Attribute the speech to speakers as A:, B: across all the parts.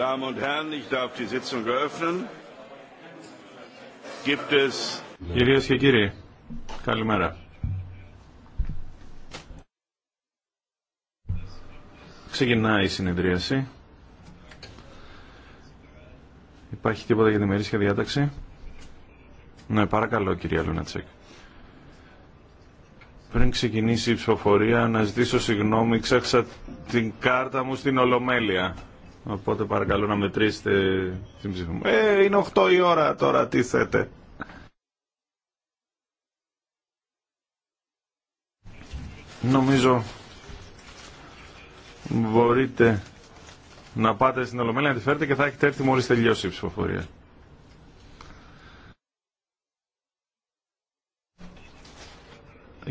A: Damen und Herren, ich darf die Sitzung eröffnen. Gibt es... Κυρίες και κύριοι, καλημέρα. Ξεκινάει η συνεδρίαση. Υπάρχει τίποτα για τη μερίσια διάταξη. Ναι, παρακαλώ κυρία Λούνατσεκ. Πριν ξεκινήσει η ψηφοφορία, να ζητήσω συγγνώμη, ξέχασα την κάρτα μου στην Ολομέλεια. Οπότε παρακαλώ να μετρήσετε την ψήφο μου. Ε, είναι 8 η ώρα τώρα, τι θέτε. Νομίζω μπορείτε να πάτε στην Ολομέλεια να τη φέρετε και θα έχετε έρθει μόλις τελειώσει η ψηφοφορία.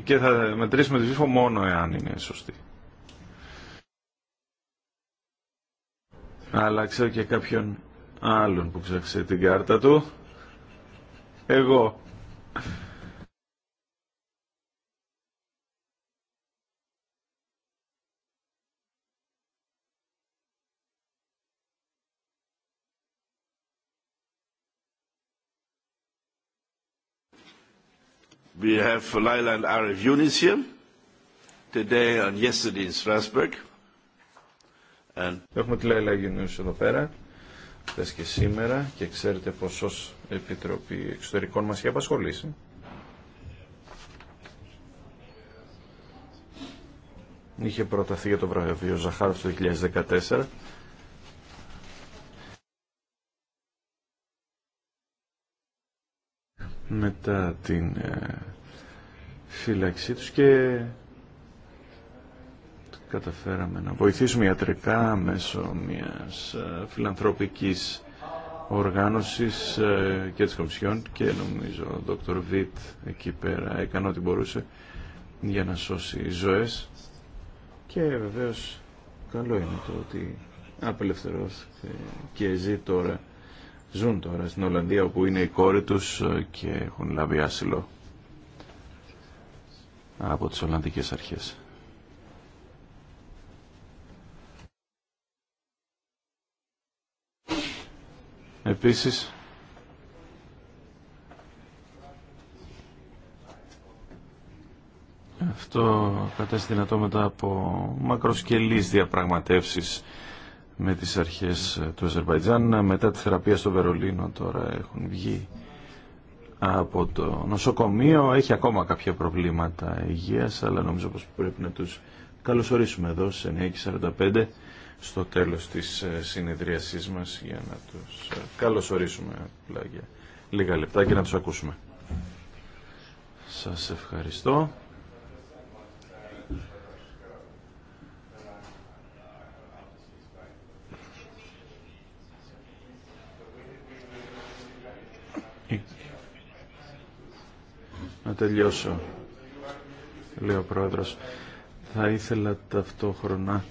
A: Και θα μετρήσουμε τη ψήφο μόνο εάν είναι σωστή. αλλά ξέρω και κάποιον άλλον που ψάξε την κάρτα του. Εγώ. We have Laila and Arif Yunis here today and yesterday in Strasbourg. Έχουμε τη Λαϊλά Γιουνίους εδώ πέρα, χθες και σήμερα, και ξέρετε πως ως Επιτροπή Εξωτερικών μας έχει απασχολήσει. Είχε προταθεί για το βραβείο Ζαχάροφ το 2014. μετά την ε, φύλαξή τους και καταφέραμε να βοηθήσουμε ιατρικά μέσω μιας ε, φιλανθρωπικής οργάνωσης ε, και της Κομισιόν και νομίζω ο Δόκτωρ Βίτ εκεί πέρα έκανε ό,τι μπορούσε για να σώσει ζωές και βεβαίως καλό είναι το ότι απελευθερώθηκε και ζει τώρα ζουν τώρα στην Ολλανδία όπου είναι οι κόρη τους ε, και έχουν λάβει άσυλο από τις Ολλανδικές αρχές. Επίσης, αυτό κατέστη δυνατό μετά από μακροσκελείς διαπραγματεύσεις με τις αρχές του Αζερβαϊτζάν. Μετά τη θεραπεία στο Βερολίνο τώρα έχουν βγει από το νοσοκομείο. Έχει ακόμα κάποια προβλήματα υγείας, αλλά νομίζω πως πρέπει να τους καλωσορίσουμε εδώ σε 9.45 στο τέλος της ε, συνεδρίασής μας για να τους ε, καλωσορίσουμε απλά για λίγα λεπτά και να τους ακούσουμε. Σας ευχαριστώ. Να τελειώσω, λέει ο Πρόεδρος. Θα ήθελα ταυτόχρονα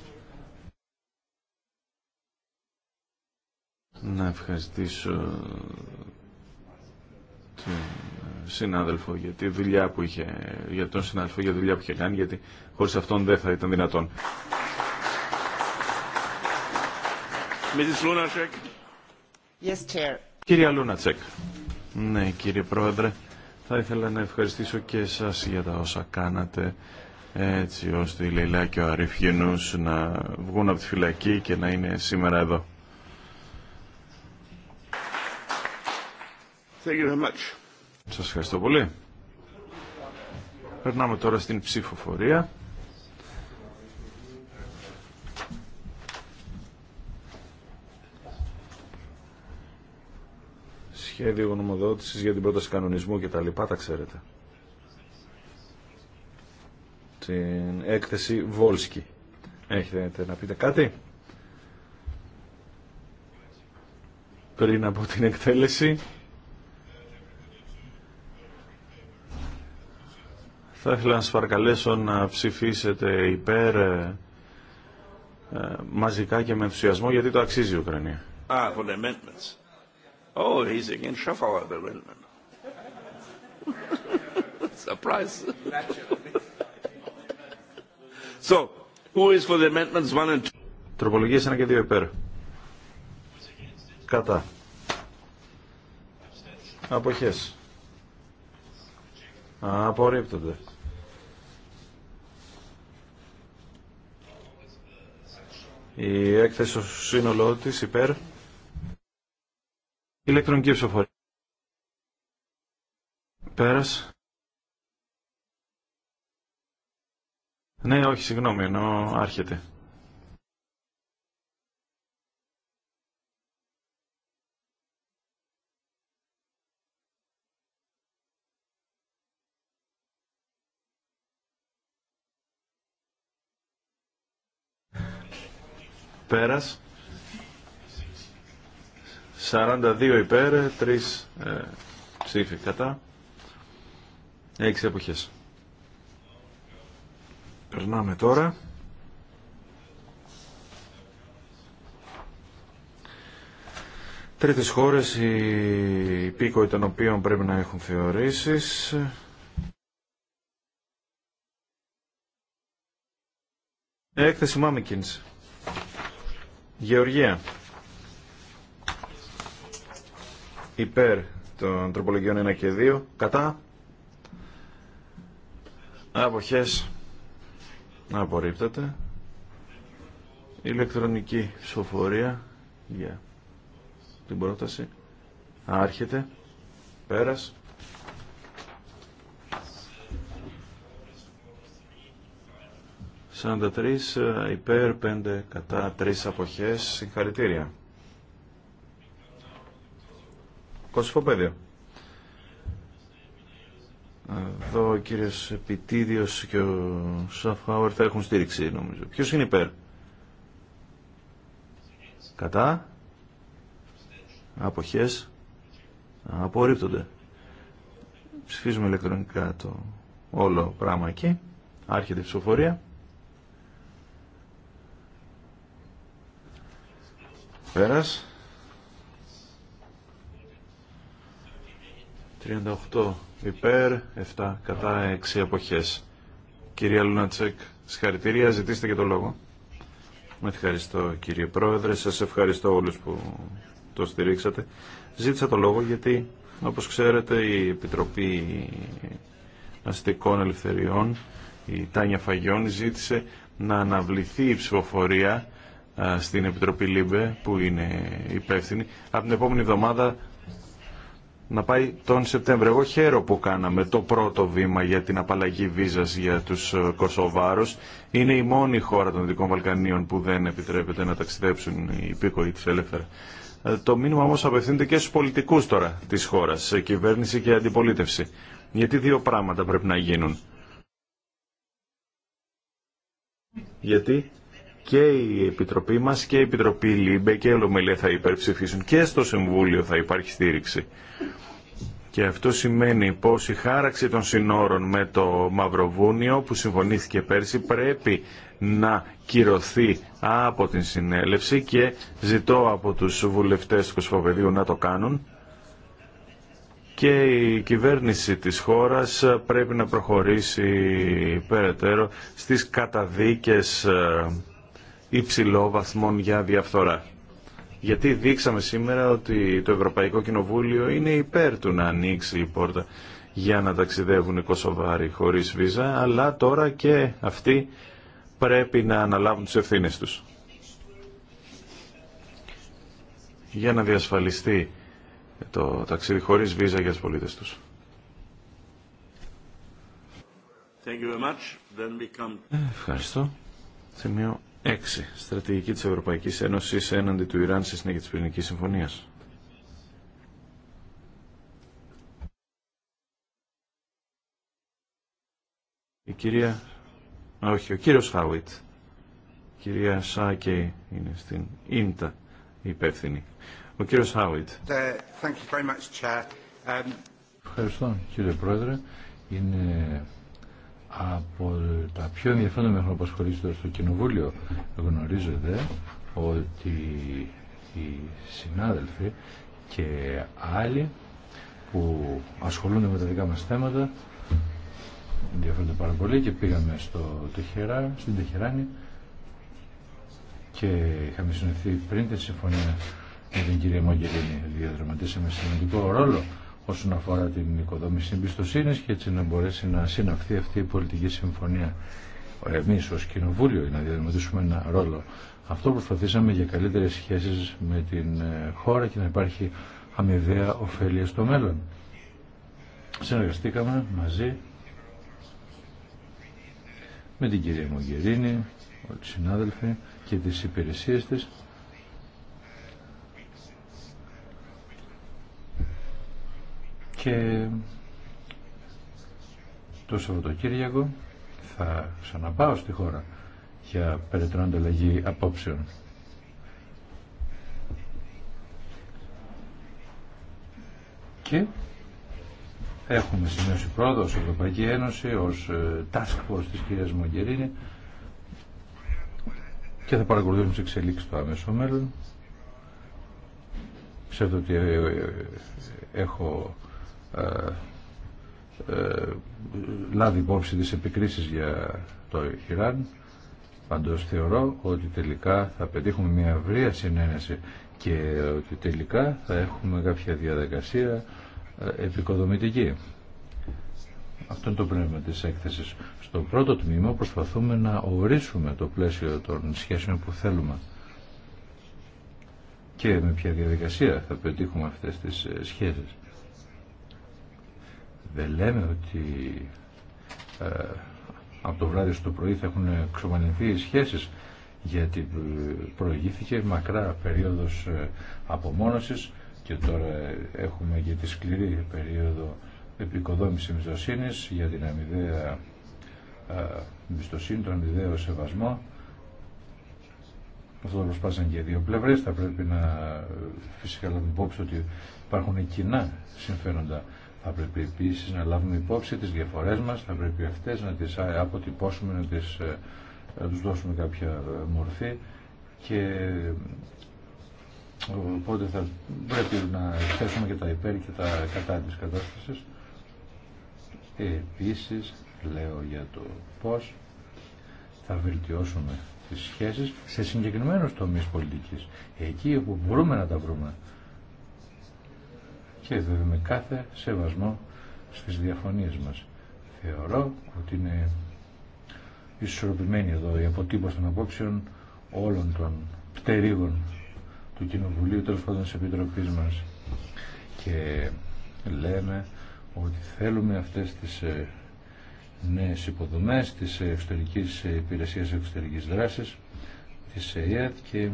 A: Να ευχαριστήσω τον συνάδελφο για τη δουλειά που είχε, για τον συνάδελφο για τη δουλειά που είχε κάνει, γιατί χωρίς αυτόν δεν θα ήταν δυνατόν. Yes, chair. Κυρία Λούνατσεκ. Ναι, κύριε Πρόεδρε, θα ήθελα να ευχαριστήσω και εσάς για τα όσα κάνατε έτσι ώστε η Λεϊλά και ο Αριφ να βγουν από τη φυλακή και να είναι σήμερα εδώ. Thank you very much. Σας ευχαριστώ πολύ. Περνάμε τώρα στην ψηφοφορία. Σχέδιο γνωμοδότησης για την πρόταση κανονισμού και τα λοιπά, τα ξέρετε. Την έκθεση Βόλσκι. Έχετε να πείτε κάτι. Πριν από την εκτέλεση. Θα ήθελα να σας παρακαλέσω να ψηφίσετε υπέρ ε, ε, μαζικά και με ενθουσιασμό γιατί το αξίζει η Ουκρανία. Ah, for the amendments. Oh, he's against Schafauer amendment. Surprise. so, who is for the amendments 1 and 2. Τροπολογίες 1 και 2 υπέρ. Κατά. Αποχές. Απορρίπτονται. Η έκθεση στο σύνολό τη υπέρ ηλεκτρονική ψηφοφορία. Πέρας. Ναι, όχι, συγγνώμη, ενώ άρχεται. Πέρας. 42 υπέρ, 3 ε, ψήφοι κατά, 6 εποχές. Περνάμε τώρα. Τρίτες χώρες, οι υπήκοοι των οποίων πρέπει να έχουν θεωρήσεις. Έκθεση Μάμικινς. Γεωργία. Υπέρ των τροπολογιών 1 και 2. Κατά. Αποχές. Απορρίπτεται. Ηλεκτρονική ψηφοφορία για την πρόταση. Άρχεται. Πέρας. 43 ε, υπέρ, 5 κατά, 3 αποχές. Συγχαρητήρια. Κοσφοπέδιο. Εδώ ο κύριος Επιτίδιος και ο Σαφάουερ θα έχουν στήριξη νομίζω. Ποιος είναι υπέρ. Κατά. Αποχές. Απορρίπτονται. Ψηφίζουμε ηλεκτρονικά το όλο πράγμα εκεί. Άρχεται η ψηφοφορία. καλησπέρας 38 υπέρ, 7 κατά 6 αποχές. Κυρία Λουνατσέκ, συγχαρητήρια, ζητήστε και το λόγο. Με ευχαριστώ κύριε Πρόεδρε, σας ευχαριστώ όλους που το στηρίξατε. Ζήτησα το λόγο γιατί, όπως ξέρετε, η Επιτροπή Αστικών Ελευθεριών, η Τάνια Φαγιών, ζήτησε να αναβληθεί η ψηφοφορία στην Επιτροπή ΛΥΜΠΕ που είναι υπεύθυνη από την επόμενη εβδομάδα να πάει τον Σεπτέμβριο. Εγώ χαίρομαι που κάναμε το πρώτο βήμα για την απαλλαγή βίζας για τους ε, Κωσοβάρους. Είναι η μόνη χώρα των Δυτικών Βαλκανίων που δεν επιτρέπεται να ταξιδέψουν οι υπήκοοι τους ελεύθερα. Ε, το μήνυμα όμως απευθύνεται και στους πολιτικούς τώρα της χώρας, κυβέρνηση και αντιπολίτευση. Γιατί δύο πράγματα πρέπει να γίνουν. Γιατί και η Επιτροπή μας και η Επιτροπή ΛΥΜΠΕ και η Ολομελία θα υπερψηφίσουν και στο Συμβούλιο θα υπάρχει στήριξη. Και αυτό σημαίνει πως η χάραξη των συνόρων με το Μαυροβούνιο που συμφωνήθηκε πέρσι πρέπει να κυρωθεί από την συνέλευση και ζητώ από τους βουλευτές του Κοσφοπεδίου να το κάνουν και η κυβέρνηση της χώρας πρέπει να προχωρήσει περαιτέρω στις καταδίκες ε, υψηλό βαθμόν για διαφθορά. Γιατί δείξαμε σήμερα ότι το Ευρωπαϊκό Κοινοβούλιο είναι υπέρ του να ανοίξει η πόρτα για να ταξιδεύουν οι Κωσοβάροι χωρίς βίζα, αλλά τώρα και αυτοί πρέπει να αναλάβουν τις ευθύνες τους. Για να διασφαλιστεί το ταξίδι χωρίς βίζα για τους πολίτες τους. Ε, ευχαριστώ. Σημείο 6. Στρατηγική της Ευρωπαϊκής Ένωσης έναντι του Ιράν στη συνέχεια της πυρηνικής συμφωνίας. Η κυρία... Α, όχι, ο κύριος Χάουιτ. κυρία Σάκε είναι στην Ίντα υπεύθυνη. Ο κύριος Χάουιτ.
B: Ε, ε, Ευχαριστώ κύριε Πρόεδρε. Είναι από τα πιο ενδιαφέροντα με έχουν απασχολήσει στο Κοινοβούλιο. γνωρίζετε ότι οι συνάδελφοι και άλλοι που ασχολούνται με τα δικά μας θέματα ενδιαφέρονται πάρα πολύ και πήγαμε στο Τεχερά, στην Τεχεράνη και είχαμε συνεχθεί πριν τη συμφωνία με την κυρία Μογγελίνη διαδραματίσαμε σημαντικό ρόλο όσον αφορά την οικοδόμηση εμπιστοσύνη και έτσι να μπορέσει να συναυθεί αυτή η πολιτική συμφωνία. Εμεί ω Κοινοβούλιο να διαδραματίσουμε ένα ρόλο. Αυτό προσπαθήσαμε για καλύτερες σχέσεις με την ε, χώρα και να υπάρχει αμοιβαία ωφέλεια στο μέλλον. Συνεργαστήκαμε μαζί με την κυρία Μογκερίνη, όλοι οι συνάδελφοι και τις υπηρεσίες της και το Σαββατοκύριακο θα ξαναπάω στη χώρα για περαιτέρω ανταλλαγή απόψεων. Και έχουμε σημειώσει πρόοδο ως Ευρωπαϊκή Ένωση, ως ε, task force της κυρίας Μογκερίνη και θα παρακολουθούμε τις εξελίξεις στο άμεσο μέλλον. Ξέρετε ότι ε, ε, έχω ε, ε, λάβει υπόψη τις επικρίσεις για το Ιράν. πάντως θεωρώ ότι τελικά θα πετύχουμε μια ευρεία συνένεση και ότι τελικά θα έχουμε κάποια διαδικασία ε, επικοδομητική. Αυτό είναι το πνεύμα της έκθεσης. Στο πρώτο τμήμα προσπαθούμε να ορίσουμε το πλαίσιο των σχέσεων που θέλουμε και με ποια διαδικασία θα πετύχουμε αυτές τις σχέσεις. Δεν λέμε ότι ε, από το βράδυ στο πρωί θα έχουν εξομαλυνθεί οι σχέσεις γιατί ε, προηγήθηκε μακρά περίοδος ε, απομόνωσης και τώρα έχουμε και τη σκληρή περίοδο επικοδόμηση εμπιστοσύνη για την αμοιβαία εμπιστοσύνη, τον αμοιβαίο σεβασμό. Αυτό το προσπάσαν και οι δύο πλευρέ. Θα πρέπει να φυσικά λάβουμε υπόψη ότι υπάρχουν κοινά συμφέροντα. Θα πρέπει επίση να λάβουμε υπόψη τις διαφορές μας, θα πρέπει αυτέ να τις αποτυπώσουμε, να, τις, ε, τους δώσουμε κάποια μορφή και ε, οπότε θα πρέπει να θέσουμε και τα υπέρ και τα κατά της κατάστασης. Επίσης, λέω για το πώς θα βελτιώσουμε τις σχέσεις σε συγκεκριμένους τομείς πολιτικής. Εκεί όπου μπορούμε να τα βρούμε και βέβαια με κάθε σεβασμό στις διαφωνίες μας. Θεωρώ ότι είναι ισορροπημένη εδώ η αποτύπωση των απόψεων όλων των πτερίγων του Κοινοβουλίου, τέλο πάντων μας. Επιτροπή Και λέμε ότι θέλουμε αυτές τις ε, νέε υποδομέ τη εξωτερική υπηρεσία εξωτερικής δράσης τη ΕΕΤ και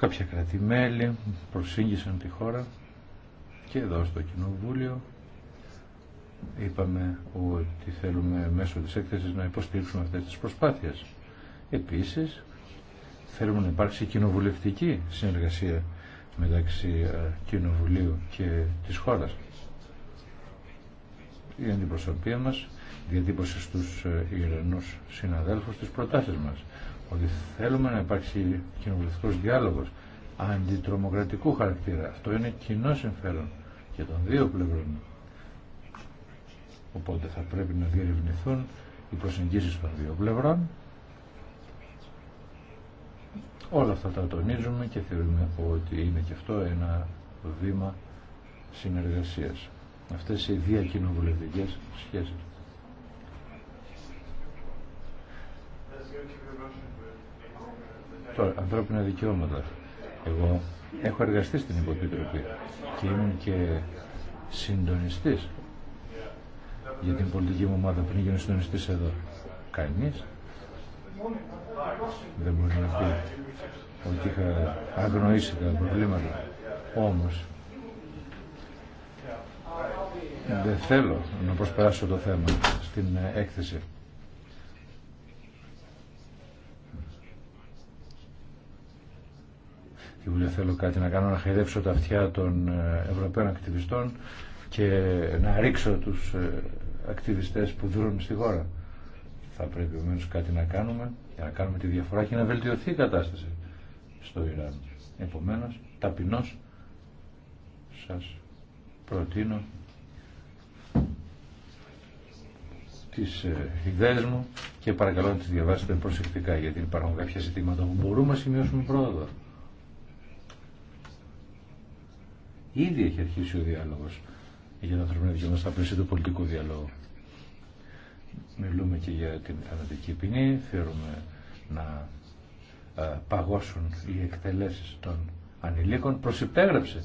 B: Κάποια κρατημέλη προσήγησαν τη χώρα και εδώ στο Κοινοβούλιο είπαμε ότι θέλουμε μέσω της έκθεσης να υποστηρίξουμε αυτές τις προσπάθειες. Επίσης, θέλουμε να υπάρξει κοινοβουλευτική συνεργασία μεταξύ ε, Κοινοβουλίου και της χώρας. Η αντιπροσωπεία μας διατύπωσε στους ε, Ιρανούς συναδέλφους τις προτάσεις μας ότι θέλουμε να υπάρξει κοινοβουλευτικό διάλογο αντιτρομοκρατικού χαρακτήρα. Αυτό είναι κοινό συμφέρον και των δύο πλευρών. Οπότε θα πρέπει να διερευνηθούν οι προσεγγίσεις των δύο πλευρών. Όλα αυτά τα τονίζουμε και θεωρούμε ότι είναι και αυτό ένα βήμα συνεργασίας. Αυτές οι διακοινοβουλευτικές σχέσεις. Τώρα, ανθρώπινα δικαιώματα. Εγώ έχω εργαστεί στην Υποπιτροπή και ήμουν και συντονιστής για την πολιτική μου ομάδα πριν γίνω συντονιστής εδώ. Κανείς δεν μπορεί να πει ότι είχα αγνοήσει τα προβλήματα. Όμως δεν θέλω να προσπεράσω το θέμα στην έκθεση. και εγώ θέλω κάτι να κάνω να χαϊδέψω τα αυτιά των ε, Ευρωπαίων ακτιβιστών και να ρίξω τους ε, ακτιβιστές που δρούν στη χώρα. Θα πρέπει ομένως κάτι να κάνουμε για να κάνουμε τη διαφορά και να βελτιωθεί η κατάσταση στο Ιράν. Επομένως, ταπεινώς σας προτείνω τις ε, ιδέες μου και παρακαλώ να τις διαβάσετε προσεκτικά γιατί υπάρχουν κάποια ζητήματα που μπορούμε να σημειώσουμε πρόοδο. Ήδη έχει αρχίσει ο διάλογο για τα ανθρωπινά δικαιώματα στα πλαίσια του πολιτικού διαλόγου. Μιλούμε και για την θανατική ποινή, Θεωρούμε να παγώσουν οι εκτελέσει των ανηλίκων. Προσυπέγραψε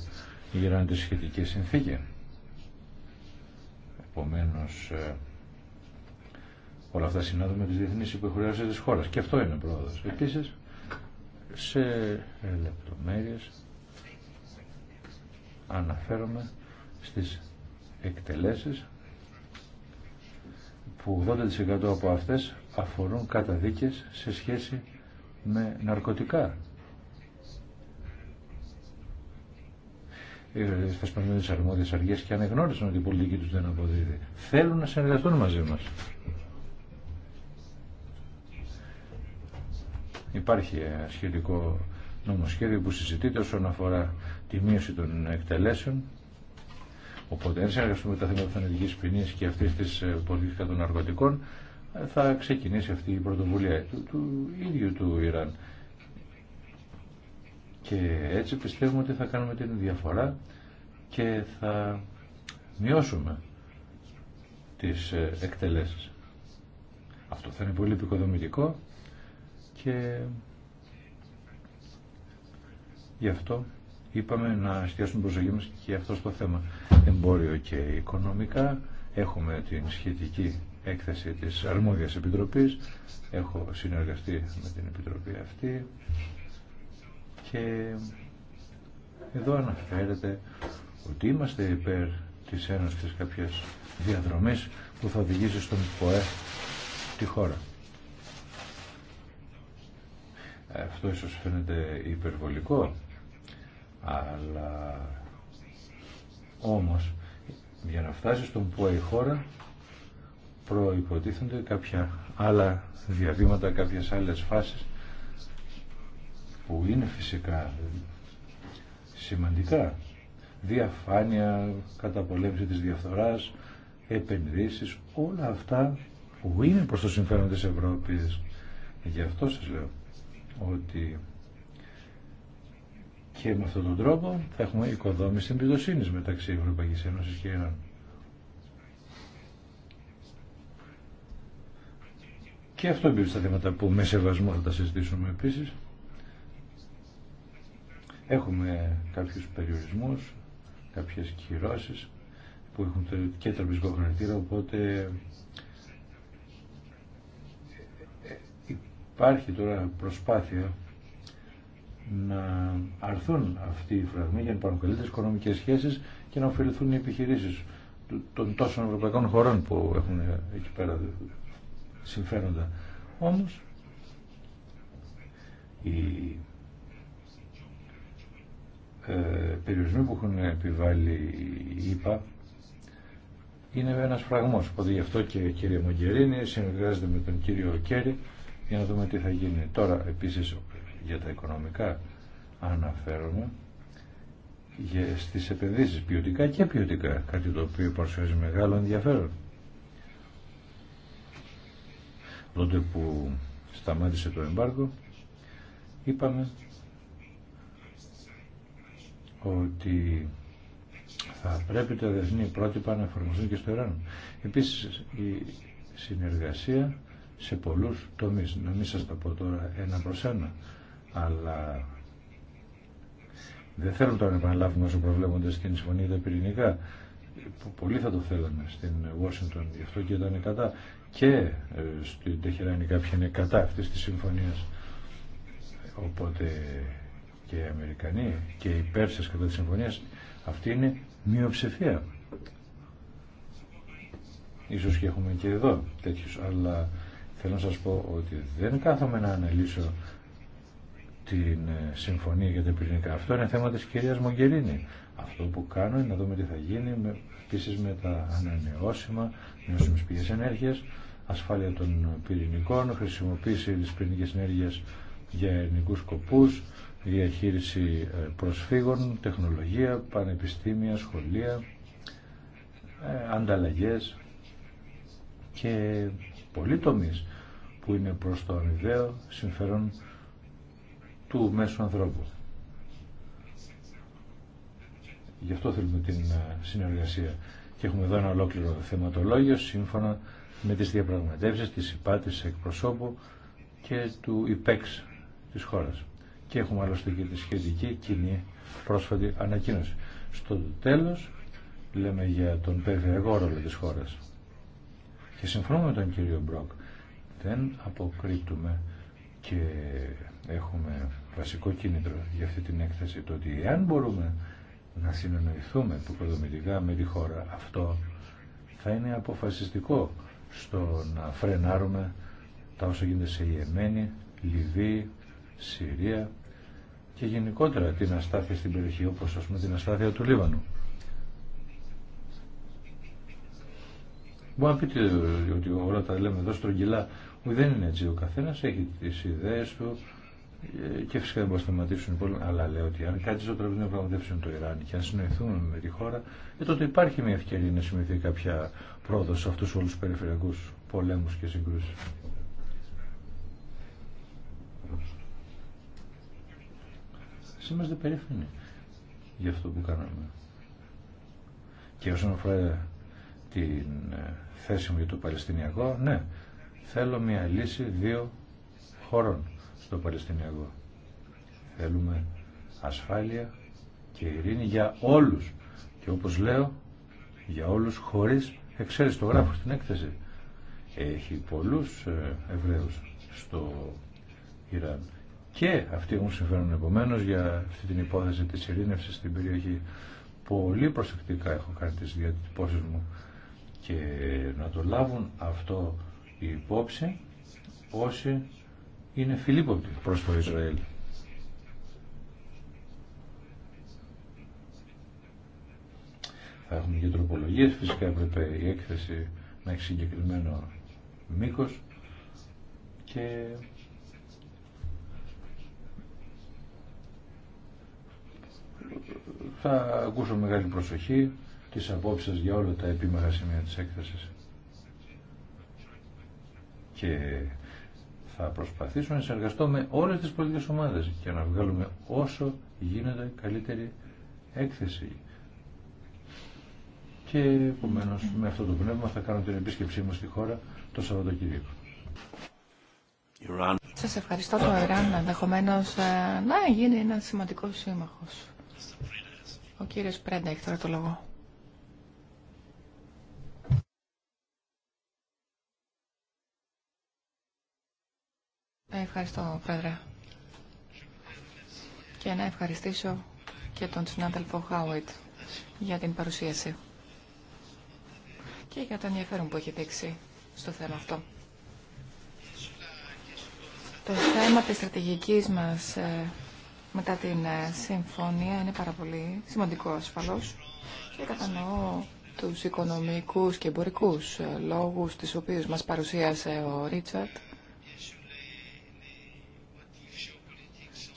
B: η Γεράντη σχετική συνθήκη. Επομένως, ε, όλα αυτά συνάδουν με τις διεθνεί υποχρεώσει της χώρα. Και αυτό είναι πρόοδο επίση σε λεπτομέρειε αναφέρομαι στις εκτελέσεις που 80% από αυτές αφορούν καταδίκες σε σχέση με ναρκωτικά. Ε, Οι της αρμόδιες αργίες και ανεγνώρισαν ότι η πολιτική τους δεν αποδίδει. Θέλουν να συνεργαστούν μαζί μας. Υπάρχει ε, σχετικό νομοσχέδιο που συζητείται όσον αφορά τη μείωση των εκτελέσεων. Οπότε, αν συνεργαστούμε τα θέματα τη ανεργική ποινή και αυτή τη ε, πολιτική των ναρκωτικών, ε, θα ξεκινήσει αυτή η πρωτοβουλία του, του ίδιου του Ιράν. Και έτσι πιστεύουμε ότι θα κάνουμε την διαφορά και θα μειώσουμε τις ε, εκτελέσεις. Αυτό θα είναι πολύ επικοδομητικό και γι' αυτό είπαμε να εστιάσουμε προσοχή μας και αυτό στο θέμα. Εμπόριο και οικονομικά. Έχουμε την σχετική έκθεση της Αρμόδιας Επιτροπής. Έχω συνεργαστεί με την Επιτροπή αυτή και εδώ αναφέρεται ότι είμαστε υπέρ της Ένωσης κάποιες διαδρομές που θα οδηγήσει στον ΠΟΕ τη χώρα. Αυτό ίσως φαίνεται υπερβολικό, αλλά όμως για να φτάσει στον που η χώρα προϋποτίθενται κάποια άλλα διαδήματα, κάποιες άλλες φάσεις που είναι φυσικά σημαντικά. Διαφάνεια, καταπολέμηση της διαφθοράς, επενδύσεις, όλα αυτά που είναι προς το συμφέρον της Ευρώπης. Γι' αυτό σας λέω ότι και με αυτόν τον τρόπο θα έχουμε οικοδόμηση εμπιστοσύνη μεταξύ Ευρωπαϊκή Ένωσης και Ιράν. Και αυτό επίσης τα θέματα που με σεβασμό θα τα συζητήσουμε επίσης. Έχουμε κάποιους περιορισμούς, κάποιες κυρώσει που έχουν και τραπεζικό χαρακτήρα, οπότε ε, ε, υπάρχει τώρα προσπάθεια να αρθούν αυτοί οι φραγμοί για να υπάρχουν καλύτερε οικονομικέ σχέσει και να ωφεληθούν οι επιχειρήσει των τόσων ευρωπαϊκών χωρών που έχουν εκεί πέρα συμφέροντα. Όμω οι ε, περιορισμοί που έχουν επιβάλει η ΕΠΑ είναι ένας φραγμός. Οπότε γι' αυτό και η κυρία Μογκερίνη συνεργάζεται με τον κύριο Κέρι για να δούμε τι θα γίνει. Τώρα επίσης για τα οικονομικά αναφέρομαι για στις επενδύσεις ποιοτικά και ποιοτικά, κάτι το οποίο παρουσιάζει μεγάλο ενδιαφέρον. Τότε που σταμάτησε το εμπάργο είπαμε ότι θα πρέπει τα διεθνή πρότυπα να εφαρμοστούν και στο Ιράν. Επίσης, η συνεργασία σε πολλούς τομείς, να μην σας τα πω τώρα ένα προς ένα, αλλά δεν θέλω τώρα να επαναλάβουμε όσο προβλέπονται στην συμφωνία τα πυρηνικά. Πολλοί θα το θέλανε στην Ουάσινγκτον γι' αυτό και ήταν κατά. Και ε, στην Τεχεράνη κάποιοι είναι κατά αυτή τη συμφωνία. Οπότε και οι Αμερικανοί και οι Πέρσε κατά τη συμφωνία αυτή είναι μειοψηφία. Ίσως και έχουμε και εδώ τέτοιους, αλλά θέλω να σας πω ότι δεν κάθομαι να αναλύσω την ε, συμφωνία για τα πυρηνικά. Αυτό είναι θέμα της κυρίας Μογκερίνη. Αυτό που κάνω είναι να δούμε τι θα γίνει με, επίσης με τα ανανεώσιμα, νεώσιμες πηγές ενέργειας, ασφάλεια των πυρηνικών, χρησιμοποίηση της πυρηνικής ενέργειας για ελληνικούς σκοπούς, διαχείριση ε, προσφύγων, τεχνολογία, πανεπιστήμια, σχολεία, ε, ανταλλαγές και πολλοί τομείς που είναι προς το αμοιβαίο συμφέρον του μέσου ανθρώπου. Γι' αυτό θέλουμε την ε, συνεργασία. Και έχουμε εδώ ένα ολόκληρο θεματολόγιο σύμφωνα με τις διαπραγματεύσεις της ΥΠΑ, της εκπροσώπου και του ΙΠΕΞ της χώρας. Και έχουμε άλλωστε και τη σχετική κοινή πρόσφατη ανακοίνωση. Στο τέλος λέμε για τον περιφερειακό ρόλο της χώρας. Και συμφωνώ με τον κύριο Μπροκ. Δεν αποκρύπτουμε και έχουμε βασικό κίνητρο για αυτή την έκθεση το ότι εάν μπορούμε να συνεννοηθούμε υποδομητικά με τη χώρα αυτό θα είναι αποφασιστικό στο να φρενάρουμε τα όσα γίνεται σε Ιεμένη, Λιβύη, Συρία και γενικότερα την αστάθεια στην περιοχή όπως ας πούμε την αστάθεια του Λίβανου. Μπορεί να πείτε ότι όλα τα λέμε εδώ στρογγυλά. Δεν είναι έτσι. Ο καθένα. έχει τι ιδέες του, και φυσικά δεν μπορούν να σταματήσουν πολύ, αλλά λέω ότι αν κάτι στο τραπέζι να πραγματεύσουν το Ιράν και αν συνοηθούν με τη χώρα, ε, τότε υπάρχει μια ευκαιρία να σημειωθεί κάποια πρόοδο σε αυτού όλου του περιφερειακού πολέμου και συγκρούσει. Είμαστε περήφανοι για αυτό που κάναμε. Και όσον αφορά την ε, θέση μου για το Παλαιστινιακό, ναι, θέλω μια λύση δύο χωρών στο Παλαιστινιακό. Θέλουμε ασφάλεια και ειρήνη για όλους και όπως λέω για όλους χωρίς εξαίρεση το γράφω στην έκθεση έχει πολλούς ε, Εβραίους στο Ιράν και αυτοί έχουν συμφέρον επομένω, για αυτή την υπόθεση της ειρήνευσης στην περιοχή πολύ προσεκτικά έχω κάνει τις διατυπώσεις μου και να το λάβουν αυτό η υπόψη όσοι είναι φιλίποπτη προς το Ισραήλ. Θα έχουμε και τροπολογίες, φυσικά έπρεπε η έκθεση να έχει συγκεκριμένο μήκος και θα ακούσω μεγάλη προσοχή τις απόψεις για όλα τα επίμεγα σημεία της έκθεσης. Και θα προσπαθήσω να συνεργαστώ με όλες τις πολιτικές ομάδες και να βγάλουμε όσο γίνεται καλύτερη έκθεση. Και επομένω με αυτό το πνεύμα θα κάνω την επίσκεψή μου στη χώρα το Σαββατοκύριακο.
C: Σας ευχαριστώ το Ιράν ενδεχομένω ε, να γίνει ένα σημαντικό σύμμαχος. Ο κύριος Πρέντα έχει τώρα το λόγο. Ευχαριστώ, Πρόεδρε. Και να ευχαριστήσω και τον συνάδελφο Χάουιτ για την παρουσίαση και για το ενδιαφέρον που έχει δείξει στο θέμα αυτό. Το θέμα της στρατηγικής μας ε, μετά την ε, συμφωνία είναι πάρα πολύ σημαντικό ασφαλώς και κατανοώ τους οικονομικούς και εμπορικούς ε, λόγους τις οποίες μας παρουσίασε ο Ρίτσαρτ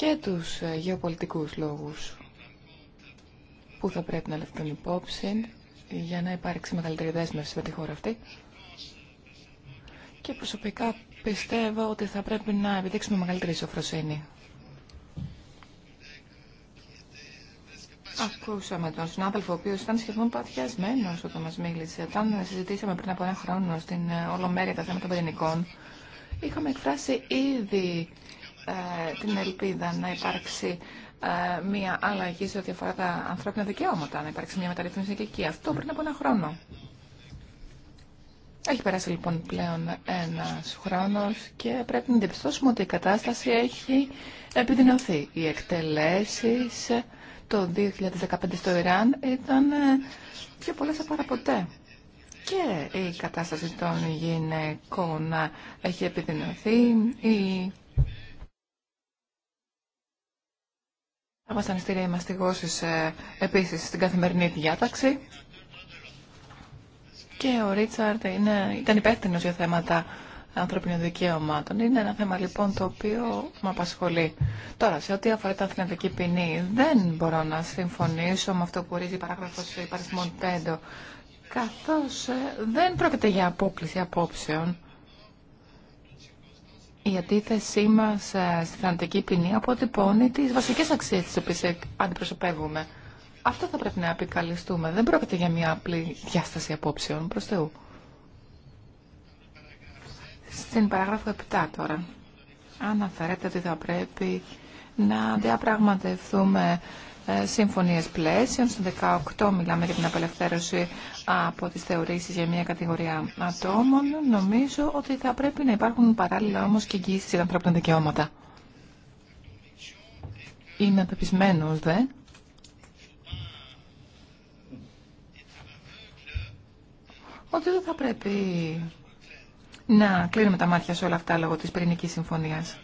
C: και τους ε, γεωπολιτικούς λόγους που θα πρέπει να λεφτούν υπόψη για να υπάρξει μεγαλύτερη δέσμευση με τη χώρα αυτή. Και προσωπικά πιστεύω ότι θα πρέπει να επιδείξουμε μεγαλύτερη σοφροσύνη. Ακούσαμε τον συνάδελφο, ο οποίο ήταν σχεδόν παθιασμένο όταν μα μίλησε. Όταν συζητήσαμε πριν από ένα χρόνο στην ε, Ολομέρεια τα θέματα των πυρηνικών, είχαμε εκφράσει ήδη ε, την ελπίδα να υπάρξει ε, μια αλλαγή σε ό,τι αφορά τα ανθρώπινα δικαιώματα, να υπάρξει μια μεταρρύθμιση και εκεί. Αυτό πριν από ένα χρόνο. Έχει περάσει λοιπόν πλέον ένας χρόνος και πρέπει να διαπιστώσουμε ότι η κατάσταση έχει επιδεινωθεί. Οι εκτελέσεις το 2015 στο Ιράν ήταν ε, πιο πολλές από ποτέ. Και η κατάσταση των γυναικών έχει επιδεινωθεί, η Βασανιστήρια μαστιγώσεις ε, επίσης στην καθημερινή διάταξη. Και ο Ρίτσαρντ είναι, ήταν υπεύθυνο για θέματα ανθρωπίνων δικαιωμάτων. Είναι ένα θέμα λοιπόν το οποίο με απασχολεί. Τώρα, σε ό,τι αφορά την Αθηναντική ποινή, δεν μπορώ να συμφωνήσω με αυτό που ορίζει η παράγραφος υπαριθμών 5, καθώς ε, δεν πρόκειται για απόκληση απόψεων η αντίθεσή μα ε, στη θανατική ποινή αποτυπώνει τι βασικές αξίε τις οποίε ε, αντιπροσωπεύουμε. Αυτό θα πρέπει να επικαλυστούμε. Δεν πρόκειται για μια απλή διάσταση απόψεων προ Θεού. Στην παράγραφο 7 τώρα αναφέρεται ότι θα πρέπει να διαπραγματευτούμε ε, συμφωνίες πλαίσιων. Στο 18 μιλάμε για την απελευθέρωση από τις θεωρήσεις για μια κατηγορία ατόμων, νομίζω ότι θα πρέπει να υπάρχουν παράλληλα όμως και εγγύησεις για ανθρώπινα δικαιώματα. Είναι ανταπισμένος, δε, ότι δεν θα πρέπει να κλείνουμε τα μάτια σε όλα αυτά λόγω της πυρηνική συμφωνίας.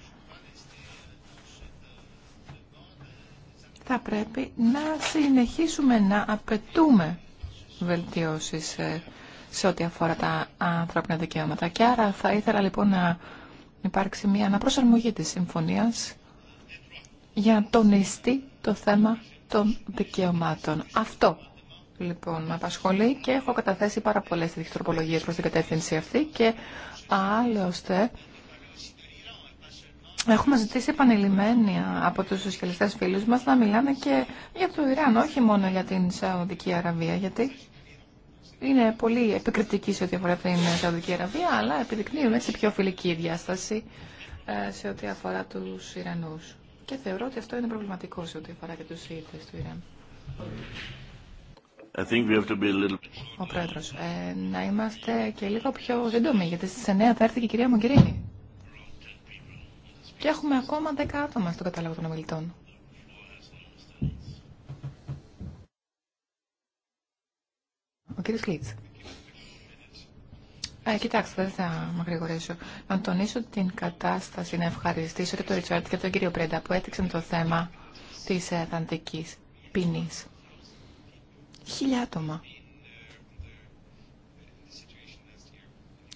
C: Θα πρέπει να συνεχίσουμε να απαιτούμε βελτιώσεις ε, σε ό,τι αφορά τα ανθρώπινα δικαιώματα. Και άρα θα ήθελα λοιπόν να υπάρξει μια αναπροσαρμογή της συμφωνίας για να τονιστεί το θέμα των δικαιωμάτων. Αυτό λοιπόν με απασχολεί και έχω καταθέσει πάρα πολλές τροπολογίες προς την κατεύθυνση αυτή και άλλωστε Έχουμε ζητήσει επανειλημμένοι από τους σοσιαλιστές φίλους μας να μιλάνε και για το Ιράν, όχι μόνο για την Σαουδική Αραβία, γιατί είναι πολύ επικριτική σε ό,τι αφορά την Σαουδική Αραβία, αλλά επιδεικνύουν έτσι πιο φιλική διάσταση ε, σε ό,τι αφορά τους Ιρανούς. Και θεωρώ ότι αυτό είναι προβληματικό σε ό,τι αφορά και τους Ιήτες του Ιράν.
A: I think we have to be a little...
C: Ο Πρόεδρος, ε, να είμαστε και λίγο πιο σύντομοι, γιατί στις 9 θα έρθει και η κυρία Μογκερίνη. Και έχουμε ακόμα 10 άτομα στο κατάλογο των ομιλητών. Ο κύριος Λίτς. Ε, κοιτάξτε, δεν θα γρηγορέσω. Να τονίσω την κατάσταση, να ευχαριστήσω και τον Ριτσάρτ και τον κύριο Πρέντα που έτυξαν το θέμα της εθαντικής ποινής. Χίλια άτομα.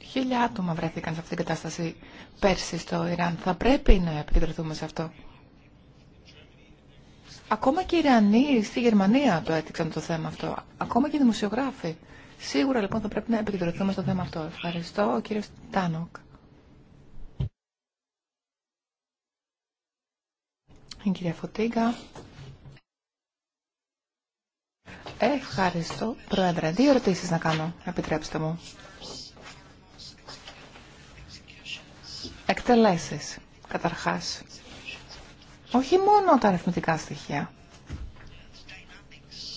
C: Χίλια άτομα βρέθηκαν σε αυτήν την κατάσταση πέρσι στο Ιράν. Θα πρέπει να επικεντρωθούμε σε αυτό. Ακόμα και οι Ιρανοί στη Γερμανία το έδειξαν το θέμα αυτό. Ακόμα και οι δημοσιογράφοι. Σίγουρα λοιπόν θα πρέπει να επικεντρωθούμε στο θέμα αυτό. Ευχαριστώ, κύριε Τάνοκ. Η κυρία Φωτίγκα. Ευχαριστώ, Πρόεδρε. Δύο ερωτήσεις να κάνω, επιτρέψτε μου. εκτελέσεις, καταρχάς. Όχι μόνο τα αριθμητικά στοιχεία,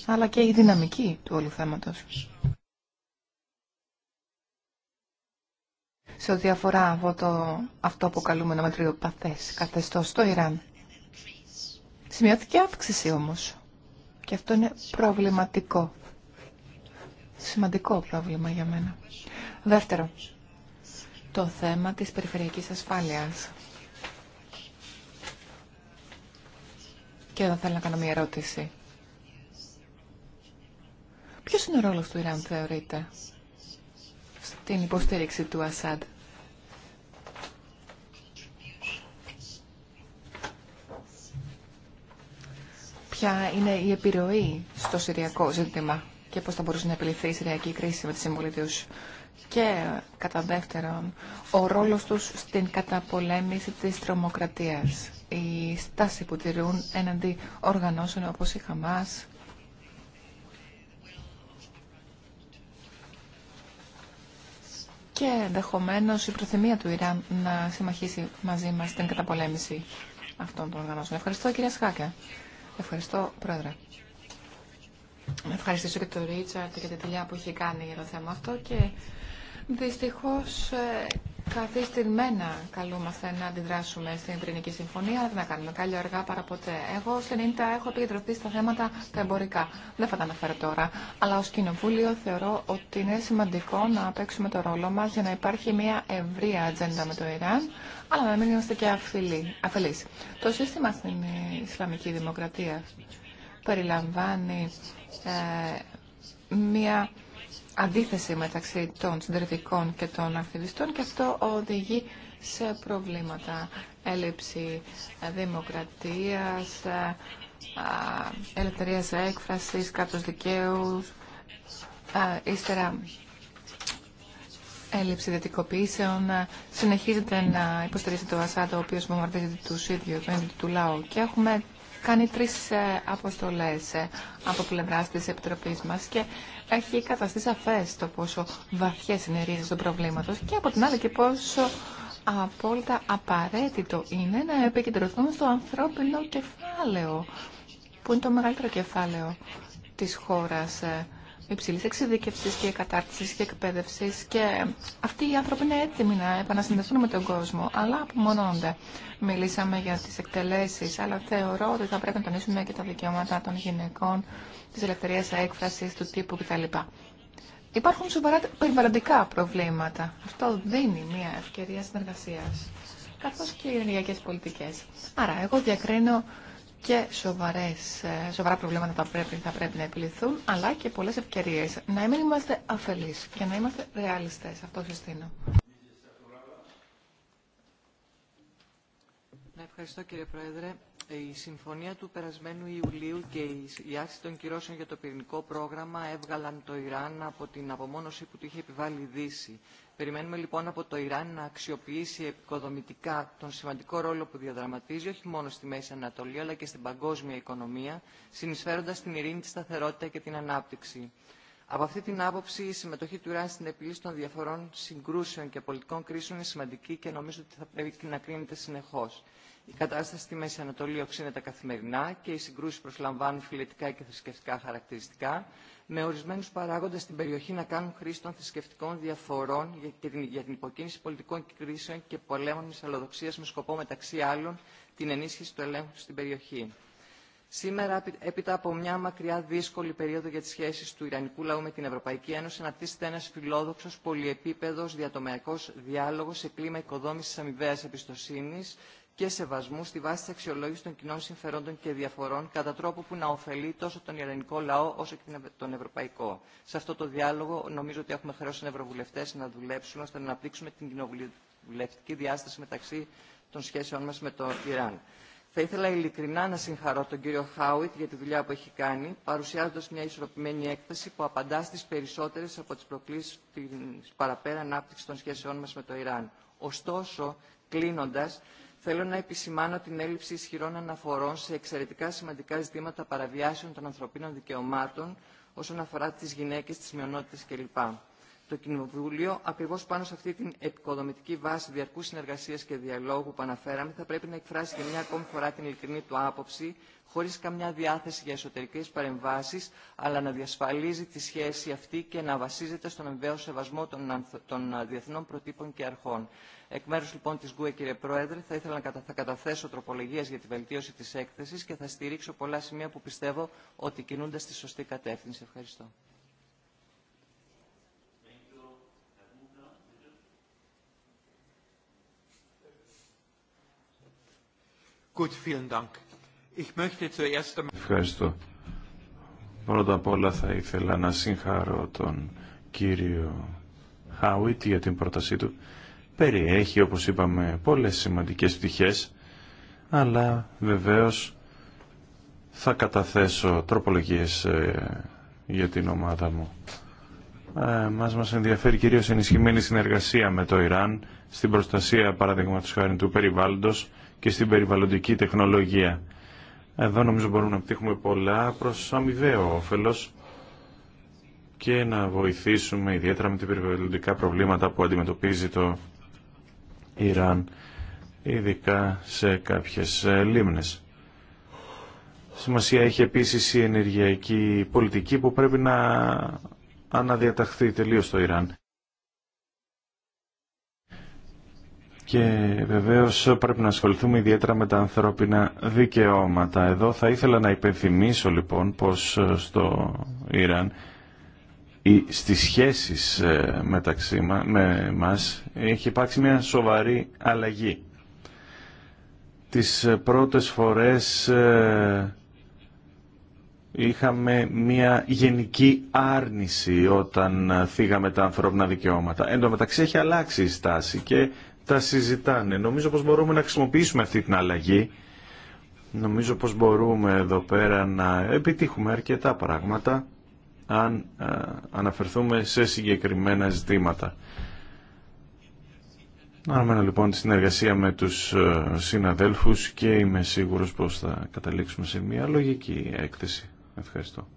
C: αλλά και η δυναμική του όλου θέματος. Σε ό,τι αφορά αυτό, το, αυτό που καλούμε να μετριοπαθές καθεστώς στο Ιράν. Σημειώθηκε αύξηση όμως. Και αυτό είναι προβληματικό. Σημαντικό πρόβλημα για μένα. Δεύτερο, το θέμα της περιφερειακής ασφάλειας. Και εδώ θέλω να κάνω μια ερώτηση. Ποιος είναι ο ρόλος του Ιράν, θεωρείτε, στην υποστήριξη του Ασάντ. Ποια είναι η επιρροή στο συριακό ζήτημα και πώς θα μπορούσε να επιληθεί η συριακή κρίση με τη συμβολή και κατά δεύτερον ο ρόλος τους στην καταπολέμηση της τρομοκρατίας. Η στάση που τηρούν έναντι οργανώσεων όπως η Χαμάς και ενδεχομένω η προθυμία του Ιράν να συμμαχίσει μαζί μας στην καταπολέμηση αυτών των οργανώσεων. Ευχαριστώ κυρία Σχάκα. Ευχαριστώ πρόεδρε. Να ευχαριστήσω και τον Ρίτσαρτ για τη δουλειά που έχει κάνει για το θέμα αυτό και δυστυχώς ε, μένα καλούμαστε να αντιδράσουμε στην Ειρηνική Συμφωνία, αλλά δεν θα κάνουμε, καλή αργά παρά ποτέ. Εγώ στην ΙΝΤΑ έχω επικεντρωθεί στα θέματα τα εμπορικά. Δεν θα τα αναφέρω τώρα, αλλά ως Κοινοβούλιο θεωρώ ότι είναι σημαντικό να παίξουμε το ρόλο μας για να υπάρχει μια ευρεία ατζέντα με το Ιράν, αλλά να μην είμαστε και αφελείς. Το σύστημα στην Ισλαμική Δημοκρατία περιλαμβάνει ε, μία αντίθεση μεταξύ των συντηρητικών και των ακτιβιστών και αυτό οδηγεί σε προβλήματα έλλειψη ε, δημοκρατίας, ε, ελευθερία έκφρασης, κάτω δικαίου, ύστερα έλλειψη δυτικοποιήσεων. Συνεχίζεται να υποστηρίζεται το Ασάντο, ο οποίος βομβαρδίζει του ίδιου τον του λαού. Και έχουμε κάνει τρεις ε, αποστολές ε, από πλευρά της Επιτροπής μας και έχει καταστεί σαφές το πόσο βαθιές είναι οι ρίζες του προβλήματος και από την άλλη και πόσο απόλυτα απαραίτητο είναι να επικεντρωθούν στο ανθρώπινο κεφάλαιο που είναι το μεγαλύτερο κεφάλαιο της χώρας ε υψηλή εξειδίκευση και κατάρτιση και εκπαίδευση. Και αυτοί οι άνθρωποι είναι έτοιμοι να επανασυνδεθούν με τον κόσμο, αλλά απομονώνται Μιλήσαμε για τι εκτελέσει, αλλά θεωρώ ότι θα πρέπει να τονίσουμε και τα δικαιώματα των γυναικών, τη ελευθερία έκφραση, του τύπου κτλ. Υπάρχουν σοβαρά περιβαλλοντικά προβλήματα. Αυτό δίνει μια ευκαιρία συνεργασία, καθώ και οι ενεργειακέ πολιτικέ. Άρα, εγώ διακρίνω και σοβαρές, ε, σοβαρά προβλήματα θα πρέπει να επιληθούν, αλλά και πολλές ευκαιρίες. Να μην είμαστε αφελείς και να είμαστε ρεαλιστές. Αυτό συστήνω.
D: Ευχαριστώ κύριε Πρόεδρε. Η συμφωνία του περασμένου Ιουλίου και η άρση των κυρώσεων για το πυρηνικό πρόγραμμα έβγαλαν το Ιράν από την απομόνωση που του είχε επιβάλει η Δύση. Περιμένουμε λοιπόν από το Ιράν να αξιοποιήσει επικοδομητικά τον σημαντικό ρόλο που διαδραματίζει όχι μόνο στη Μέση Ανατολή αλλά και στην παγκόσμια οικονομία, συνεισφέροντας την ειρήνη, τη σταθερότητα και την ανάπτυξη. Από αυτή την άποψη, η συμμετοχή του Ιράν στην επίλυση των διαφορών συγκρούσεων και πολιτικών κρίσεων είναι σημαντική και νομίζω ότι θα πρέπει να κρίνεται συνεχώς. Η κατάσταση στη Μέση Ανατολή οξύνεται καθημερινά και οι συγκρούσει προσλαμβάνουν φιλετικά και θρησκευτικά χαρακτηριστικά, με ορισμένου παράγοντε στην περιοχή να κάνουν χρήση των θρησκευτικών διαφορών για την υποκίνηση πολιτικών κρίσεων και πολέμων μυσαλλοδοξία με σκοπό, μεταξύ άλλων, την ενίσχυση του ελέγχου στην περιοχή. Σήμερα, έπειτα από μια μακριά δύσκολη περίοδο για τι σχέσει του Ιρανικού λαού με την Ευρωπαϊκή Ένωση, αναπτύσσεται ένα φιλόδοξο, πολυεπίπεδο, διατομιακό διάλογο σε κλίμα οικοδόμηση αμοιβαία εμπιστοσύνη και σεβασμού στη βάση τη αξιολόγηση των κοινών συμφερόντων και διαφορών κατά τρόπο που να ωφελεί τόσο τον ιρανικό λαό όσο και τον ευρωπαϊκό. Σε αυτό το διάλογο νομίζω ότι έχουμε χρέο σαν ευρωβουλευτέ να δουλέψουμε ώστε να αναπτύξουμε την κοινοβουλευτική διάσταση μεταξύ των σχέσεών μα με το Ιράν. Θα ήθελα ειλικρινά να συγχαρώ τον κύριο Χάουιτ για τη δουλειά που έχει κάνει, παρουσιάζοντα μια ισορροπημένη έκθεση που απαντά στι περισσότερε από τι προκλήσει τη παραπέρα ανάπτυξη των σχέσεών μα με το Ιράν. Ωστόσο, κλείνοντα, θέλω να επισημάνω την έλλειψη ισχυρών αναφορών σε εξαιρετικά σημαντικά ζητήματα παραβιάσεων των ανθρωπίνων δικαιωμάτων όσον αφορά τις γυναίκες, τις μειονότητες κλπ το Κοινοβούλιο ακριβώ πάνω σε αυτή την επικοδομητική βάση διαρκού συνεργασία και διαλόγου που αναφέραμε, θα πρέπει να εκφράσει για μια ακόμη φορά την ειλικρινή του άποψη, χωρί καμιά διάθεση για εσωτερικέ παρεμβάσει, αλλά να διασφαλίζει τη σχέση αυτή και να βασίζεται στον εμβαίο σεβασμό των διεθνών προτύπων και αρχών. Εκ μέρου λοιπόν τη ΓΚΟΕ, κύριε Πρόεδρε, θα ήθελα να θα καταθέσω τροπολογίε για τη βελτίωση τη έκθεση και θα στηρίξω πολλά σημεία που πιστεύω ότι κινούνται στη σωστή κατεύθυνση. Ευχαριστώ.
A: Ευχαριστώ. Πρώτα απ' όλα θα ήθελα να συγχαρώ τον κύριο Χάουιτ για την πρότασή του. Περιέχει, όπως είπαμε, πολλές σημαντικές πτυχές, αλλά βεβαίως θα καταθέσω τροπολογίες ε, για την ομάδα μου. Ε, μας μας ενδιαφέρει κυρίως ενισχυμένη συνεργασία με το Ιράν στην προστασία, παραδείγματος χάρη, του περιβάλλοντος και στην περιβαλλοντική τεχνολογία. Εδώ νομίζω μπορούμε να πτύχουμε πολλά προς αμοιβαίο όφελος και να βοηθήσουμε ιδιαίτερα με τα περιβαλλοντικά προβλήματα που αντιμετωπίζει το Ιράν, ειδικά σε κάποιες ε, λίμνες. Σημασία έχει επίσης η ενεργειακή πολιτική που πρέπει να αναδιαταχθεί τελείως στο Ιράν. και βεβαίως πρέπει να ασχοληθούμε ιδιαίτερα με τα ανθρώπινα δικαιώματα. Εδώ θα ήθελα να υπενθυμίσω λοιπόν πως ε, στο Ιράν ή στις σχέσεις ε, μεταξύ μας έχει υπάρξει μια σοβαρή αλλαγή. Τις ε, πρώτες φορές είχαμε μια γενική άρνηση όταν θίγαμε τα ανθρώπινα δικαιώματα. Εν τω μεταξύ έχει αλλάξει η στάση και τα συζητάνε. Νομίζω πως μπορούμε να χρησιμοποιήσουμε αυτή την αλλαγή. Νομίζω πως μπορούμε εδώ πέρα να επιτύχουμε αρκετά πράγματα αν ε, αναφερθούμε σε συγκεκριμένα ζητήματα. Αναμένω λοιπόν τη συνεργασία με τους ε, συναδέλφους και είμαι σίγουρος πως θα καταλήξουμε σε μια λογική έκθεση. Ευχαριστώ.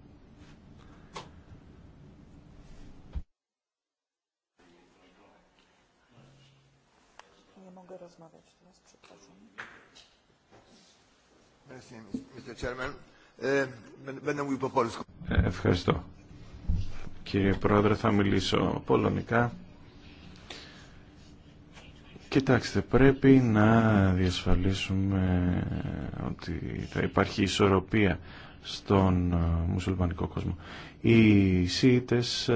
B: Ε,
A: ε, ευχαριστώ. Κύριε Πρόεδρε, θα μιλήσω πολωνικά. Κοιτάξτε, πρέπει να διασφαλίσουμε ότι θα υπάρχει ισορροπία στον ε, μουσουλμανικό κόσμο. Οι ΣΥΙΤΕΣ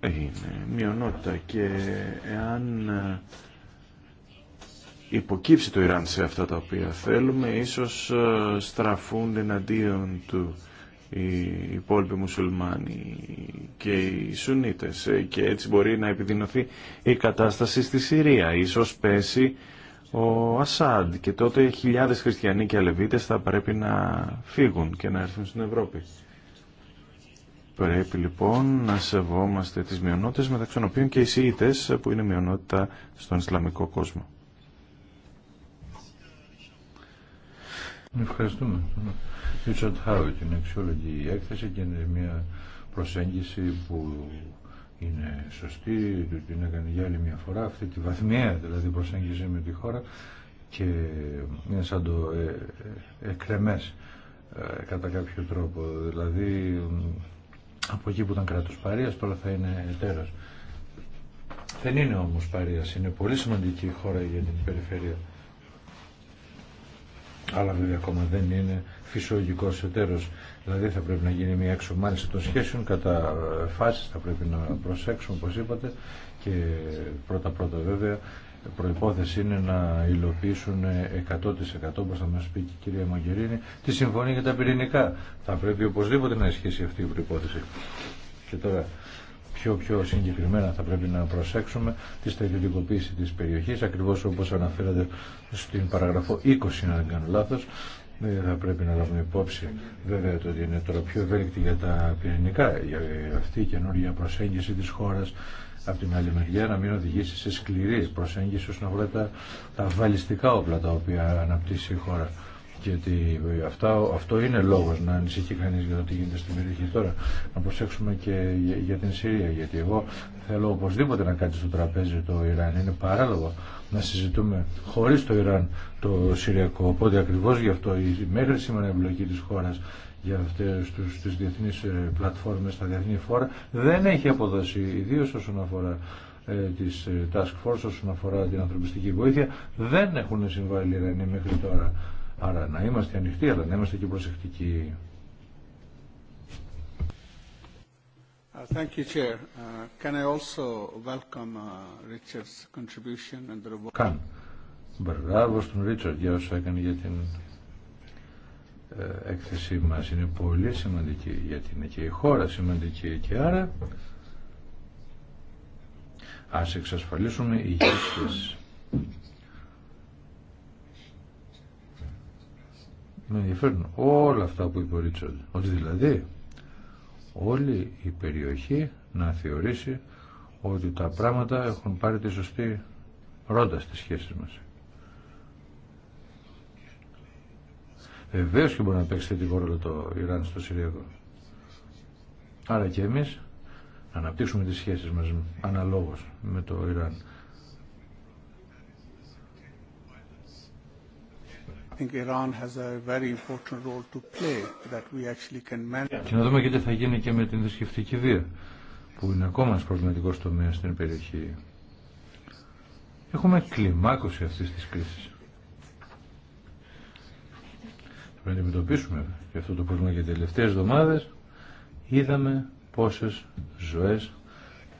A: είναι μειονότητα και εάν υποκύψει το Ιράν σε αυτά τα οποία θέλουμε, ίσως ε, στραφούν εναντίον του οι υπόλοιποι μουσουλμάνοι και οι Σουνίτες ε, και έτσι μπορεί να επιδεινωθεί η κατάσταση στη Συρία. Ίσως πέσει ο Ασάντ και τότε χιλιάδες χριστιανοί και αλεβίτες θα πρέπει να φύγουν και να έρθουν στην Ευρώπη. Πρέπει λοιπόν να σεβόμαστε τις μειονότητες μεταξύ των οποίων και οι Συΐτες που είναι μειονότητα στον Ισλαμικό κόσμο.
B: Ευχαριστούμε. Richard Χάουιτ είναι αξιόλογη η έκθεση και είναι μια προσέγγιση που είναι σωστή, την έκανε για άλλη μια φορά, αυτή τη βαθμία δηλαδή προσέγγιση με τη χώρα και είναι σαν το ε, ε, εκρεμές ε, κατά κάποιο τρόπο. Δηλαδή από εκεί που ήταν κράτος παρείας τώρα θα είναι εταίρος. Δεν είναι όμως παρείας, είναι πολύ σημαντική η χώρα για την περιφέρεια αλλά βέβαια ακόμα δεν είναι φυσιολογικό εταίρο. Δηλαδή θα πρέπει να γίνει μια έξομάλυση των σχέσεων κατά ε, φάσει, θα πρέπει να προσέξουμε όπω είπατε και πρώτα πρώτα βέβαια προϋπόθεση είναι να υλοποιήσουν 100% ε, όπως θα μας πει και η κυρία Μαγκερίνη τη συμφωνία για τα πυρηνικά. Θα πρέπει οπωσδήποτε να ισχύσει αυτή η προϋπόθεση. Και τώρα πιο πιο συγκεκριμένα θα πρέπει να προσέξουμε τη στρατιωτικοποίηση της περιοχής ακριβώς όπως αναφέρατε στην παραγραφό 20 αν δεν κάνω λάθος ε, θα πρέπει να λάβουμε υπόψη βέβαια το ότι είναι τώρα πιο ευέλικτη για τα πυρηνικά για αυτή η καινούργια προσέγγιση της χώρας από την άλλη μεριά να μην οδηγήσει σε σκληρή προσέγγιση όσον αφορά τα, τα βαλιστικά όπλα τα οποία αναπτύσσει η χώρα και αυτά, αυτό είναι λόγος να ανησυχεί κανείς για το τι γίνεται στην περιοχή τώρα. Να προσέξουμε και για την Συρία, γιατί εγώ θέλω οπωσδήποτε να κάτσει στο τραπέζι το Ιράν. Είναι παράλογο να συζητούμε χωρίς το Ιράν το Συριακό. Οπότε ακριβώς γι' αυτό η μέχρι σήμερα εμπλοκή της χώρας για αυτές τους, τις διεθνείς ε, πλατφόρμες, τα διεθνή φόρα, δεν έχει αποδώσει ιδίως όσον αφορά ε, ε, Task Force, όσον αφορά την ανθρωπιστική βοήθεια, δεν έχουν συμβάλει οι Ιρανοί μέχρι τώρα Άρα να είμαστε ανοιχτοί, αλλά να είμαστε και προσεκτικοί. Uh, thank you, Chair. Uh, can I also welcome uh, Καν. Μπράβο στον Ρίτσαρτ για όσα έκανε για την ε, έκθεσή μας. Είναι πολύ σημαντική γιατί είναι και η χώρα σημαντική και άρα ας εξασφαλίσουμε υγιές με ενδιαφέρουν όλα αυτά που είπε ο Ότι δηλαδή όλη η περιοχή να θεωρήσει ότι τα πράγματα έχουν πάρει τη σωστή ρόντα στις σχέσεις μας. Βεβαίω και μπορεί να παίξει θετικό ρόλο το Ιράν στο Συριακό. Άρα και εμείς να αναπτύξουμε τις σχέσεις μας αναλόγως με το Ιράν. Και να δούμε και τι θα γίνει και με την δυσκευτική βία, που είναι ακόμα ένας προβληματικός τομέας στην περιοχή. Έχουμε κλιμάκωση αυτής της κρίσης. Θα πρέπει να αντιμετωπίσουμε και αυτό το πρόβλημα για τελευταίες εβδομάδες. Είδαμε πόσες ζωές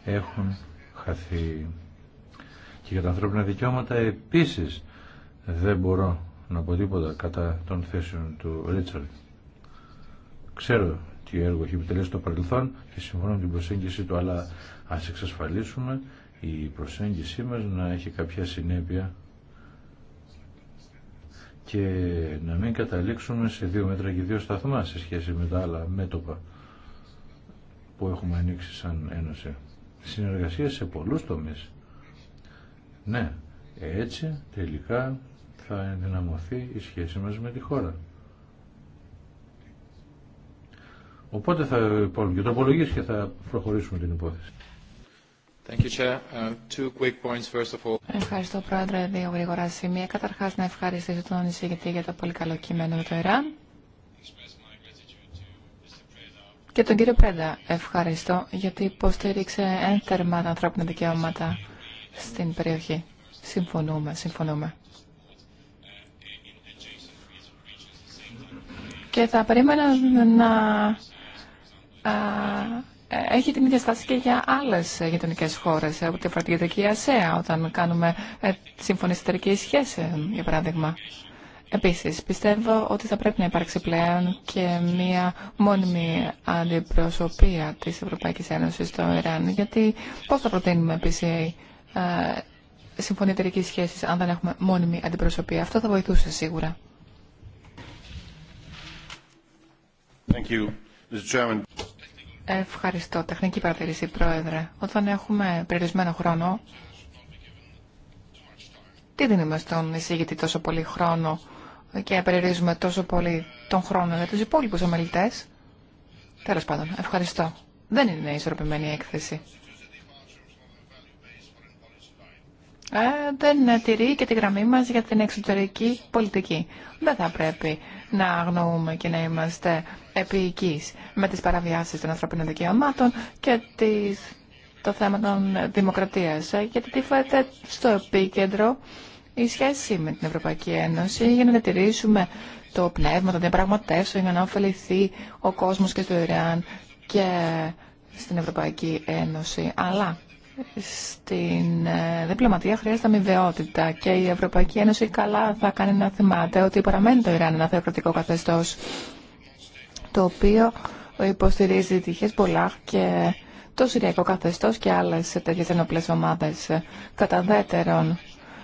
B: έχουν χαθεί. Και για τα ανθρώπινα δικαιώματα επίσης δεν μπορώ από τίποτα κατά των θέσεων του Ρίτσαρντ. Ξέρω τι έργο έχει επιτελέσει το παρελθόν και συμφωνώ με την προσέγγιση του, αλλά α εξασφαλίσουμε η προσέγγιση μας να έχει κάποια συνέπεια και να μην καταλήξουμε σε δύο μέτρα και δύο σταθμά σε σχέση με τα άλλα μέτωπα που έχουμε ανοίξει σαν Ένωση. Συνεργασία σε πολλούς τομείς. Ναι, έτσι τελικά θα ενδυναμωθεί η σχέση μας με τη χώρα. Οπότε θα υπόλοιπε και και θα προχωρήσουμε την υπόθεση. Thank you, Chair. Uh, two quick points, first of all.
C: Ευχαριστώ, Πρόεδρε. Δύο γρήγορα σημεία. Καταρχάς, να ευχαριστήσω τον εισηγητή για το πολύ καλό κείμενο με το Ιράν. Και τον κύριο Πρέντα ευχαριστώ γιατί υποστήριξε ένθερμα τα ανθρώπινα δικαιώματα στην περιοχή. Συμφωνούμε, συμφωνούμε. και θα περίμενα να ε, έχει την ίδια στάση και για άλλε γειτονικέ χώρε, από την Παρτιατική Ασία, όταν κάνουμε ε, σύμφωνε εταιρική για παράδειγμα. Επίση, πιστεύω ότι θα πρέπει να υπάρξει πλέον και μία μόνιμη αντιπροσωπεία τη Ευρωπαϊκή Ένωση στο Ιράν, γιατί πώ θα προτείνουμε επίση ε, συμφωνία σχέσει σχέση αν δεν έχουμε μόνιμη αντιπροσωπεία. Αυτό θα βοηθούσε σίγουρα. Ευχαριστώ. Τεχνική παρατηρήση, Πρόεδρε. Όταν έχουμε περιορισμένο χρόνο, τι δίνουμε στον εισήγητη τόσο πολύ χρόνο και περιορίζουμε τόσο πολύ τον χρόνο για τους υπόλοιπους ομιλητές. Τέλος πάντων, ευχαριστώ. Δεν είναι ισορροπημένη η έκθεση. Ε, δεν τηρεί και τη γραμμή μας για την εξωτερική πολιτική. Δεν θα πρέπει να αγνοούμε και να είμαστε επίοικείς με τις παραβιάσεις των ανθρωπίνων δικαιωμάτων και τις, το θέμα των δημοκρατίας. Ε, γιατί τίφεται στο επίκεντρο η σχέση με την Ευρωπαϊκή Ένωση για να διατηρήσουμε το πνεύμα των διαπραγματεύσεων για να ωφεληθεί ο κόσμος και στο Ιράν και στην Ευρωπαϊκή Ένωση. Αλλά στην ε, διπλωματία χρειάζεται αμοιβαιότητα και η Ευρωπαϊκή Ένωση καλά θα κάνει να θυμάται ότι παραμένει το Ιράν ένα θεοκρατικό καθεστώς το οποίο υποστηρίζει τη πολλά και το Συριακό καθεστώς και άλλες τέτοιες ενοπλές ομάδες. Κατά δεύτερον,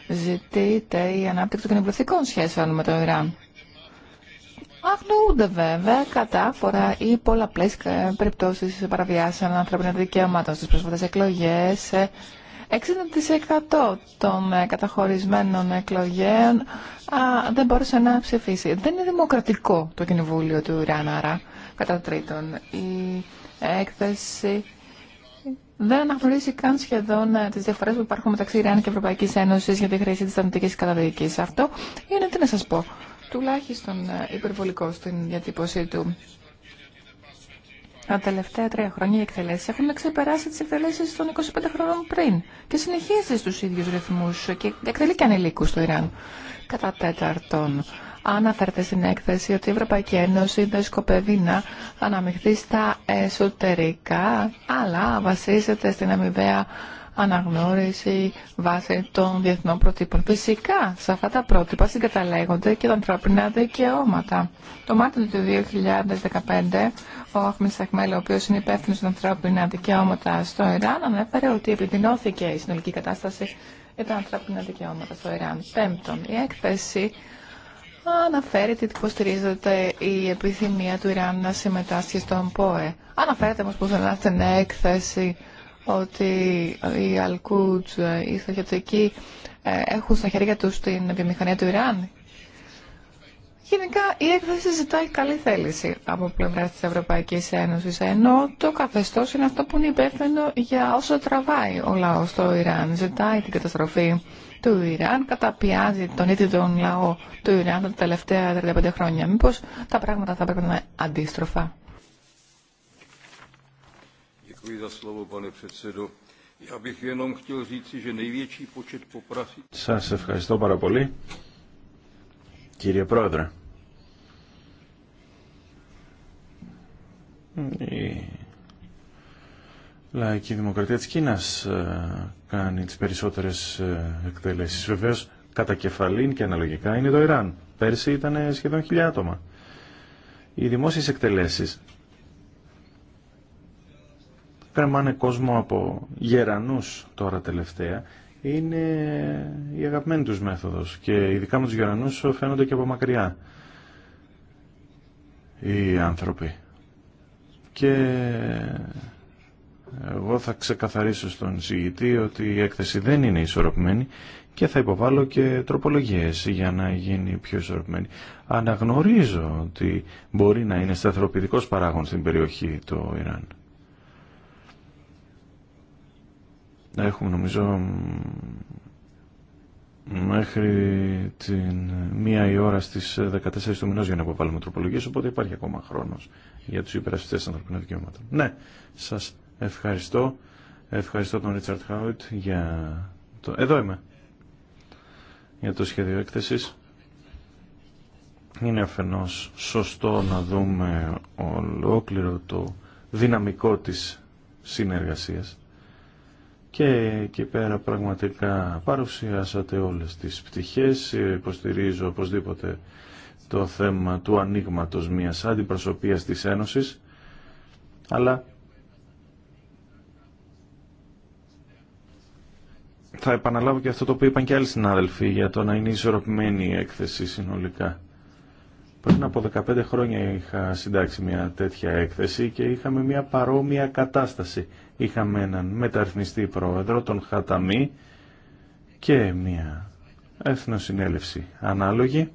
C: ζητείται η ανάπτυξη των κοινοβουλευτικών σχέσεων με το Ιράν. Αγνοούνται βέβαια κατάφορα ή πολλαπλέ ε, περιπτώσει παραβιάσεων ανθρώπινων δικαιωμάτων στι πρόσφατε εκλογέ. 60% ε, των ε, καταχωρισμένων εκλογέων α, δεν μπόρεσε να ψηφίσει. Δεν είναι δημοκρατικό το κοινοβούλιο του Ιράν, άρα κατά τρίτον. Η έκθεση δεν αναγνωρίζει καν σχεδόν τι διαφορέ που υπάρχουν μεταξύ Ιράν και Ευρωπαϊκή Ένωση για τη χρήση τη θανατικής καταδίκη. Αυτό είναι, τι να σα πω, τουλάχιστον ε, υπερβολικό στην διατύπωσή του. Τα τελευταία τρία χρόνια οι εκτελέσει έχουν ξεπεράσει τι εκτελέσει των 25 χρόνων πριν και συνεχίζει στου ίδιου ρυθμού και εκτελεί και ανηλίκου στο Ιράν. Κατά τέταρτον, αναφέρεται στην έκθεση ότι η Ευρωπαϊκή Ένωση δεν σκοπεύει να αναμειχθεί στα εσωτερικά, αλλά βασίζεται στην αμοιβαία αναγνώριση βάσει των διεθνών προτύπων. Φυσικά, σε αυτά τα πρότυπα συγκαταλέγονται και τα ανθρώπινα δικαιώματα. Το Μάρτιο του 2015, ο Αχμήν Σαχμέλ, ο οποίο είναι υπεύθυνο των ανθρώπινα δικαιώματα στο Ιράν, ανέφερε ότι επιδεινώθηκε η συνολική κατάσταση για τα ανθρώπινα δικαιώματα στο Ιράν. Πέμπτον, η έκθεση αναφέρει ότι υποστηρίζεται η επιθυμία του Ιράν να συμμετάσχει στον ΠΟΕ. Αναφέρεται όμω πουθενά είναι έκθεση ότι οι Αλκούτς, οι στρατιωτικοί ε, έχουν στα χέρια τους την βιομηχανία του Ιράν. Γενικά η έκθεση ζητάει καλή θέληση από πλευρά της Ευρωπαϊκής Ένωσης, ενώ το καθεστώς είναι αυτό που είναι υπεύθυνο για όσο τραβάει ο λαός στο Ιράν. Ζητάει την καταστροφή του Ιράν, καταπιάζει τον ίδιο τον λαό του Ιράν τα τελευταία 35 χρόνια. Μήπως τα πράγματα θα έπρεπε να είναι αντίστροφα.
A: Σας ευχαριστώ πάρα πολύ, κύριε Πρόεδρε. Η λαϊκή δημοκρατία της Κίνας ε, κάνει τις περισσότερες ε, εκτελέσεις. Βεβαίως, κατά κεφαλήν και αναλογικά είναι το Ιράν. Πέρσι ήταν σχεδόν χιλιά άτομα. Οι δημόσιες εκτελέσεις κρεμάνε κόσμο από γερανούς τώρα τελευταία είναι η αγαπημένη τους μέθοδος και ειδικά με τους γερανούς φαίνονται και από μακριά οι άνθρωποι. Και εγώ θα ξεκαθαρίσω στον συγητή ότι η έκθεση δεν είναι ισορροπημένη και θα υποβάλω και τροπολογίες για να γίνει πιο ισορροπημένη. Αναγνωρίζω ότι μπορεί να είναι σταθεροποιητικός παράγων στην περιοχή το Ιράν. έχουμε νομίζω μέχρι την μία η ώρα στις 14 του μηνός για να αποβάλουμε τροπολογίες, οπότε υπάρχει ακόμα χρόνος για τους υπερασπιστές ανθρωπινών δικαιωμάτων. Ναι, σας ευχαριστώ. Ευχαριστώ τον Ρίτσαρτ Χάουιτ για το... Εδώ είμαι. Για το σχέδιο έκθεσης. Είναι αφενός σωστό να δούμε ολόκληρο το δυναμικό της συνεργασίας και εκεί πέρα πραγματικά παρουσιάσατε όλες τις πτυχές. Υποστηρίζω οπωσδήποτε το θέμα του ανοίγματο μιας αντιπροσωπείας της Ένωσης, αλλά θα επαναλάβω και αυτό το που είπαν και άλλοι συνάδελφοι για το να είναι ισορροπημένη η έκθεση συνολικά. Πριν από 15 χρόνια είχα συντάξει μια τέτοια έκθεση και είχαμε μια παρόμοια κατάσταση. Είχαμε έναν μεταρρυθμιστή πρόεδρο, τον Χαταμή, και μια εθνοσυνέλευση ανάλογη,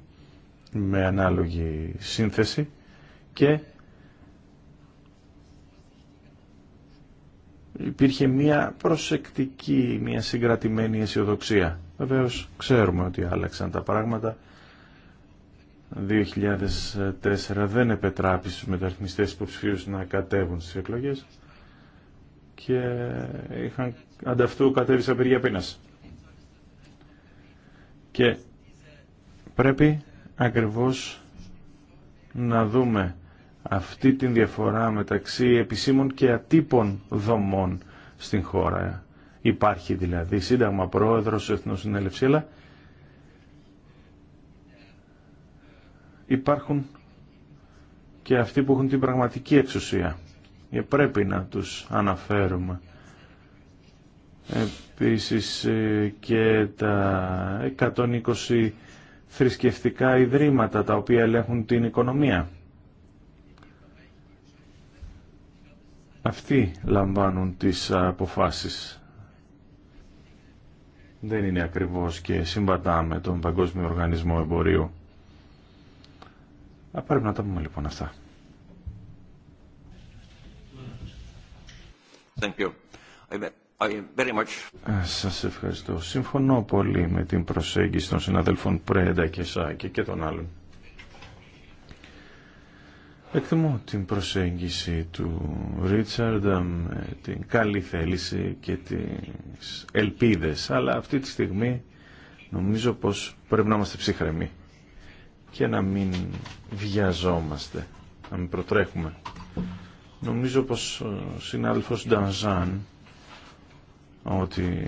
A: με ανάλογη σύνθεση και υπήρχε μια προσεκτική, μια συγκρατημένη αισιοδοξία. Βεβαίως ξέρουμε ότι άλλαξαν τα πράγματα 2004 δεν επετράπει στους μεταρρυθμιστές υποψηφίους να κατέβουν στις εκλογές και είχαν ανταυτού κατέβει σε απεργία πείνας. Και πρέπει ακριβώς να δούμε αυτή την διαφορά μεταξύ επισήμων και ατύπων δομών στην χώρα. Υπάρχει δηλαδή σύνταγμα πρόεδρος, εθνοσυνέλευση, αλλά υπάρχουν και αυτοί που έχουν την πραγματική εξουσία. Και πρέπει να τους αναφέρουμε. Επίσης ε, και τα 120 θρησκευτικά ιδρύματα τα οποία ελέγχουν την οικονομία. Αυτοί λαμβάνουν τις αποφάσεις. Δεν είναι ακριβώς και συμβατά με τον Παγκόσμιο Οργανισμό Εμπορίου. Α, πρέπει να τα πούμε λοιπόν αυτά. Thank you. Very much. Ε, σας ευχαριστώ. Συμφωνώ πολύ με την προσέγγιση των συναδέλφων Πρέντα και Σάκη και των άλλων. Εκτιμώ την προσέγγιση του Ρίτσαρντα με την καλή θέληση και τις ελπίδες, αλλά αυτή τη στιγμή νομίζω πως πρέπει να είμαστε ψυχρεμοί και να μην βιαζόμαστε, να μην προτρέχουμε. Νομίζω πως ο ε, συνάδελφος Νταζάν ότι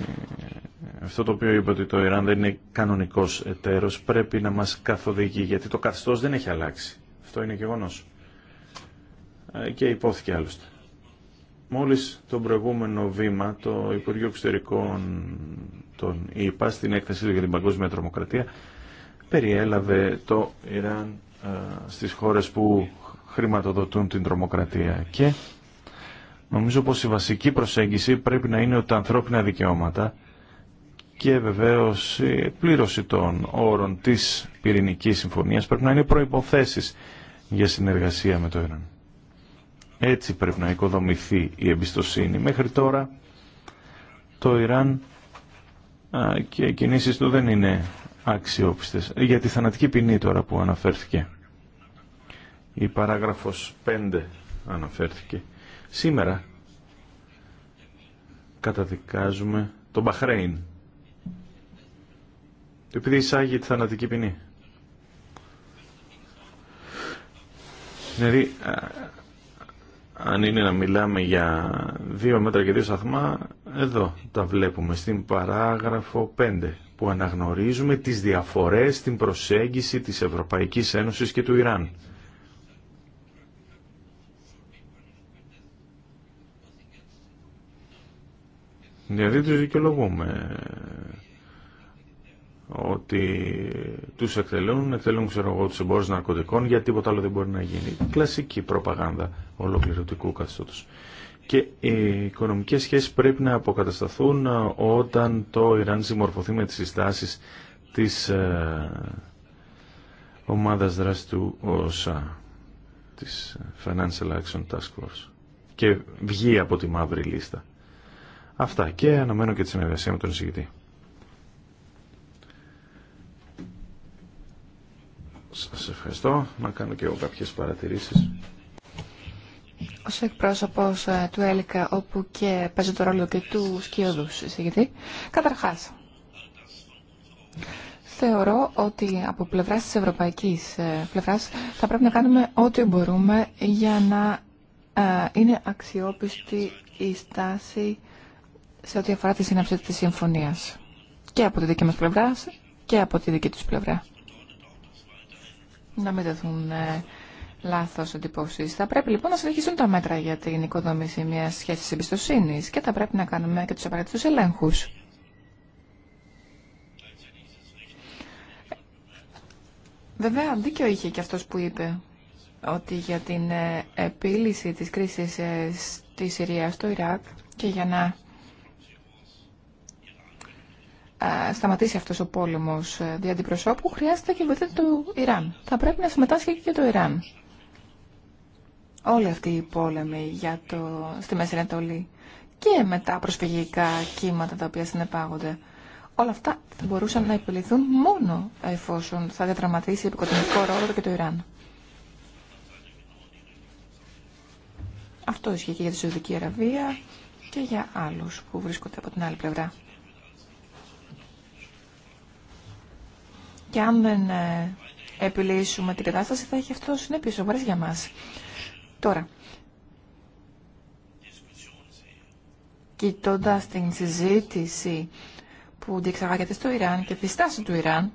A: αυτό το οποίο είπε ότι το Ιράν δεν είναι κανονικός εταίρος πρέπει να μας καθοδηγεί γιατί το καθεστώς δεν έχει αλλάξει. Αυτό είναι γεγονός. Ε, και υπόθηκε άλλωστε. Μόλις το προηγούμενο βήμα το Υπουργείο Εξωτερικών τον ΙΠΑ στην έκθεση του για την Παγκόσμια Τρομοκρατία περιέλαβε το Ιράν ε, στις χώρες που χρηματοδοτούν την τρομοκρατία. Και νομίζω πως η βασική προσέγγιση πρέπει να είναι ότι τα ανθρώπινα δικαιώματα και βεβαίως η πλήρωση των όρων της πυρηνικής συμφωνίας πρέπει να είναι προϋποθέσεις για συνεργασία με το Ιράν. Έτσι πρέπει να οικοδομηθεί η εμπιστοσύνη. Μέχρι τώρα το Ιράν ε, και οι κινήσεις του δεν είναι αξιόπιστες. Ε, για τη θανατική ποινή τώρα που αναφέρθηκε. Η παράγραφος 5 αναφέρθηκε. Σήμερα καταδικάζουμε τον Μπαχρέιν. Επειδή εισάγει τη θανατική ποινή. Δηλαδή, αν είναι να μιλάμε για δύο μέτρα και δύο σταθμά, εδώ τα βλέπουμε στην παράγραφο 5 που αναγνωρίζουμε τις διαφορές στην προσέγγιση της Ευρωπαϊκής Ένωσης και του Ιράν. Δηλαδή τους δικαιολογούμε ότι τους εκτελούν, εκτελούν ξέρω εγώ τους εμπόρους ναρκωτικών γιατί τίποτα άλλο δεν μπορεί να γίνει. Κλασική προπαγάνδα ολοκληρωτικού καθεστώτος και οι οικονομικές σχέσεις πρέπει να αποκατασταθούν ε, όταν το Ιράν συμμορφωθεί με τις συστάσεις της ε, ομάδας δράσης του ΟΣΑ, της Financial Action Task Force και βγει από τη μαύρη λίστα. Αυτά και αναμένω και τη συνεργασία με τον εισηγητή. Σας ευχαριστώ. Να κάνω και εγώ κάποιες παρατηρήσεις
C: ως εκπρόσωπος ε, του ΕΛΚΑ, όπου και παίζει το ρόλο και του Σκιώδους εισηγητή, καταρχάς, θεωρώ ότι από πλευράς της ευρωπαϊκής ε, πλευράς θα πρέπει να κάνουμε ό,τι μπορούμε για να ε, είναι αξιόπιστη η στάση σε ό,τι αφορά τη σύναψη της συμφωνίας. Και από τη δική μας πλευρά και από τη δική τους πλευρά. Να μην δεθούν λάθος εντυπώσει. Θα πρέπει λοιπόν να συνεχιστούν τα μέτρα για την οικοδόμηση μια σχέση εμπιστοσύνη και θα πρέπει να κάνουμε και τους απαραίτητους ελέγχου. Βέβαια, δίκιο είχε και αυτός που είπε ότι για την ε, επίλυση της κρίσης ε, της Συρία, στο Ιράκ και για να ε, σταματήσει αυτός ο πόλεμος δια αντιπροσώπου, χρειάζεται και βοήθεια του Ιράν. Θα πρέπει να συμμετάσχει και το Ιράν όλοι αυτοί οι πόλεμοι για το, στη Μέση Ανατολή και με τα προσφυγικά κύματα τα οποία συνεπάγονται. Όλα αυτά θα μπορούσαν να επιληθούν μόνο εφόσον θα διαδραματίσει επικοτινικό ρόλο και το Ιράν. Αυτό ισχύει και για τη Σουδική Αραβία και για άλλους που βρίσκονται από την άλλη πλευρά. Και αν δεν ε, επιλύσουμε την κατάσταση θα έχει αυτό συνέπειες σοβαρές για μας. Τώρα, κοιτώντα την συζήτηση που διεξαγάγεται στο Ιράν και τη στάση του Ιράν,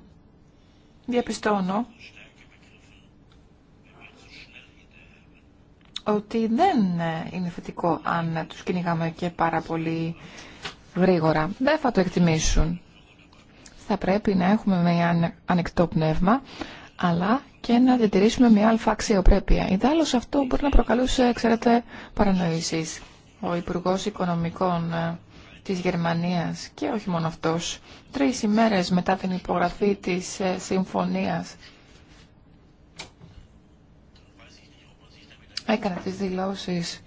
C: διαπιστώνω ότι δεν είναι θετικό αν τους κυνηγάμε και πάρα πολύ γρήγορα. Δεν θα το εκτιμήσουν. Θα πρέπει να έχουμε ένα ανοιχτό πνεύμα, αλλά και να διατηρήσουμε μια αλφα αξιοπρέπεια. Ιδάλλως αυτό μπορεί να προκαλούσε, ξέρετε, παρανοήσεις. Ο Υπουργός Οικονομικών ε, της Γερμανίας και όχι μόνο αυτός, τρεις ημέρες μετά την υπογραφή της ε, συμφωνίας έκανε τις δηλώσεις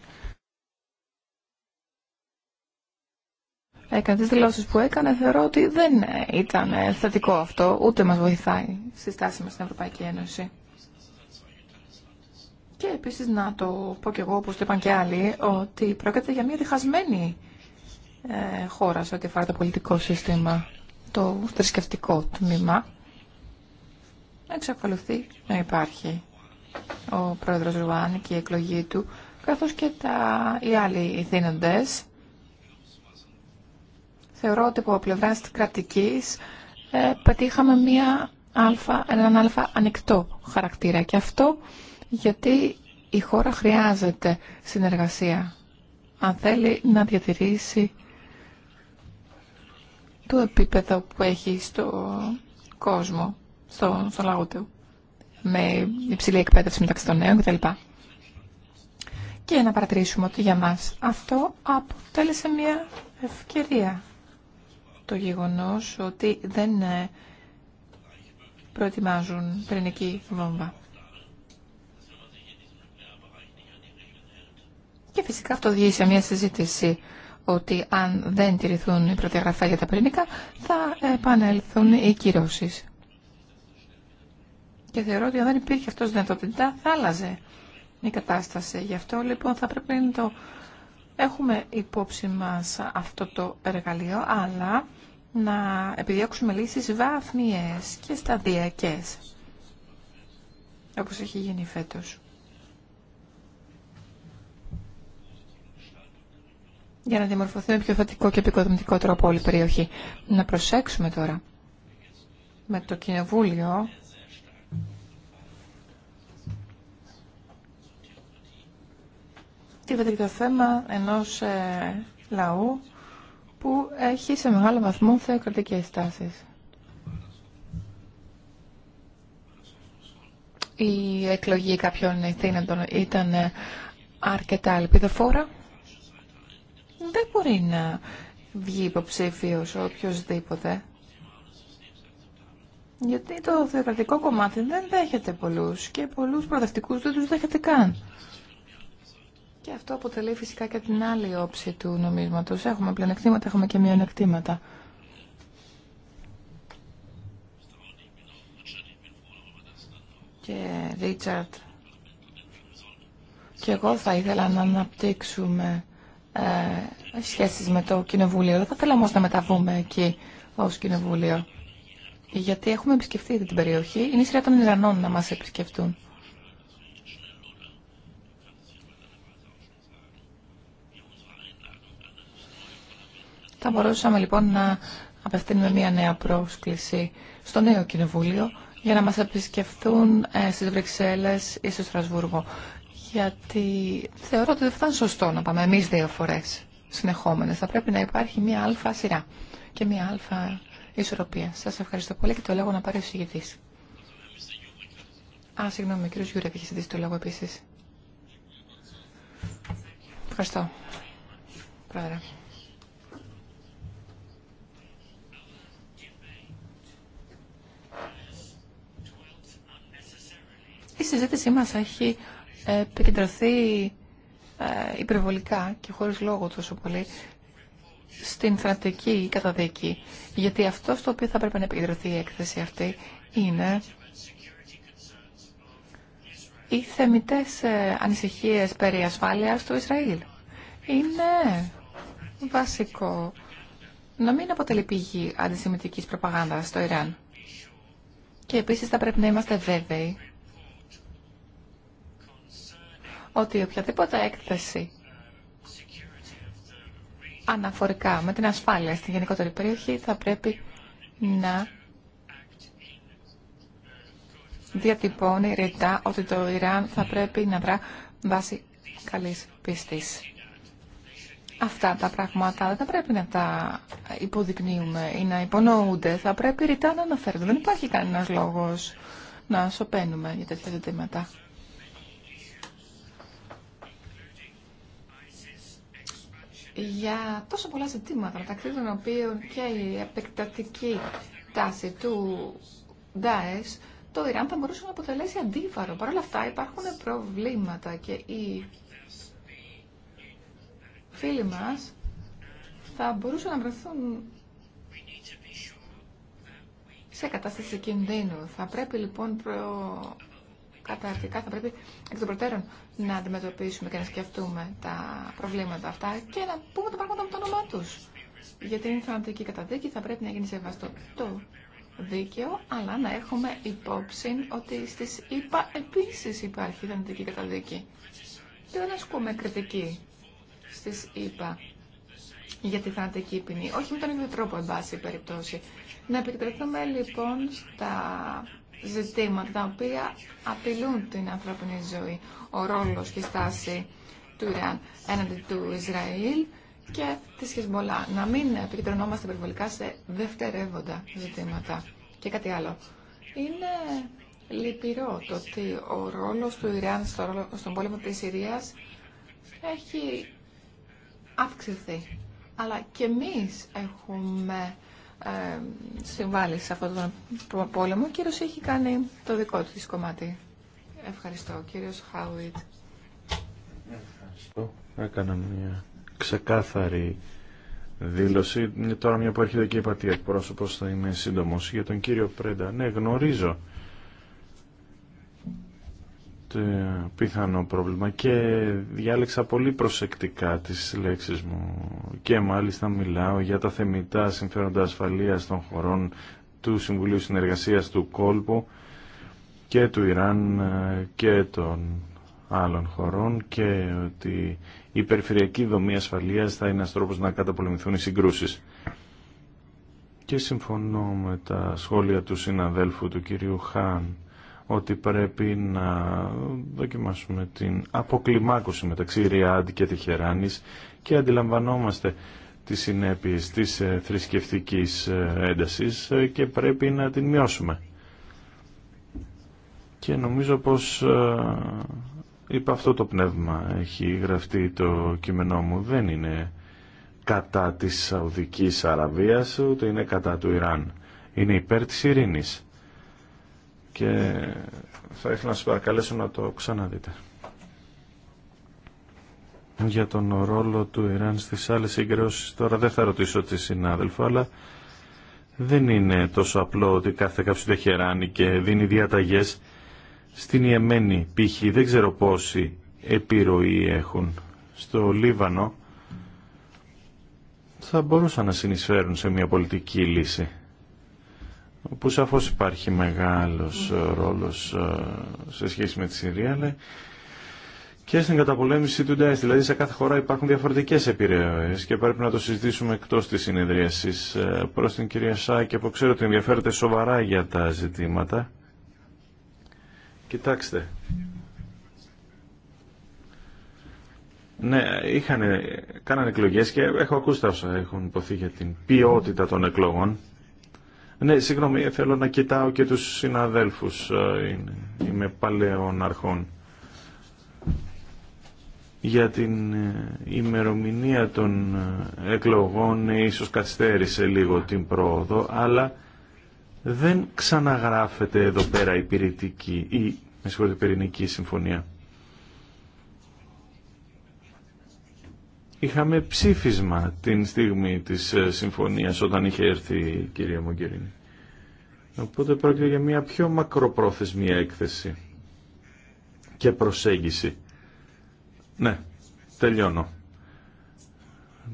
C: έκανε τις δηλώσεις που έκανε, θεωρώ ότι δεν ήταν θετικό αυτό, ούτε μας βοηθάει στη στάση μας στην Ευρωπαϊκή Ένωση. Και επίσης να το πω και εγώ, όπως το είπαν και άλλοι, ότι πρόκειται για μια διχασμένη ε, χώρα σε ό,τι αφορά το πολιτικό σύστημα, το θρησκευτικό τμήμα. Εξακολουθεί να υπάρχει ο πρόεδρος Ρουάν και η εκλογή του, καθώς και τα, οι άλλοι ηθήνοντες θεωρώ ότι από πλευρά κρατική ε, πετύχαμε μία αλφα, έναν αλφα ανοιχτό χαρακτήρα. Και αυτό γιατί η χώρα χρειάζεται συνεργασία αν θέλει να διατηρήσει το επίπεδο που έχει στο κόσμο, στο, στο λαό του, με υψηλή εκπαίδευση μεταξύ των νέων κτλ. Και να παρατηρήσουμε ότι για μας αυτό αποτέλεσε μια ευκαιρία το γεγονός ότι δεν ε, προετοιμάζουν πυρηνική βόμβα. Και φυσικά αυτό οδηγεί σε μια συζήτηση ότι αν δεν τηρηθούν οι προδιαγραφέ για τα πυρηνικά θα επανέλθουν οι κυρώσει. Και θεωρώ ότι αν δεν υπήρχε αυτός δυνατότητα θα άλλαζε η κατάσταση. Γι' αυτό λοιπόν θα πρέπει να το έχουμε υπόψη μας αυτό το εργαλείο, αλλά να επιδιώξουμε λύσεις βάθμιες και σταδιακές, όπως έχει γίνει φέτος. για να δημορφωθεί με πιο θετικό και επικοδομητικό τρόπο όλη η περιοχή. Να προσέξουμε τώρα με το Κοινοβούλιο τίθεται το θέμα ενός ε, λαού που έχει σε μεγάλο βαθμό θεοκρατικές στάσεις; Η εκλογή κάποιων ευθύνοντων ήταν αρκετά ελπιδοφόρα. Δεν μπορεί να βγει υποψήφιο οποιοδήποτε. Γιατί το θεοκρατικό κομμάτι δεν δέχεται πολλούς και πολλούς προοδευτικούς δεν τους δέχεται καν. Και αυτό αποτελεί φυσικά και την άλλη όψη του νομίσματος. Έχουμε πλεονεκτήματα, έχουμε και μειονεκτήματα. Και Ρίτσαρτ, και εγώ θα ήθελα να αναπτύξουμε ε, σχέσεις με το Κοινοβούλιο. Δεν θα ήθελα όμως να μεταβούμε εκεί ως Κοινοβούλιο. Γιατί έχουμε επισκεφτεί την περιοχή. Είναι η σειρά των Ιρανών να μας επισκεφτούν. Θα μπορούσαμε λοιπόν να απευθύνουμε μια νέα πρόσκληση στο νέο κοινοβούλιο για να μας επισκεφθούν ε, στις Βρυξέλλες ή στο Στρασβούργο. Γιατί θεωρώ ότι δεν θα σωστό να πάμε εμείς δύο φορές συνεχόμενες. Θα πρέπει να υπάρχει μια αλφα σειρά και μια αλφα ισορροπία. Σας ευχαριστώ πολύ και το λέγω να πάρει ο συγγετής. Α, συγγνώμη, ο κύριος έχει ζητήσει το λόγο επίσης. Ευχαριστώ. Πρόεδρε. η συζήτησή μας έχει ε, επικεντρωθεί ε, υπερβολικά και χωρίς λόγο τόσο πολύ στην θρατική καταδίκη. Γιατί αυτό στο οποίο θα πρέπει να επικεντρωθεί η έκθεση αυτή είναι οι θεμητές ε, ανησυχίες περί ασφάλειας του Ισραήλ. Είναι βασικό να μην αποτελεί πηγή αντισημιτικής προπαγάνδας στο Ιράν. Και επίσης θα πρέπει να είμαστε βέβαιοι ότι οποιαδήποτε έκθεση αναφορικά με την ασφάλεια στην γενικότερη περιοχή θα πρέπει να διατυπώνει ρητά ότι το Ιράν θα πρέπει να δρά βάσει καλής πίστης. Αυτά τα πράγματα δεν θα πρέπει να τα υποδεικνύουμε ή να υπονοούνται. Θα πρέπει ρητά να αναφέρουμε. Δεν υπάρχει κανένας λόγος να σωπαίνουμε για τέτοια ζητήματα. για τόσο πολλά ζητήματα, μεταξύ των οποίων και η επεκτατική τάση του ΝΤΑΕΣ, το Ιράν θα μπορούσε να αποτελέσει αντίβαρο. Παρ' όλα αυτά υπάρχουν προβλήματα και οι φίλοι μας θα μπορούσαν να βρεθούν σε κατάσταση κινδύνου. Θα πρέπει λοιπόν προ καταρχικά θα πρέπει εκ των προτέρων να αντιμετωπίσουμε και να σκεφτούμε τα προβλήματα αυτά και να πούμε τα πράγματα με το όνομά του. Γιατί είναι θανατική καταδίκη, θα πρέπει να γίνει σεβαστό το δίκαιο, αλλά να έχουμε υπόψη ότι στι ΗΠΑ επίση υπάρχει θανατική καταδίκη. Και δεν ασκούμε κριτική στι ΗΠΑ για τη θανατική ποινή. Όχι με τον ίδιο τρόπο, εν πάση περιπτώσει. Να επικεντρωθούμε λοιπόν στα ζητήματα τα οποία απειλούν την ανθρώπινη ζωή. Ο ρόλος και η στάση του Ιράν έναντι του Ισραήλ και τη Χεσμολά. Να μην επικεντρωνόμαστε περιβολικά σε δευτερεύοντα ζητήματα. Και κάτι άλλο. Είναι λυπηρό το ότι ο ρόλος του Ιράν στο, στον πόλεμο της Συρίας έχει αυξηθεί. Αλλά και εμείς έχουμε ε, συμβάλλει σε αυτόν τον πόλεμο. Ο κύριος έχει κάνει το δικό του κομμάτι. Ευχαριστώ. Κύριος Χάουιτ. Ευχαριστώ.
A: Έκανα μια ξεκάθαρη δήλωση. Τώρα μια που έρχεται και η πατία εκπρόσωπος θα είμαι σύντομος για τον κύριο Πρέντα. Ναι, γνωρίζω ε, πιθανό πρόβλημα και διάλεξα πολύ προσεκτικά τις λέξεις μου και μάλιστα μιλάω για τα θεμητά συμφέροντα ασφαλείας των χωρών του Συμβουλίου Συνεργασίας του Κόλπου και του Ιράν ε, και των άλλων χωρών και ότι η περιφερειακή δομή ασφαλείας θα είναι ένας να καταπολεμηθούν οι συγκρούσεις. Και συμφωνώ με τα σχόλια του συναδέλφου του κυρίου Χάν ότι πρέπει να δοκιμάσουμε την αποκλιμάκωση μεταξύ Ριάντ και Τεχεράνης και αντιλαμβανόμαστε τις συνέπειες της ε, θρησκευτικής ε, έντασης ε, και πρέπει να την μειώσουμε. Και νομίζω πως είπα αυτό το πνεύμα έχει γραφτεί το κείμενό μου. Δεν είναι κατά της Σαουδικής Αραβίας ούτε είναι κατά του Ιράν. Είναι υπέρ της ειρήνης και θα ήθελα να σας παρακαλέσω να το ξαναδείτε. Για τον ρόλο του Ιράν στις άλλες συγκρεώσεις τώρα δεν θα ρωτήσω τη συνάδελφο αλλά δεν είναι τόσο απλό ότι κάθε κάποιο το χεράνει και δίνει διαταγές στην Ιεμένη π.χ. δεν ξέρω πόση επιρροή έχουν στο Λίβανο θα μπορούσαν να συνεισφέρουν σε μια πολιτική λύση που σαφώς υπάρχει μεγάλος ε, ρόλος ε, σε σχέση με τη Συρία, αλλά και στην καταπολέμηση του Ντάις. Δηλαδή σε κάθε χώρα υπάρχουν διαφορετικές επιρροές και πρέπει να το συζητήσουμε εκτός της συνεδρίασης ε, προς την κυρία Σάκη, που ξέρω ότι ενδιαφέρεται σοβαρά για τα ζητήματα. Κοιτάξτε. Ναι, είχαν, κάνανε εκλογές και έχω ακούσει τα όσα έχουν υποθεί για την ποιότητα των εκλογών. Ναι, συγγνώμη, θέλω να κοιτάω και τους συναδέλφους. Ε, είμαι παλαιών αρχών. Για την ε, ημερομηνία των ε, εκλογών ίσως καθυστέρησε λίγο την πρόοδο, αλλά δεν ξαναγράφεται εδώ πέρα η πυρηνική, η, η πυρηνική συμφωνία. Είχαμε ψήφισμα την στιγμή της ε, συμφωνίας όταν είχε έρθει η κυρία Μογκερίνη. Οπότε πρόκειται για μια πιο μακροπρόθεσμη έκθεση και προσέγγιση. Ναι, τελειώνω.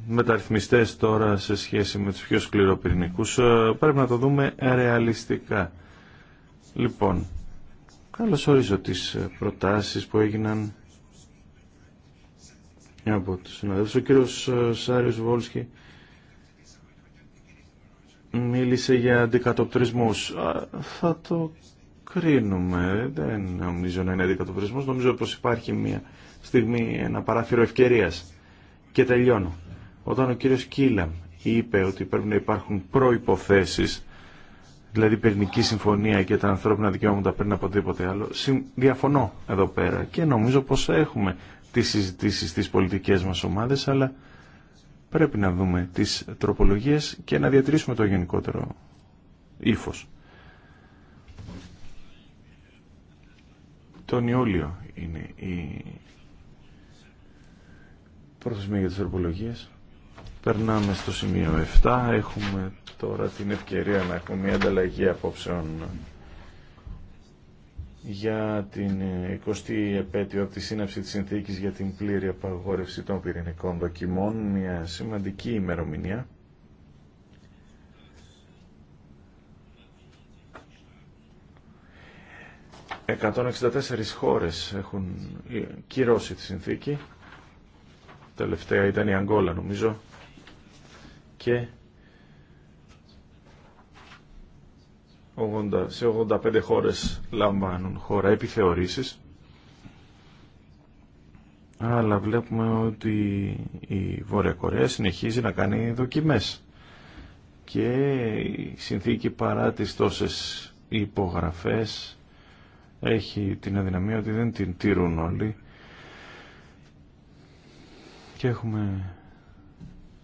A: Μεταρρυθμιστές τώρα σε σχέση με τους πιο σκληροπυρηνικούς ε, πρέπει να το δούμε ρεαλιστικά. Λοιπόν, καλώς ορίζω τις ε, προτάσεις που έγιναν από τους συναδέλφους. Ο κύριος ε, Σάριος Βόλσκι μίλησε για αντικατοπτρισμούς. Θα το κρίνουμε. Δεν νομίζω να είναι αντικατοπτρισμός. Νομίζω πως υπάρχει μια στιγμή, ένα παράθυρο ευκαιρίας. Και τελειώνω. Όταν ο κύριος Κίλαμ είπε ότι πρέπει να υπάρχουν προϋποθέσεις δηλαδή πυρηνική συμφωνία και τα ανθρώπινα δικαιώματα πριν από τίποτε άλλο. Διαφωνώ εδώ πέρα και νομίζω πως έχουμε τις συζητήσεις στις πολιτικές μας ομάδες, αλλά πρέπει να δούμε τις τροπολογίες και να διατηρήσουμε το γενικότερο ύφο. Τον Ιούλιο είναι η προθεσμία για τις τροπολογίες. Περνάμε στο σημείο 7. Έχουμε τώρα την ευκαιρία να έχουμε μια ανταλλαγή απόψεων για την 20η ε, επέτειο από τη σύναψη της συνθήκης για την πλήρη απαγόρευση των πυρηνικών δοκιμών, μια σημαντική ημερομηνία. ...164 χώρες έχουν ε, κυρώσει τη συνθήκη. Τελευταία ήταν η Αγγόλα νομίζω. Και 80, σε 85 χώρες λαμβάνουν χώρα επιθεωρήσεις αλλά βλέπουμε ότι η Βόρεια Κορέα συνεχίζει να κάνει δοκιμές και η συνθήκη παρά τις τόσες υπογραφές έχει την αδυναμία ότι δεν την τήρουν όλοι και έχουμε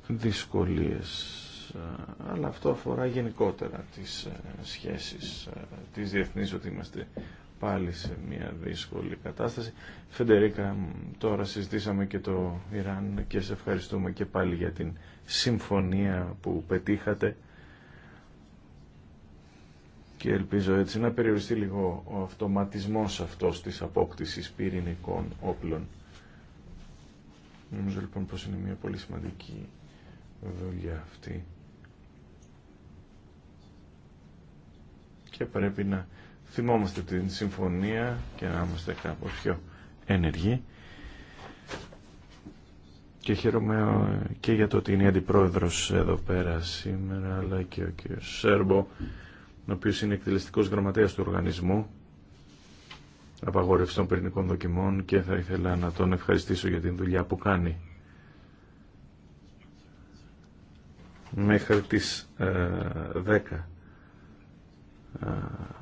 A: δυσκολίες ε, αλλά αυτό αφορά γενικότερα τις ε, σχέσεις ε, της διεθνής ότι είμαστε πάλι σε μια δύσκολη κατάσταση. Φεντερίκα, τώρα συζητήσαμε και το Ιράν και σε ευχαριστούμε και πάλι για την συμφωνία που πετύχατε και ελπίζω έτσι να περιοριστεί λίγο ο αυτοματισμός αυτός της απόκτησης πυρηνικών όπλων. Νομίζω λοιπόν πως είναι μια πολύ σημαντική δουλειά αυτή. και πρέπει να θυμόμαστε την συμφωνία και να είμαστε κάπως πιο ενεργοί. Και χαίρομαι ε, και για το ότι είναι αντιπρόεδρος εδώ πέρα σήμερα, αλλά και ο κ. Σέρμπο, ο οποίο είναι εκτελεστικός γραμματέας του οργανισμού, απαγόρευση των πυρηνικών δοκιμών και θα ήθελα να τον ευχαριστήσω για την δουλειά που κάνει. Μέχρι τις 10 ε,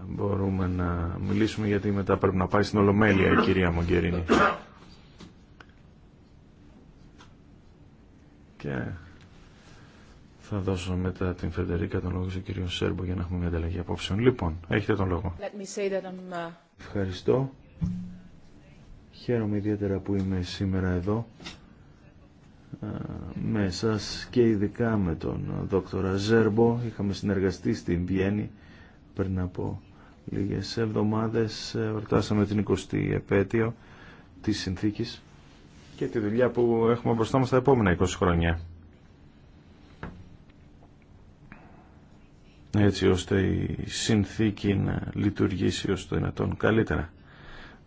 A: μπορούμε να μιλήσουμε γιατί μετά πρέπει να πάει στην Ολομέλεια η κυρία Μογκερίνη. Και θα δώσω μετά την Φεντερίκα τον λόγο στον κύριο Σέρμπο για να έχουμε μια ανταλλαγή απόψεων. Λοιπόν, έχετε τον λόγο.
C: Uh,
A: Ευχαριστώ. Χαίρομαι ιδιαίτερα που είμαι σήμερα εδώ με σας και ειδικά με τον δόκτορα Ζέρμπο. Είχαμε συνεργαστεί στην Βιέννη πριν από λίγες εβδομάδες ε, ορτάσαμε την 20η επέτειο της συνθήκης και τη δουλειά που έχουμε μπροστά μας τα επόμενα 20 χρόνια. έτσι ώστε η συνθήκη να λειτουργήσει ως το δυνατόν καλύτερα.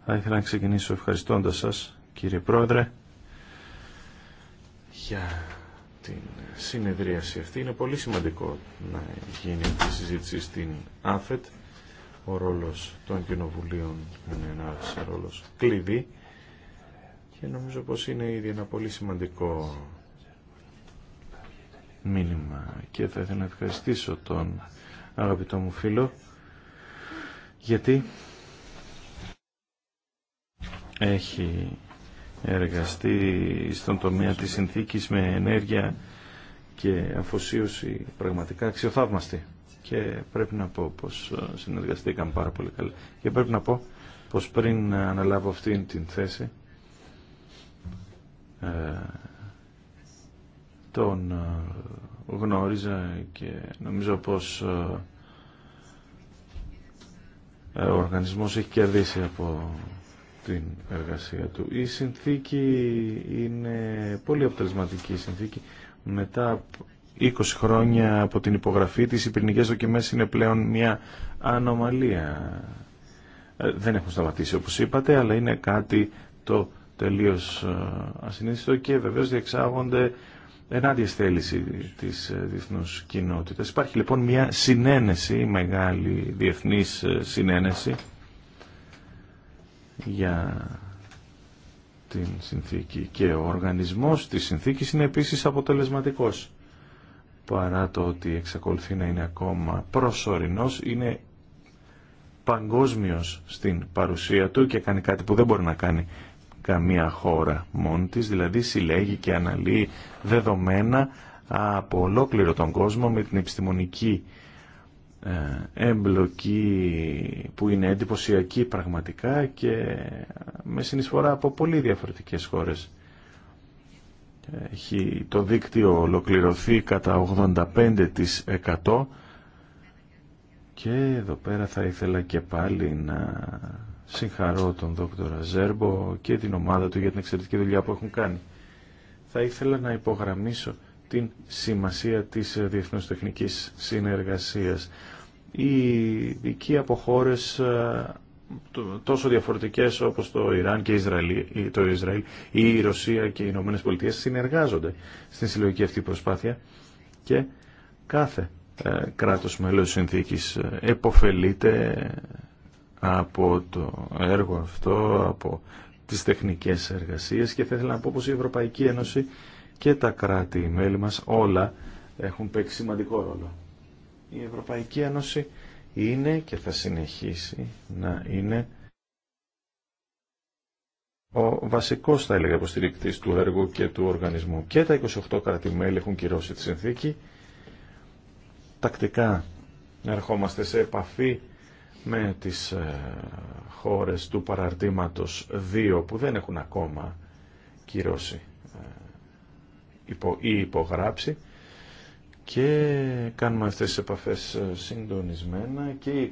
A: Θα ήθελα να ξεκινήσω ευχαριστώντας σας, κύριε Πρόεδρε, για την συνεδρίαση αυτή. Είναι πολύ σημαντικό να γίνει αυτή η συζήτηση στην ΑΦΕΤ. Ο ρόλος των κοινοβουλίων είναι ένας ρόλος κλειδί και νομίζω πως είναι ήδη ένα πολύ σημαντικό μήνυμα και θα ήθελα να ευχαριστήσω τον αγαπητό μου φίλο γιατί έχει εργαστεί στον τομέα της συνθήκης με ενέργεια και αφοσίωση πραγματικά αξιοθαύμαστη. Και πρέπει να πω πως ε, συνεργαστήκαμε πάρα πολύ καλά. Και πρέπει να πω πως πριν αναλάβω αυτήν την θέση ε, τον ε, γνώριζα και νομίζω πως ο οργανισμός έχει κερδίσει από την εργασία του. Η συνθήκη είναι πολύ αποτελεσματική συνθήκη. Μετά 20 χρόνια από την υπογραφή της, οι πυρηνικές δοκιμές είναι πλέον μια ανομαλία. Ε, δεν έχουν σταματήσει όπως είπατε, αλλά είναι κάτι το τελείως ε, ασυνήθιστο και βεβαίως διεξάγονται ενάντια θέληση της ε, διεθνούς κοινότητας. Υπάρχει λοιπόν μια συνένεση, μεγάλη διεθνής συνένεση, για την συνθήκη και ο οργανισμός της συνθήκης είναι επίσης αποτελεσματικός παρά το ότι εξακολουθεί να είναι ακόμα προσωρινός είναι παγκόσμιος στην παρουσία του και κάνει κάτι που δεν μπορεί να κάνει καμία χώρα μόνη της δηλαδή συλλέγει και αναλύει δεδομένα από ολόκληρο τον κόσμο με την επιστημονική εμπλοκή που είναι εντυπωσιακή πραγματικά και με συνεισφορά από πολύ διαφορετικές χώρες. Έχει το δίκτυο ολοκληρωθεί κατά 85% και εδώ πέρα θα ήθελα και πάλι να συγχαρώ τον δόκτωρα Ζέρμπο και την ομάδα του για την εξαιρετική δουλειά που έχουν κάνει. Θα ήθελα να υπογραμμίσω την σημασία της διεθνούς τεχνικής συνεργασίας. Οι δικοί από χώρε ε, τόσο διαφορετικές όπως το Ιράν και το Ισραήλ ή η Ρωσία και οι Ηνωμένε Πολιτείες συνεργάζονται στην συλλογική αυτή προσπάθεια και κάθε ε, κράτος μέλος συνθήκης ε, εποφελείται από το έργο αυτό, από τις τεχνικές εργασίες και θα ήθελα να πω πως η Ευρωπαϊκή Ένωση και τα κράτη-μέλη μας όλα έχουν παίξει σημαντικό ρόλο. Η Ευρωπαϊκή Ένωση είναι και θα συνεχίσει να είναι ο βασικός θα έλεγα υποστηρικτής του έργου και του οργανισμού. Και τα 28 κρατημέλη έχουν κυρώσει τη συνθήκη. Τακτικά ερχόμαστε σε επαφή με τις ε, χώρες του παραρτήματος 2 που δεν έχουν ακόμα κυρώσει ε, ή υπογράψει και κάνουμε αυτές τις επαφές ε, συντονισμένα και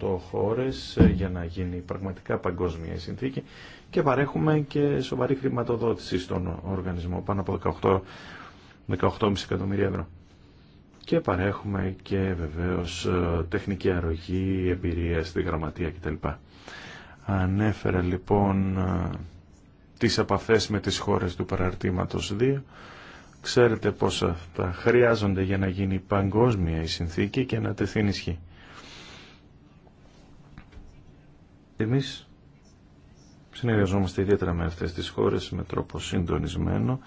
A: 28 χώρες ε, για να γίνει πραγματικά παγκόσμια η συνθήκη και παρέχουμε και σοβαρή χρηματοδότηση στον οργανισμό πάνω από 18 18,5 εκατομμύρια ευρώ. Και παρέχουμε και βεβαίως ε, τεχνική αρρωγή, εμπειρία στη γραμματεία κτλ. Ανέφερα λοιπόν τις επαφές με τις χώρες του παραρτήματος 2 Ξέρετε πόσα αυτά χρειάζονται για να γίνει παγκόσμια η συνθήκη και να τεθεί ενισχύ. Εμείς συνεργαζόμαστε ιδιαίτερα με αυτές τις χώρες με τρόπο συντονισμένο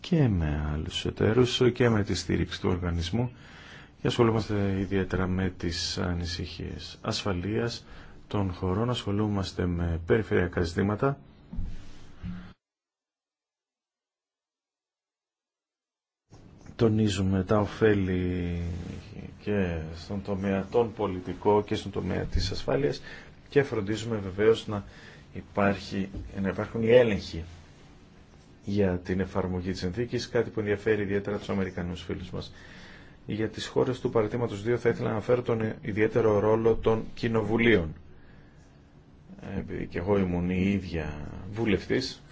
A: και με άλλους εταίρους και με τη στήριξη του οργανισμού και ασχολούμαστε ιδιαίτερα με τις ανησυχίες ασφαλείας των χωρών, ασχολούμαστε με περιφερειακά ζητήματα τονίζουμε τα ωφέλη και στον τομέα των πολιτικό και στον τομέα της ασφάλειας και φροντίζουμε βεβαίως να, υπάρχει, να υπάρχουν οι έλεγχοι για την εφαρμογή της συνθήκης, κάτι που ενδιαφέρει ιδιαίτερα τους Αμερικανούς φίλους μας. Για τις χώρες του παρατήματος 2 θα ήθελα να αναφέρω τον ιδιαίτερο ρόλο των κοινοβουλίων. Επειδή και εγώ ήμουν η ίδια βουλευτής,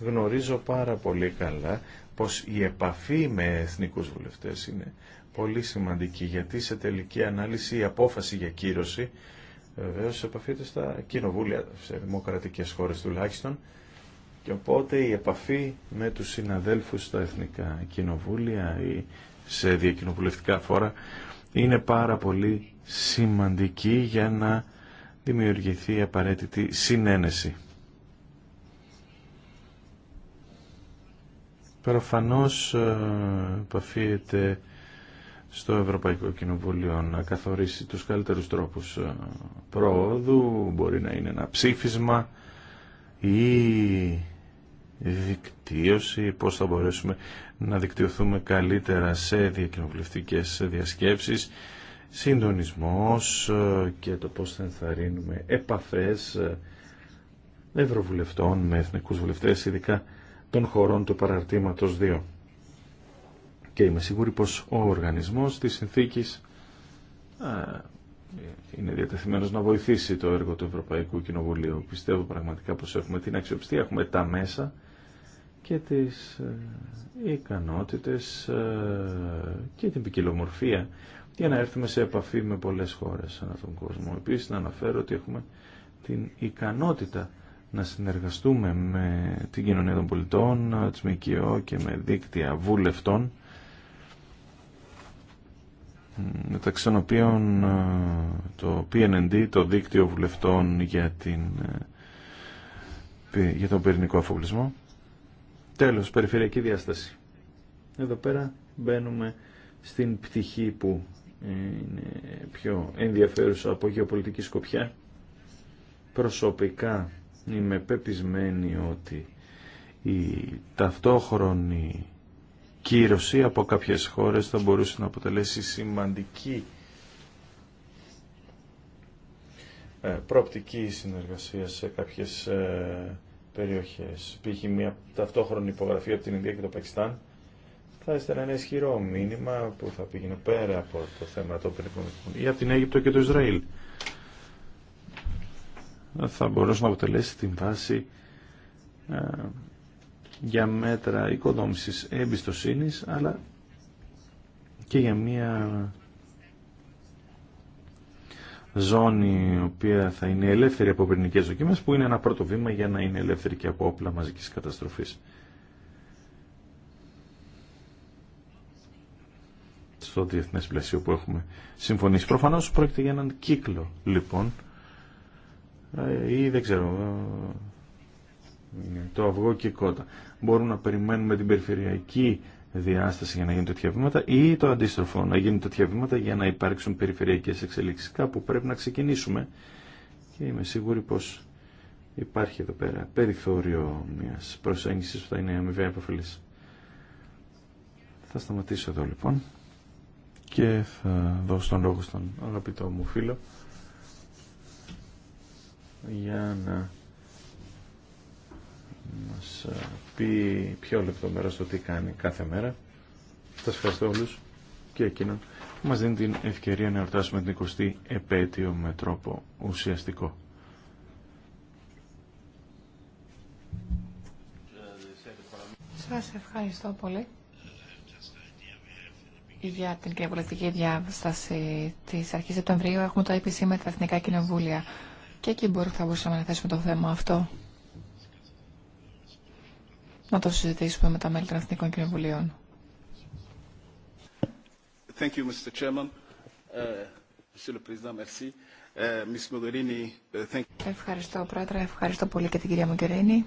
A: γνωρίζω πάρα πολύ καλά πως η επαφή με εθνικούς βουλευτές είναι πολύ σημαντική, γιατί σε τελική ανάλυση η απόφαση για κύρωση βεβαίω επαφείται στα κοινοβούλια, σε δημοκρατικές χώρες τουλάχιστον, και οπότε η επαφή με τους συναδέλφους στα εθνικά κοινοβούλια ή σε διακοινοβουλευτικά φόρα είναι πάρα πολύ σημαντική για να δημιουργηθεί απαραίτητη συνένεση. προφανώς επαφίεται στο Ευρωπαϊκό Κοινοβούλιο να καθορίσει τους καλύτερους τρόπους ε, προόδου, μπορεί να είναι ένα ψήφισμα ή δικτύωση, πώς θα μπορέσουμε να δικτυωθούμε καλύτερα σε διακοινοβουλευτικές διασκέψεις, συντονισμός ε, και το πώς θα ενθαρρύνουμε επαφές ε, ευρωβουλευτών με εθνικούς βουλευτές, ειδικά των χωρών του παραρτήματος 2. Και είμαι σίγουρη πως ο οργανισμός της συνθήκης ε, είναι διατεθειμένος να βοηθήσει το έργο του Ευρωπαϊκού Κοινοβουλίου. Πιστεύω πραγματικά πως έχουμε την αξιοπιστία, έχουμε τα μέσα και τις ε, ικανότητες ε, και την ποικιλομορφία για να έρθουμε σε επαφή με πολλές χώρες ανά τον κόσμο. Επίσης να αναφέρω ότι έχουμε την ικανότητα να συνεργαστούμε με την κοινωνία των πολιτών, τις ΜΚΟ και με δίκτυα βουλευτών μεταξύ των οποίων ε, το PNND, το δίκτυο βουλευτών για, την, ε, για τον πυρηνικό αφοβλισμό Τέλος, περιφερειακή διάσταση. Εδώ πέρα μπαίνουμε στην πτυχή που είναι πιο ενδιαφέρουσα από γεωπολιτική σκοπιά. Προσωπικά Είμαι πεπισμένη ότι η ταυτόχρονη κύρωση από κάποιες χώρες θα μπορούσε να αποτελέσει σημαντική ε, προοπτική συνεργασία σε κάποιες ε, περιοχές. Υπήρχε μια ταυτόχρονη υπογραφή από την Ινδία και το Πακιστάν. Θα έστελνα ένα ισχυρό μήνυμα που θα πήγαινε πέρα από το θέμα των περιπολικών ή από την Αίγυπτο και το Ισραήλ θα μπορούσε να αποτελέσει την βάση ε, για μέτρα οικοδόμησης εμπιστοσύνης αλλά και για μια ζώνη η οποία θα είναι ελεύθερη από πυρηνικές δοκιμές που είναι ένα πρώτο βήμα για να είναι ελεύθερη και από όπλα μαζικής καταστροφής. Στο διεθνές πλαίσιο που έχουμε συμφωνήσει. Προφανώς πρόκειται για έναν κύκλο λοιπόν ε, ή δεν ξέρω ε, το αυγό και η κότα. Μπορούμε να περιμένουμε την περιφερειακή διάσταση για να γίνουν τέτοια βήματα ή το αντίστροφο, να γίνουν τέτοια βήματα για να υπάρξουν περιφερειακές εξελίξεις. Κάπου πρέπει να ξεκινήσουμε και είμαι σίγουρη πως υπάρχει εδώ πέρα περιθώριο μιας προσέγγισης που θα είναι αμοιβαία υποφελής. Θα σταματήσω εδώ λοιπόν και θα δώσω τον λόγο στον αγαπητό μου φίλο για να μας πει πιο λεπτομερώς το τι κάνει κάθε μέρα. Σας ευχαριστώ όλους και εκείνον που μας δίνει την ευκαιρία να εορτάσουμε την 20η επέτειο με τρόπο ουσιαστικό. Σας
C: ευχαριστώ πολύ για την κοινοβουλευτική διάσταση της αρχής Σεπτεμβρίου έχουμε το IPC με τα Εθνικά Κοινοβούλια. Και εκεί μπορούμε θα μπορούσαμε να θέσουμε το θέμα αυτό. Να το συζητήσουμε με τα μέλη των Εθνικών Κοινοβουλίων. Ευχαριστώ, Πρόεδρε. Ευχαριστώ πολύ και την κυρία Μογκερίνη.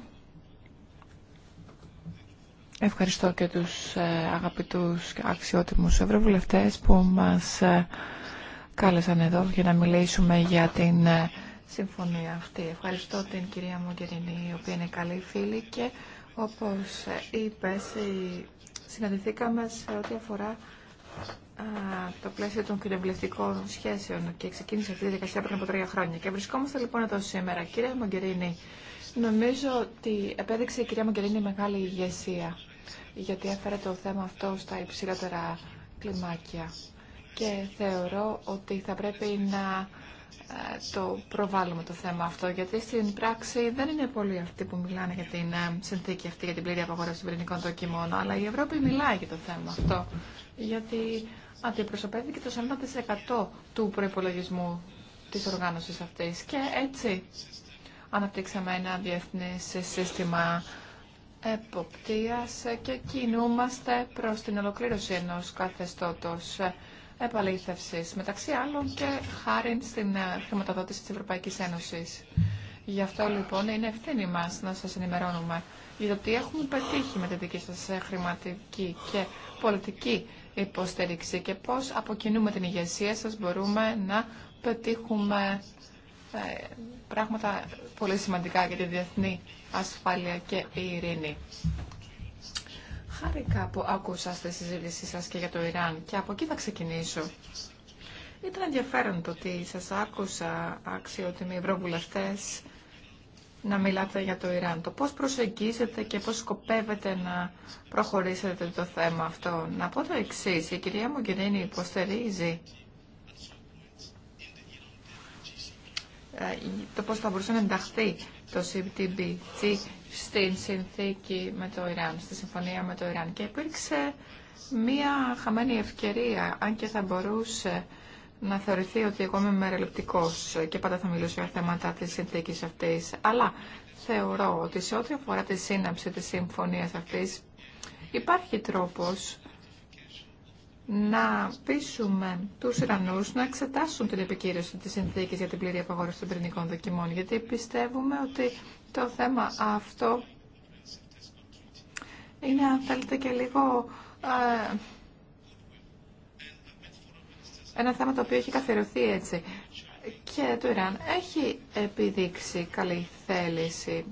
C: Ευχαριστώ και τους ε, αγαπητούς και αξιότιμους ευρωβουλευτές που μας ε, κάλεσαν εδώ για να μιλήσουμε για την ε, συμφωνία αυτή. Ευχαριστώ την κυρία Μογκερινή, η οποία είναι καλή φίλη και όπως είπε, συναντηθήκαμε σε ό,τι αφορά το πλαίσιο των κοινοβουλευτικών σχέσεων και ξεκίνησε αυτή η διαδικασία πριν από τρία χρόνια. Και βρισκόμαστε λοιπόν εδώ σήμερα. Κυρία Μογκερίνη, νομίζω ότι επέδειξε η κυρία Μογκερίνη μεγάλη ηγεσία, γιατί έφερε το θέμα αυτό στα υψηλότερα κλιμάκια. Και θεωρώ ότι θα πρέπει να το προβάλλουμε το θέμα αυτό, γιατί στην πράξη δεν είναι πολλοί αυτοί που μιλάνε για την ε, συνθήκη αυτή, για την πλήρη απαγόρευση των πυρηνικών δοκιμών, αλλά η Ευρώπη μιλάει για το θέμα αυτό, γιατί αντιπροσωπεύει και το 40% του προπολογισμού τη οργάνωση αυτή. Και έτσι αναπτύξαμε ένα διεθνή σύστημα εποπτείας και κινούμαστε προς την ολοκλήρωση ενός καθεστώτος επαλήθευσης, μεταξύ άλλων και χάρη στην ε, χρηματοδότηση της Ευρωπαϊκής Ένωσης. Γι' αυτό λοιπόν είναι ευθύνη μας να σας ενημερώνουμε για το τι έχουμε πετύχει με τη δική σας ε, χρηματική και πολιτική υποστήριξη και πώς με την ηγεσία σας μπορούμε να πετύχουμε ε, πράγματα πολύ σημαντικά για τη διεθνή ασφάλεια και η ειρήνη χάρηκα που άκουσα στη συζήτησή σας και για το Ιράν και από εκεί θα ξεκινήσω. Ήταν ενδιαφέρον το ότι σας άκουσα αξιότιμοι ευρωβουλευτές να μιλάτε για το Ιράν. Το πώς προσεγγίζετε και πώς σκοπεύετε να προχωρήσετε το θέμα αυτό. Να πω το εξή. Η κυρία Μογκερίνη υποστηρίζει ε, το πώς θα μπορούσε να ενταχθεί το CPTPP στην συνθήκη με το Ιράν, στη συμφωνία με το Ιράν. Και υπήρξε μία χαμένη ευκαιρία, αν και θα μπορούσε να θεωρηθεί ότι εγώ είμαι μερελεπτικός και πάντα θα μιλήσω για θέματα της συνθήκης αυτής. Αλλά θεωρώ ότι σε ό,τι αφορά τη σύναψη της συμφωνίας αυτής υπάρχει τρόπος να πείσουμε τους Ιρανούς να εξετάσουν την επικύρωση της συνθήκη για την πλήρη απαγόρευση των πυρηνικών δοκιμών, γιατί πιστεύουμε ότι το θέμα αυτό είναι, αν θέλετε, και λίγο ε, ένα θέμα το οποίο έχει καθιερωθεί έτσι. Και το Ιράν έχει επιδείξει καλή θέληση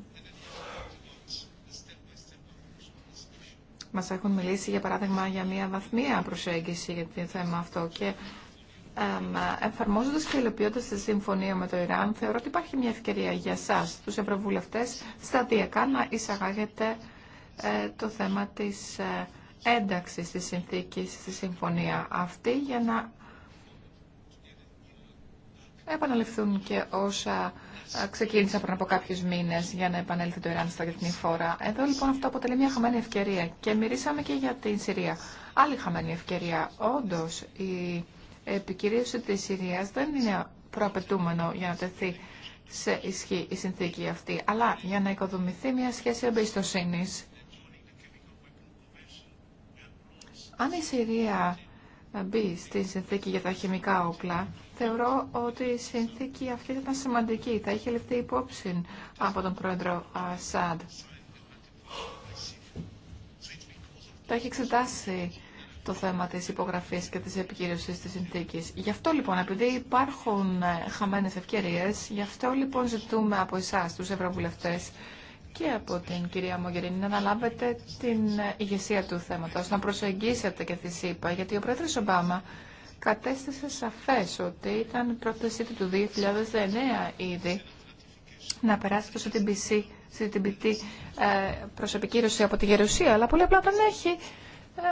C: Μας έχουν μιλήσει για παράδειγμα για μια βαθμία προσέγγιση για το θέμα αυτό και εφαρμόζοντας και υλοποιώντα τη συμφωνία με το Ιράν, θεωρώ ότι υπάρχει μια ευκαιρία για εσά, τους Ευρωβουλευτές σταδιακά να εισαγάγετε ε, το θέμα τη ε, ένταξης της συνθήκης στη συμφωνία αυτή για να επαναληφθούν και όσα ξεκίνησαν πριν από κάποιου μήνε για να επανέλθει το Ιράν στα διεθνή φόρα. Εδώ λοιπόν αυτό αποτελεί μια χαμένη ευκαιρία. Και μυρίσαμε και για την Συρία. Άλλη χαμένη ευκαιρία. Όντω, η επικυρίωση τη Συρία δεν είναι προαπαιτούμενο για να τεθεί σε ισχύ η συνθήκη αυτή, αλλά για να οικοδομηθεί μια σχέση εμπιστοσύνη. Αν η Συρία μπει στη συνθήκη για τα χημικά όπλα, θεωρώ ότι η συνθήκη αυτή ήταν σημαντική. Θα είχε ληφθεί υπόψη από τον πρόεδρο Ασάντ. Το έχει εξετάσει το θέμα της υπογραφής και της επικύρωσης της συνθήκης. Γι' αυτό λοιπόν, επειδή υπάρχουν ε, χαμένες ευκαιρίες, γι' αυτό λοιπόν ζητούμε από εσάς, τους Ευρωβουλευτές, και από την κυρία Μογερίνη να αναλάβετε την ηγεσία του θέματος, να προσεγγίσετε και τη ΣΥΠΑ, γιατί ο πρόεδρος Ομπάμα κατέστησε σαφές ότι ήταν πρόθεσή του 2009 ήδη να περάσει το CTBC, CTBT ε, προσωπική ρωσία από τη Γερουσία, αλλά πολύ απλά δεν έχει ε,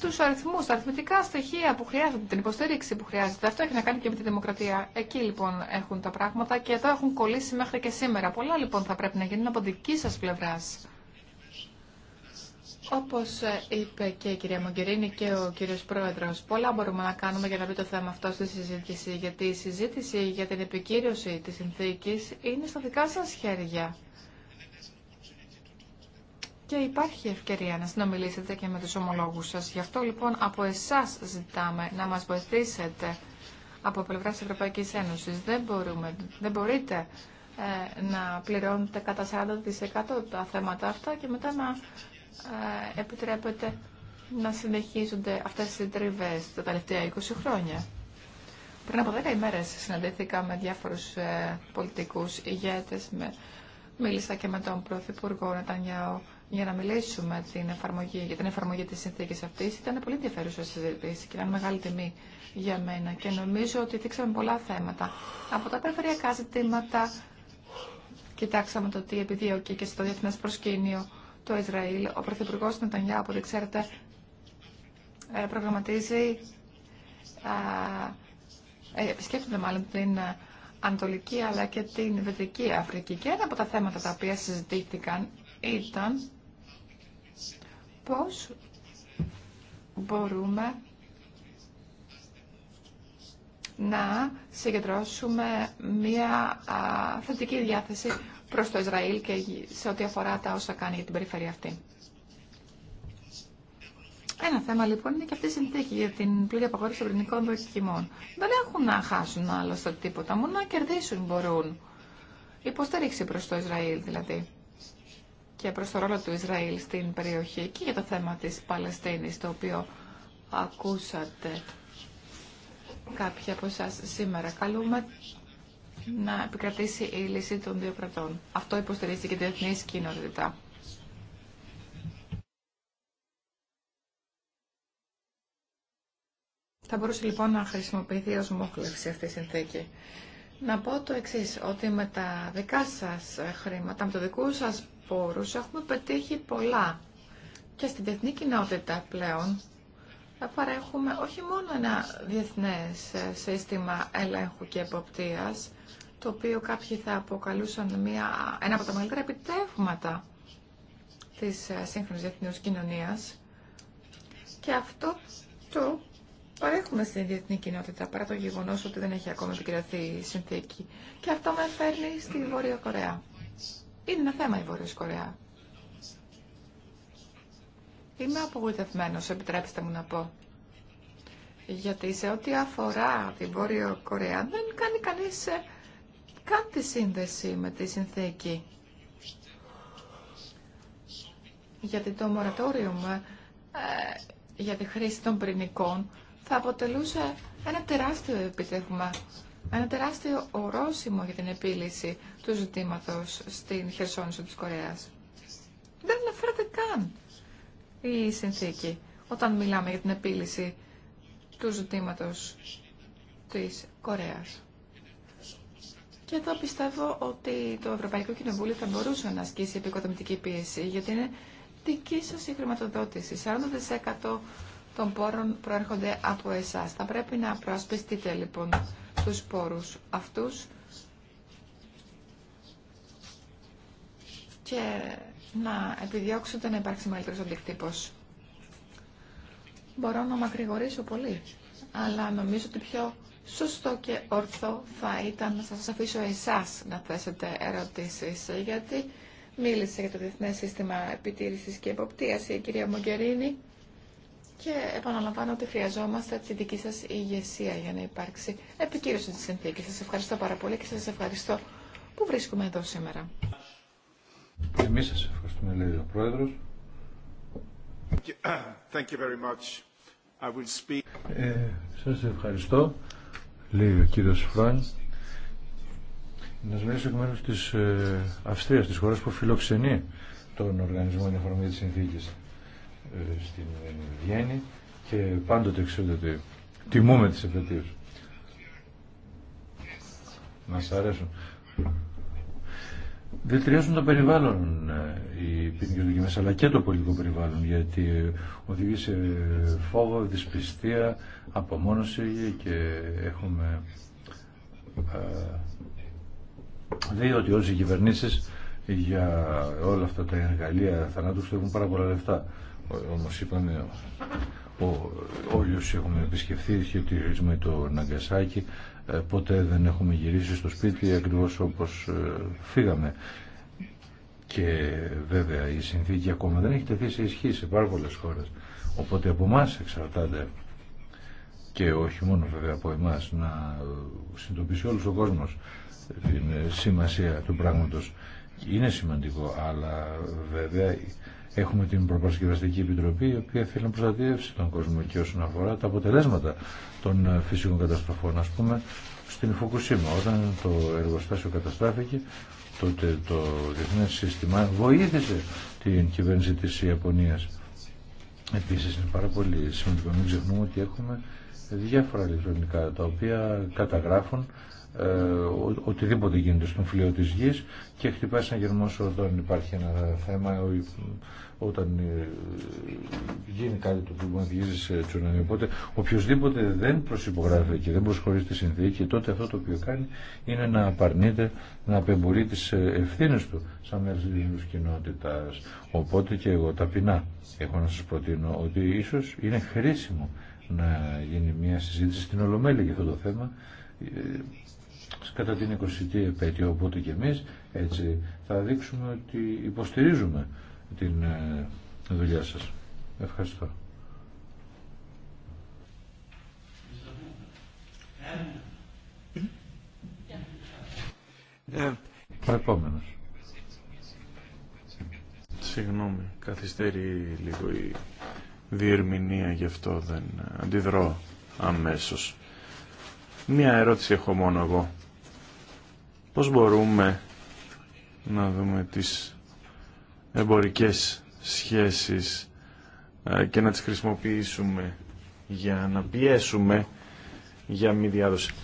C: Του αριθμού, τα αριθμητικά στοιχεία που χρειάζονται, την υποστήριξη που χρειάζεται. Αυτό έχει να κάνει και με τη δημοκρατία. Εκεί λοιπόν έχουν τα πράγματα και εδώ έχουν κολλήσει μέχρι και σήμερα. Πολλά λοιπόν θα πρέπει να γίνουν από δική σα πλευρά. Όπω ε, είπε και η κυρία Μογκερίνη και ο κύριο Πρόεδρο, πολλά μπορούμε να κάνουμε για να μπει το θέμα αυτό στη συζήτηση, γιατί η συζήτηση για την επικύρωση τη συνθήκη είναι στα δικά σα χέρια και υπάρχει ευκαιρία να συνομιλήσετε και με τους ομολόγους σας. Γι' αυτό λοιπόν από εσάς ζητάμε να μας βοηθήσετε από πλευρά της Ευρωπαϊκής Ένωσης. Δεν, μπορούμε, δεν μπορείτε ε, να πληρώνετε κατά 40% τα θέματα αυτά και μετά να ε, επιτρέπετε να συνεχίζονται αυτές οι τριβές τα τελευταία 20 χρόνια. Πριν από 10 ημέρες συναντήθηκα με διάφορους ε, πολιτικούς ηγέτες, με, μίλησα και με τον Πρωθυπουργό Νετανιάου για να μιλήσουμε την εφαρμογή, για την εφαρμογή της συνθήκης αυτής. Ήταν πολύ ενδιαφέρουσα συζήτηση και ήταν μεγάλη τιμή για μένα και νομίζω ότι δείξαμε πολλά θέματα. Από τα περιφερειακά ζητήματα κοιτάξαμε το τι επιδιώκει και στο διεθνές προσκήνιο το Ισραήλ. Ο Πρωθυπουργός Νετανιά, όπω ξέρετε, ε, προγραμματίζει, ε, επισκέπτεται μάλλον την Ανατολική αλλά και την Βετρική Αφρική. Και ένα από τα θέματα τα οποία συζητήθηκαν ήταν Πώς μπορούμε να συγκεντρώσουμε μία θετική διάθεση προς το Ισραήλ και σε ό,τι αφορά τα όσα κάνει για την περιφέρεια αυτή. Ένα θέμα λοιπόν είναι και αυτή η συνθήκη για την πλήρη απαγόρευση των πυρηνικών δοκιμών. Δεν έχουν να χάσουν άλλωστε τίποτα, μόνο να κερδίσουν μπορούν. Υποστήριξη προς το Ισραήλ δηλαδή και προς το ρόλο του Ισραήλ στην περιοχή και για το θέμα της Παλαιστίνης, το οποίο ακούσατε κάποιοι από εσά σήμερα. Καλούμε να επικρατήσει η λύση των δύο κρατών. Αυτό υποστηρίζει και τη διεθνή κοινότητα. Θα μπορούσε λοιπόν να χρησιμοποιηθεί ως μόχλευση αυτή η συνθήκη. Να πω το εξής, ότι με τα δικά σας χρήματα, με το δικού σας πόρους έχουμε πετύχει πολλά και στην διεθνή κοινότητα πλέον θα παρέχουμε όχι μόνο ένα διεθνές ε, σύστημα ελέγχου και εποπτείας, το οποίο κάποιοι θα αποκαλούσαν μια, ένα από τα μεγαλύτερα επιτεύγματα της ε, σύγχρονης διεθνούς κοινωνίας. Και αυτό το παρέχουμε στην διεθνή κοινότητα, παρά το γεγονός ότι δεν έχει ακόμα επικυρωθεί η συνθήκη. Και αυτό με φέρνει στη Βόρεια Κορέα. Είναι ένα θέμα η Βόρειος Κορέα. Είμαι απογοητευμένος, επιτρέψτε μου να πω. Γιατί σε ό,τι αφορά τη Βόρειο Κορέα δεν κάνει κανείς ε, καν τη σύνδεση με τη συνθήκη. Γιατί το μορατόριο ε, για τη χρήση των πρινικών θα αποτελούσε ένα τεράστιο επιτεύγμα ένα τεράστιο ορόσημο για την επίλυση του ζητήματος στην χερσόνησο της Κορέας. Δεν αναφέρεται καν η συνθήκη όταν μιλάμε για την επίλυση του ζητήματος της Κορέας. Και εδώ πιστεύω ότι το Ευρωπαϊκό Κοινοβούλιο θα μπορούσε να ασκήσει επικοδομητική πίεση, γιατί είναι δική σας η χρηματοδότηση. 40% των πόρων προέρχονται από εσάς. Θα πρέπει να προασπιστείτε λοιπόν τους σπόρους αυτούς και να επιδιώξετε να υπάρξει μεγαλύτερος αντικτύπος. Μπορώ να μακρηγορήσω πολύ, αλλά νομίζω ότι πιο σωστό και ορθό θα ήταν να σας αφήσω εσάς να θέσετε ερωτήσεις, γιατί μίλησε για το Διεθνές Σύστημα Επιτήρησης και Εποπτείας η κυρία Μογκερίνη και επαναλαμβάνω ότι χρειαζόμαστε τη δική σα ηγεσία για να υπάρξει επικύρωση τη συνθήκη. Σα ευχαριστώ πάρα πολύ και σα ευχαριστώ που βρίσκουμε εδώ σήμερα.
B: Εμεί σα ευχαριστούμε, λέει ο Πρόεδρος. Ε, σας ευχαριστώ, λέει ο κύριος Φραν. Να σα μιλήσω εκ τη της ε, Αυστρίας, της χώρας που φιλοξενεί τον Οργανισμό Ενεφορμή της Συνθήκης. Ε, στην Βιέννη και πάντοτε ξέρετε ότι τιμούμε τις να Μας αρέσουν. Δηλητηριάζουν το περιβάλλον ε, οι ποινικές δοκιμές, αλλά και το πολιτικό περιβάλλον, γιατί οδηγεί σε φόβο, δυσπιστία, απομόνωση και έχουμε ε, δει ότι όσοι κυβερνήσεις για όλα αυτά τα εργαλεία θανάτου έχουν πάρα πολλά λεφτά. Όμως είπαμε όσοι έχουμε επισκεφθεί και τη με το Ναγκασάκι ε, ποτέ δεν έχουμε γυρίσει στο σπίτι ακριβώς όπως ε, φύγαμε και βέβαια η συνθήκη ακόμα δεν έχει τεθεί σε ισχύ σε πάρα πολλές χώρες οπότε από εμά εξαρτάται και όχι μόνο βέβαια από εμά να συντοπίσει όλος ο κόσμος την ε, σημασία του πράγματος είναι σημαντικό αλλά βέβαια Έχουμε την Προπαρασκευαστική Επιτροπή, η οποία θέλει να προστατεύσει τον κόσμο και όσον αφορά τα αποτελέσματα των ε, φυσικών καταστροφών. Α πούμε, στην Φουκουσίμα, όταν το εργοστάσιο καταστράφηκε, τότε το διεθνέ σύστημα βοήθησε την κυβέρνηση τη Ιαπωνία. Επίση, είναι πάρα πολύ σημαντικό, μην ξεχνούμε ότι έχουμε διάφορα ηλεκτρονικά τα οποία καταγράφουν ε, οτιδήποτε γίνεται στον φλοιό της γης και χτυπάει σαν γερμός όταν υπάρχει ένα θέμα όταν ε, γίνει κάτι το που βγίζει σε τσουνάμι. Οπότε οποιοδήποτε δεν προσυπογράφει και δεν προσχωρεί στη συνθήκη, τότε αυτό το οποίο κάνει είναι να απαρνείται, να απεμπορεί τι ε, ευθύνε του σαν μέρο τη διεθνού κοινότητα. Οπότε και εγώ ταπεινά έχω να σα προτείνω ότι ίσω είναι χρήσιμο να γίνει μια συζήτηση στην Ολομέλεια για αυτό το θέμα κατά την 20η επέτειο. Οπότε και εμείς έτσι θα δείξουμε ότι υποστηρίζουμε την ε, δουλειά σας. Ευχαριστώ.
A: Ε. Ο επόμενος. Συγγνώμη, καθυστέρει λίγο η διερμηνία, γι' αυτό δεν αντιδρώ αμέσως. Μία ερώτηση έχω μόνο εγώ. Πώς μπορούμε να δούμε τις εμπορικές σχέσεις ε, και να τις χρησιμοποιήσουμε για να πιέσουμε για μη διάδοση.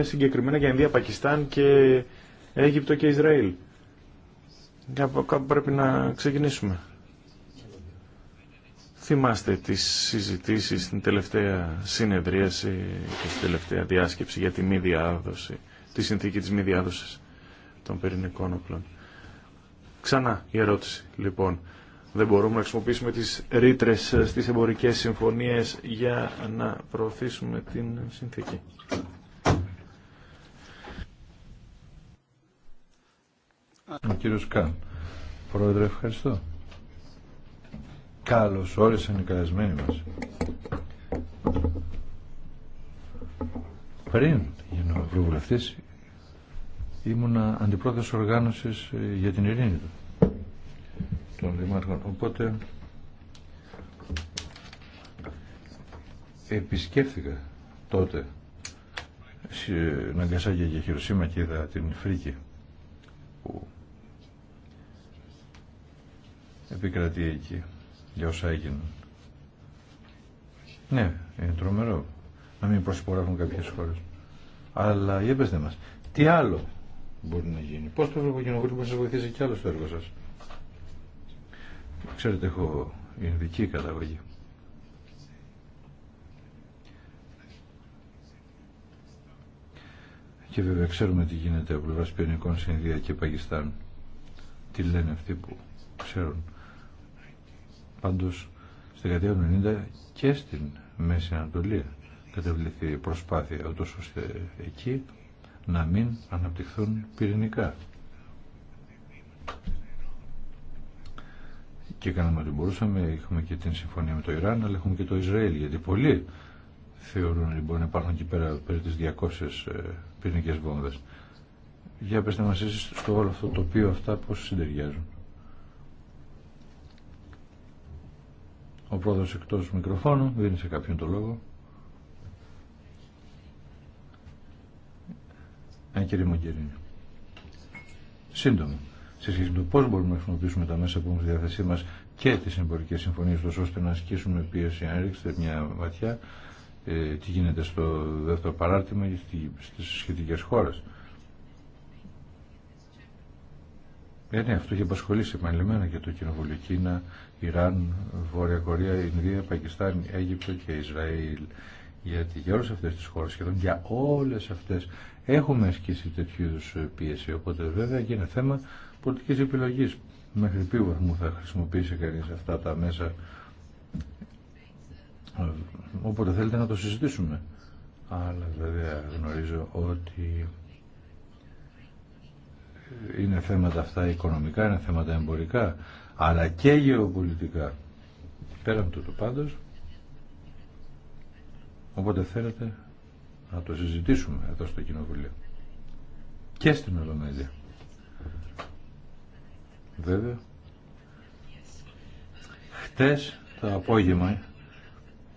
A: συγκεκριμένα για Ινδία, Πακιστάν και Αίγυπτο και Ισραήλ. Για Κάπου πρέπει να ξεκινήσουμε. Θυμάστε τις συζητήσεις στην τελευταία συνεδρίαση και στην τελευταία διάσκεψη για τη μη τη συνθήκη της μη διάδοσης των πυρηνικών όπλων. Ξανά η ερώτηση, λοιπόν. Δεν μπορούμε να χρησιμοποιήσουμε τις ρήτρε στις εμπορικές συμφωνίες για να προωθήσουμε την συνθήκη.
B: κύριος Καν. Πρόεδρε, ευχαριστώ. Καλώς όρισαν οι καλεσμένοι μας. Πριν γίνω ευρωβουλευτής ήμουνα αντιπρόθεσης οργάνωσης ε, για την ειρήνη του των δημάρχων. Οπότε επισκέφθηκα τότε Ναγκασάκια και Χειροσύμα και είδα την Φρίκη που επικρατεί εκεί για όσα έγιναν. Ναι, είναι τρομερό να μην προσυπογράφουν κάποιες χώρε. Αλλά για πετε μας, τι άλλο μπορεί να γίνει. Πώς το ευρωπαϊκό μπορεί να σα βοηθήσει κι άλλο στο έργο σα. Ξέρετε, έχω ειδική καταγωγή. Και βέβαια ξέρουμε τι γίνεται από πλευρά πυρηνικών στην Ινδία και Πακιστάν. Τι λένε αυτοί που ξέρουν. Πάντως, στη δεκαετία 90 και στην Μέση Ανατολία κατεβληθεί προσπάθεια, ούτως ώστε εκεί να μην αναπτυχθούν πυρηνικά. Και κάναμε ό,τι μπορούσαμε, έχουμε και την συμφωνία με το Ιράν, αλλά έχουμε και το Ισραήλ, γιατί πολλοί θεωρούν λοιπόν υπάρχουν εκεί πέρα περί τις 200 ε, πυρηνικές βόμβες. Για πετε μας εσείς στο όλο αυτό το τοπίο αυτά πώς συντεριάζουν. Ο πρόεδρος εκτός μικροφώνου δίνει σε κάποιον το λόγο. Αν ε, κύριε Μογκερίνη. Σε σχέση με το πώ μπορούμε να χρησιμοποιήσουμε τα μέσα που έχουμε στη διάθεσή μα και τι συμφωνίες συμφωνίε, ώστε να ασκήσουμε πίεση, αν ρίξετε μια βαθιά ε, τι γίνεται στο δεύτερο παράρτημα στις σχετικές χώρες. Ε, ναι, αυτό έχει απασχολήσει επανειλημμένα και το Κοινοβούλιο Κίνα, Ιράν, Βόρεια Κορία, Ινδία, Πακιστάν, Αίγυπτο και Ισραήλ. Γιατί για όλε αυτέ τι χώρε σχεδόν για όλες αυτές, έχουμε ασκήσει τέτοιου είδου πίεση. Οπότε βέβαια και είναι θέμα πολιτική επιλογή Μέχρι ποιο βαθμό θα χρησιμοποιήσει κανεί αυτά τα μέσα. Ε, Όποτε θέλετε να το συζητήσουμε. Αλλά βέβαια γνωρίζω ότι είναι θέματα αυτά οικονομικά, είναι θέματα εμπορικά, αλλά και γεωπολιτικά. Πέραν από το πάντως, οπότε θέλετε να το συζητήσουμε εδώ στο Κοινοβουλίο και στην Ολομέλεια. Βέβαια, χτες το απόγευμα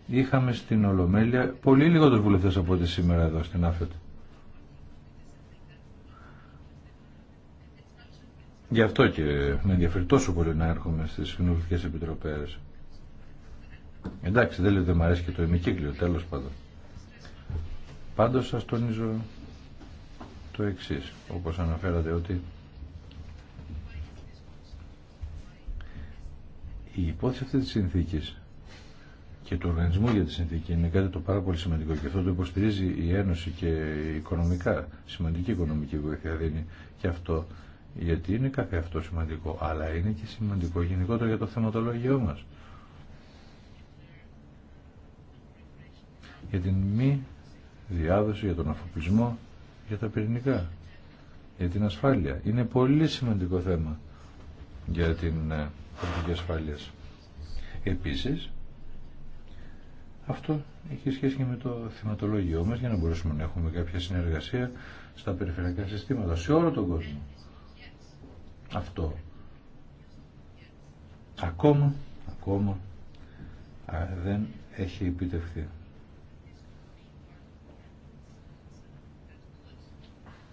B: είχαμε στην Ολομέλεια πολύ λίγο λιγότερους βουλευτές από ό,τι σήμερα εδώ στην Άφετ Γι' αυτό και με ενδιαφέρει τόσο πολύ να έρχομαι στις κοινοβουλευτικέ επιτροπές. Εντάξει, δεν λέω ότι μου αρέσει και το ημικύκλιο, τέλος πάντων. Πάντω σα τονίζω το εξή. όπως αναφέρατε ότι η υπόθεση αυτή της συνθήκης και του οργανισμού για τη συνθήκη είναι κάτι το πάρα πολύ σημαντικό και αυτό το υποστηρίζει η Ένωση και οικονομικά, σημαντική οικονομική βοήθεια δίνει και αυτό γιατί είναι κάθε αυτό σημαντικό, αλλά είναι και σημαντικό γενικότερα για το θεματολογιό μας. Για την μη διάδοση, για τον αφοπλισμό, για τα πυρηνικά, για την ασφάλεια. Είναι πολύ σημαντικό θέμα για την ε, πολιτική ασφάλεια. Επίσης, αυτό έχει σχέση και με το θεματολόγιο μας για να μπορέσουμε να έχουμε κάποια συνεργασία στα περιφερειακά συστήματα σε όλο τον κόσμο αυτό. Ακόμα, ακόμα δεν έχει επιτευχθεί.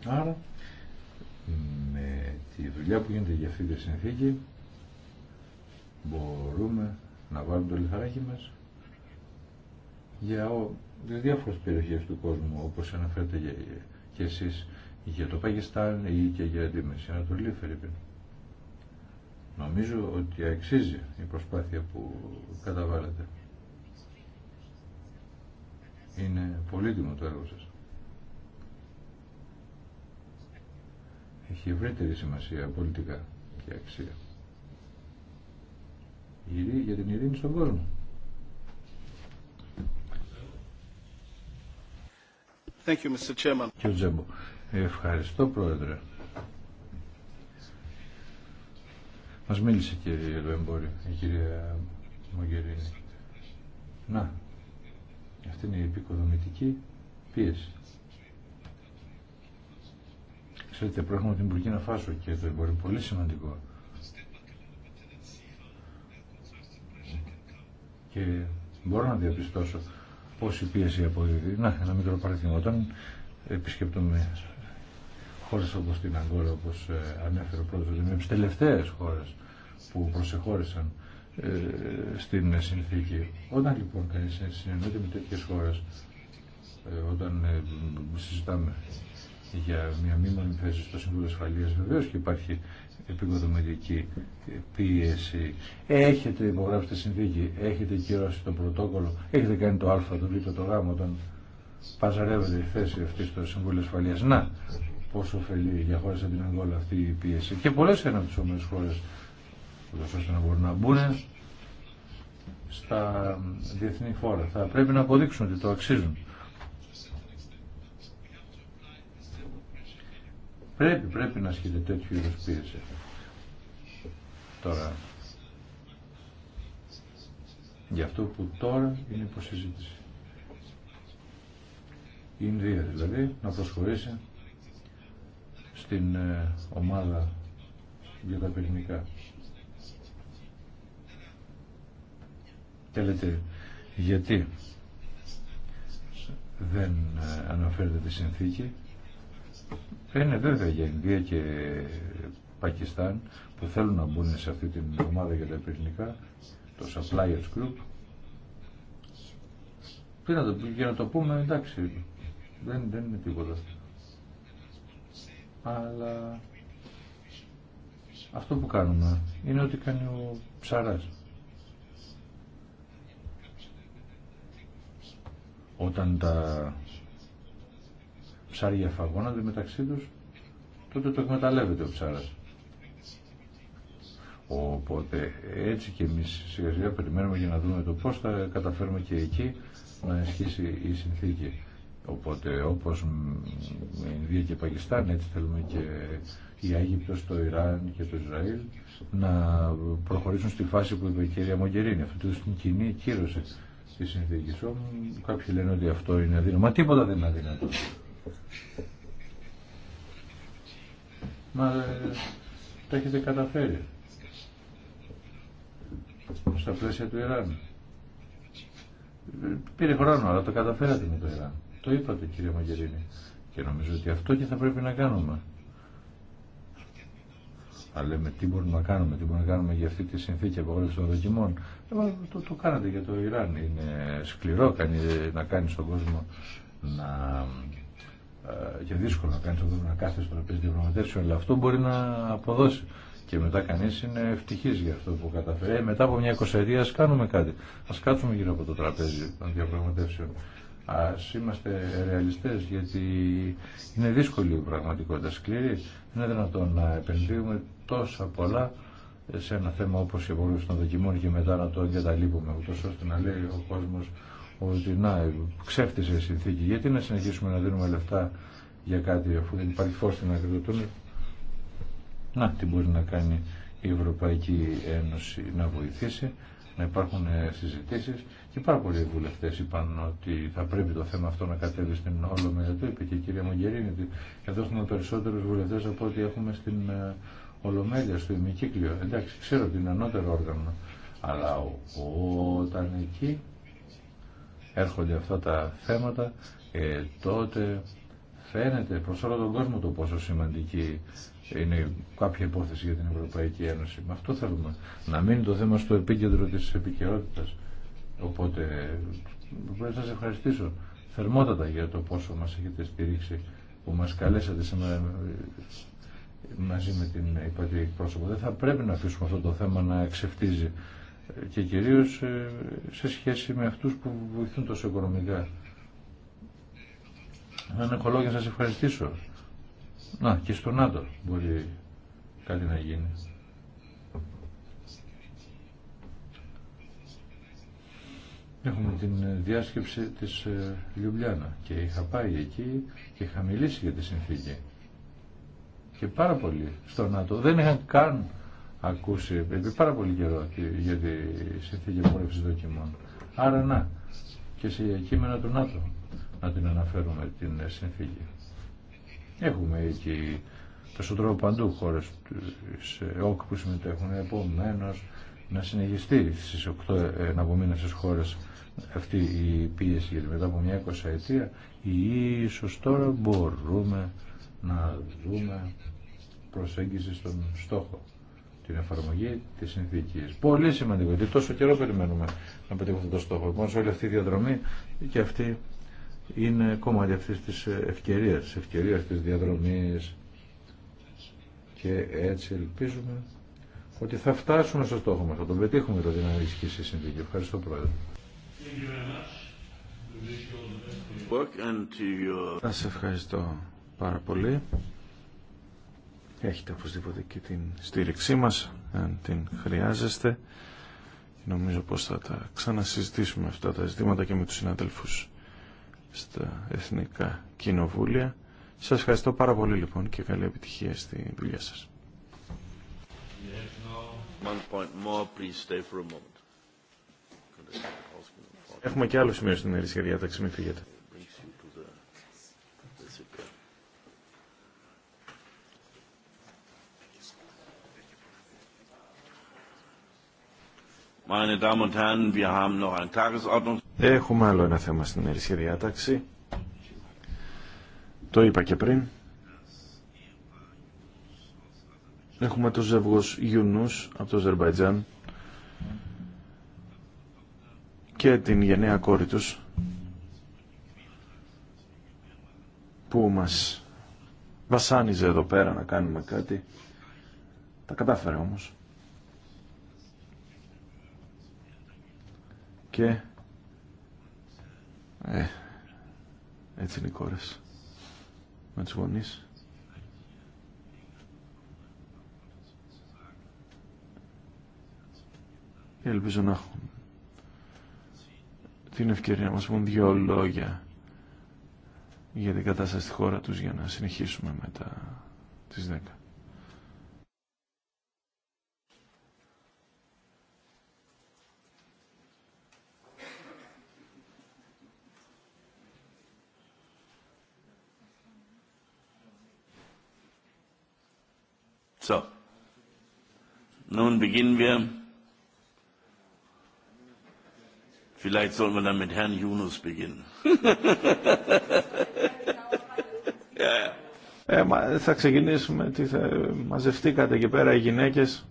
B: Άρα, με τη δουλειά που γίνεται για αυτή τη συνθήκη, μπορούμε να βάλουμε το λιθαράκι μας για διάφορες περιοχές του κόσμου, όπως αναφέρετε και εσείς, για το Παγιστάν ή και για τη Ανατολή, Φερρυπίνου. Νομίζω ότι αξίζει η προσπάθεια που καταβάλλετε. Είναι πολύτιμο το έργο σας. Έχει ευρύτερη σημασία πολιτικά και αξία. Για την ειρήνη στον κόσμο. Ευχαριστώ, Πρόεδρε. Μας μίλησε κύριε για το η κυρία Μογγερίνη. Να, αυτή είναι η επικοδομητική πίεση. Ξέρετε, προέρχομαι την Πουρκίνα Φάσο και το εμπόριο είναι πολύ σημαντικό. Και μπορώ να διαπιστώσω πόση πίεση αποδίδει. Να, ένα μικρό παράδειγμα. Όταν επισκεπτούμε χώρε όπω την Αγγόλα, όπως ε, ανέφερε ο πρόεδρο, είναι τι τελευταίε χώρε που προσεχώρησαν ε, στην συνθήκη. Όταν λοιπόν κανεί ε, συνεννοείται με χώρε, χώρε, όταν συζητάμε για μια μη θέση στο Συμβούλιο Ασφαλεία, βεβαίω και υπάρχει επικοδομητική πίεση. Έχετε υπογράψει τη συνθήκη, έχετε κυρώσει το πρωτόκολλο, έχετε κάνει το α, το β, το γ, όταν παζαρεύεται η θέση αυτή στο Συμβούλιο Ασφαλεία. Να, πόσο ωφελεί για χώρες από την Αγγόλα αυτή η πίεση και πολλές που χώρες ώστε να μπορούν να μπουν στα διεθνή φόρα. Θα πρέπει να αποδείξουν ότι το αξίζουν. Πρέπει, πρέπει να ασκείται τέτοιου είδους πίεση. Τώρα, για αυτό που τώρα είναι υποσυζήτηση. Η Ινδία δηλαδή να προσχωρήσει στην ε, ομάδα για τα πυρηνικά. Θέλετε γιατί δεν ε, αναφέρεται τη συνθήκη. Είναι βέβαια για Ινδία και Πακιστάν που θέλουν να μπουν σε αυτή την ομάδα για τα παιχνικά το Suppliers Group. το, για να το πούμε, εντάξει, δεν, δεν είναι τίποτα αλλά αυτό που κάνουμε είναι ότι κάνει ο ψαράς. Όταν τα ψάρια φαγώνονται μεταξύ τους, τότε το εκμεταλλεύεται ο ψάρας. Οπότε έτσι και εμείς σιγά σιγά περιμένουμε για να δούμε το πώς θα καταφέρουμε και εκεί να ισχύσει η συνθήκη. Οπότε όπως η Ινδία και Πακιστάν έτσι θέλουμε και η Αίγυπτος, το Ιράν και το Ισραήλ να προχωρήσουν στη φάση που είπε η κυρία Μογκερίνη. αυτήν την κοινή κύρωση τη συνθήκη. Κάποιοι λένε ότι αυτό είναι αδύνατο. Μα τίποτα δεν είναι αδύνατο. Μα ε, τα έχετε καταφέρει στα πλαίσια του Ιράν. Ε, πήρε χρόνο, αλλά το καταφέρατε με το Ιράν. Το είπατε κύριε Μαγερίνη. Και νομίζω ότι αυτό και θα πρέπει να κάνουμε. Αλλά λέμε τι μπορούμε να κάνουμε, τι μπορούμε να κάνουμε για αυτή τη συνθήκη απαγόρευση των δοκιμών. Ε, το, το κάνατε για το Ιράν. Είναι σκληρό να κάνει στον κόσμο να. Ε, και δύσκολο να κάνει στον κόσμο να κάθεται στο τραπέζι διαπραγματεύσεων. Αλλά αυτό μπορεί να αποδώσει. Και μετά κανεί είναι ευτυχή για αυτό που καταφέρει. Ε, μετά από μια εικοσαετία α κάνουμε κάτι. Α κάτσουμε γύρω από το τραπέζι των διαπραγματεύσεων. Ας είμαστε ρεαλιστές γιατί είναι δύσκολη η πραγματικότητα σκληρή. Είναι δυνατόν να επενδύουμε τόσα πολλά σε ένα θέμα όπως η μπορούμε των δοκιμών και μετά να το εγκαταλείπουμε ούτως ώστε να λέει ο κόσμος ότι να ξέφτησε η συνθήκη. Γιατί να συνεχίσουμε να δίνουμε λεφτά για κάτι αφού δεν υπάρχει φως στην άκρη Να, τι μπορεί να κάνει η Ευρωπαϊκή Ένωση να βοηθήσει να υπάρχουν ε, συζητήσεις και πάρα πολλοί βουλευτέ είπαν ότι θα πρέπει το θέμα αυτό να κατέβει στην Ολομέλεια. Το είπε και η κυρία Μογγερίνη ότι εδώ έχουμε περισσότερου βουλευτές από ό,τι έχουμε στην ε, Ολομέλεια, στο ημικύκλιο. Εντάξει, ξέρω ότι είναι ανώτερο όργανο, αλλά όταν εκεί έρχονται αυτά τα θέματα, ε, τότε φαίνεται προς όλο τον κόσμο το πόσο σημαντική είναι κάποια υπόθεση για την Ευρωπαϊκή Ένωση. Με αυτό θέλουμε να μείνει το θέμα στο επίκεντρο της επικαιρότητα. Οπότε πρέπει να σας ευχαριστήσω θερμότατα για το πόσο μας έχετε στηρίξει που μας καλέσατε σήμερα μαζί με την υπατή εκπρόσωπο. Δεν θα πρέπει να αφήσουμε αυτό το θέμα να εξεφτίζει. και κυρίως ε, σε σχέση με αυτούς που βοηθούν τόσο οικονομικά. Αν έχω λόγια σας ευχαριστήσω να, και στο ΝΑΤΟ μπορεί κάτι να γίνει. Έχουμε την διάσκεψη της ε, Λιουμπλιάνα και είχα πάει εκεί και είχα μιλήσει για τη συνθήκη. Και πάρα πολύ στο ΝΑΤΟ. Δεν είχαν καν ακούσει επί πάρα πολύ καιρό για τη συνθήκη πόλευσης δοκιμών. Άρα να, και σε κείμενα του ΝΑΤΟ να την αναφέρουμε την ε, συνθήκη. Έχουμε εκεί τρόπο παντού χώρε της που συμμετέχουν. Επομένω να συνεχιστεί στι 8 εναπομείνωσες χώρε. αυτή η πίεση γιατί μετά από μια εικοσαετία, ετία τώρα μπορούμε να δούμε προσέγγιση στον στόχο την εφαρμογή τη συνθήκη. Πολύ σημαντικό, γιατί τόσο καιρό περιμένουμε να πετύχουμε αυτό το στόχο. Μόνο όλη αυτή η διαδρομή και αυτή είναι κομμάτι αυτή τη ευκαιρία, τη ευκαιρία τη διαδρομής και έτσι ελπίζουμε ότι θα φτάσουμε στο στόχο μα. θα τον πετύχουμε το δυνατή σχέση συνθήκη. Ευχαριστώ Πρόεδρε.
A: Σα ευχαριστώ πάρα πολύ. Έχετε οπωσδήποτε και την στήριξή μας, αν την χρειάζεστε. Νομίζω πως θα τα ξανασυζητήσουμε αυτά τα ζητήματα και με τους συναδελφούς στα Εθνικά Κοινοβούλια. Σας ευχαριστώ πάρα πολύ λοιπόν και καλή επιτυχία στη δουλειά σας. Έχουμε και άλλο σημείο στην ερήσια διάταξη, μην φύγετε. Έχουμε άλλο ένα θέμα στην ερήσια διάταξη. Το είπα και πριν. Έχουμε το ζεύγος Γιουνούς από το Αζερβαϊτζάν και την γενναία κόρη τους που μας βασάνιζε εδώ πέρα να κάνουμε κάτι. Τα κατάφερε όμως. και ε, έτσι είναι οι κόρες με τους γονείς. Και ελπίζω να έχουν την ευκαιρία να μας πούν δύο λόγια για την κατάσταση στη χώρα τους για να συνεχίσουμε μετά τις 10. beginnen wir. Vielleicht sollen wir dann mit Herrn Yunus beginnen. Ε, μα, θα ξεκινήσουμε, τι θα μαζευτήκατε εκεί πέρα οι γυναίκες.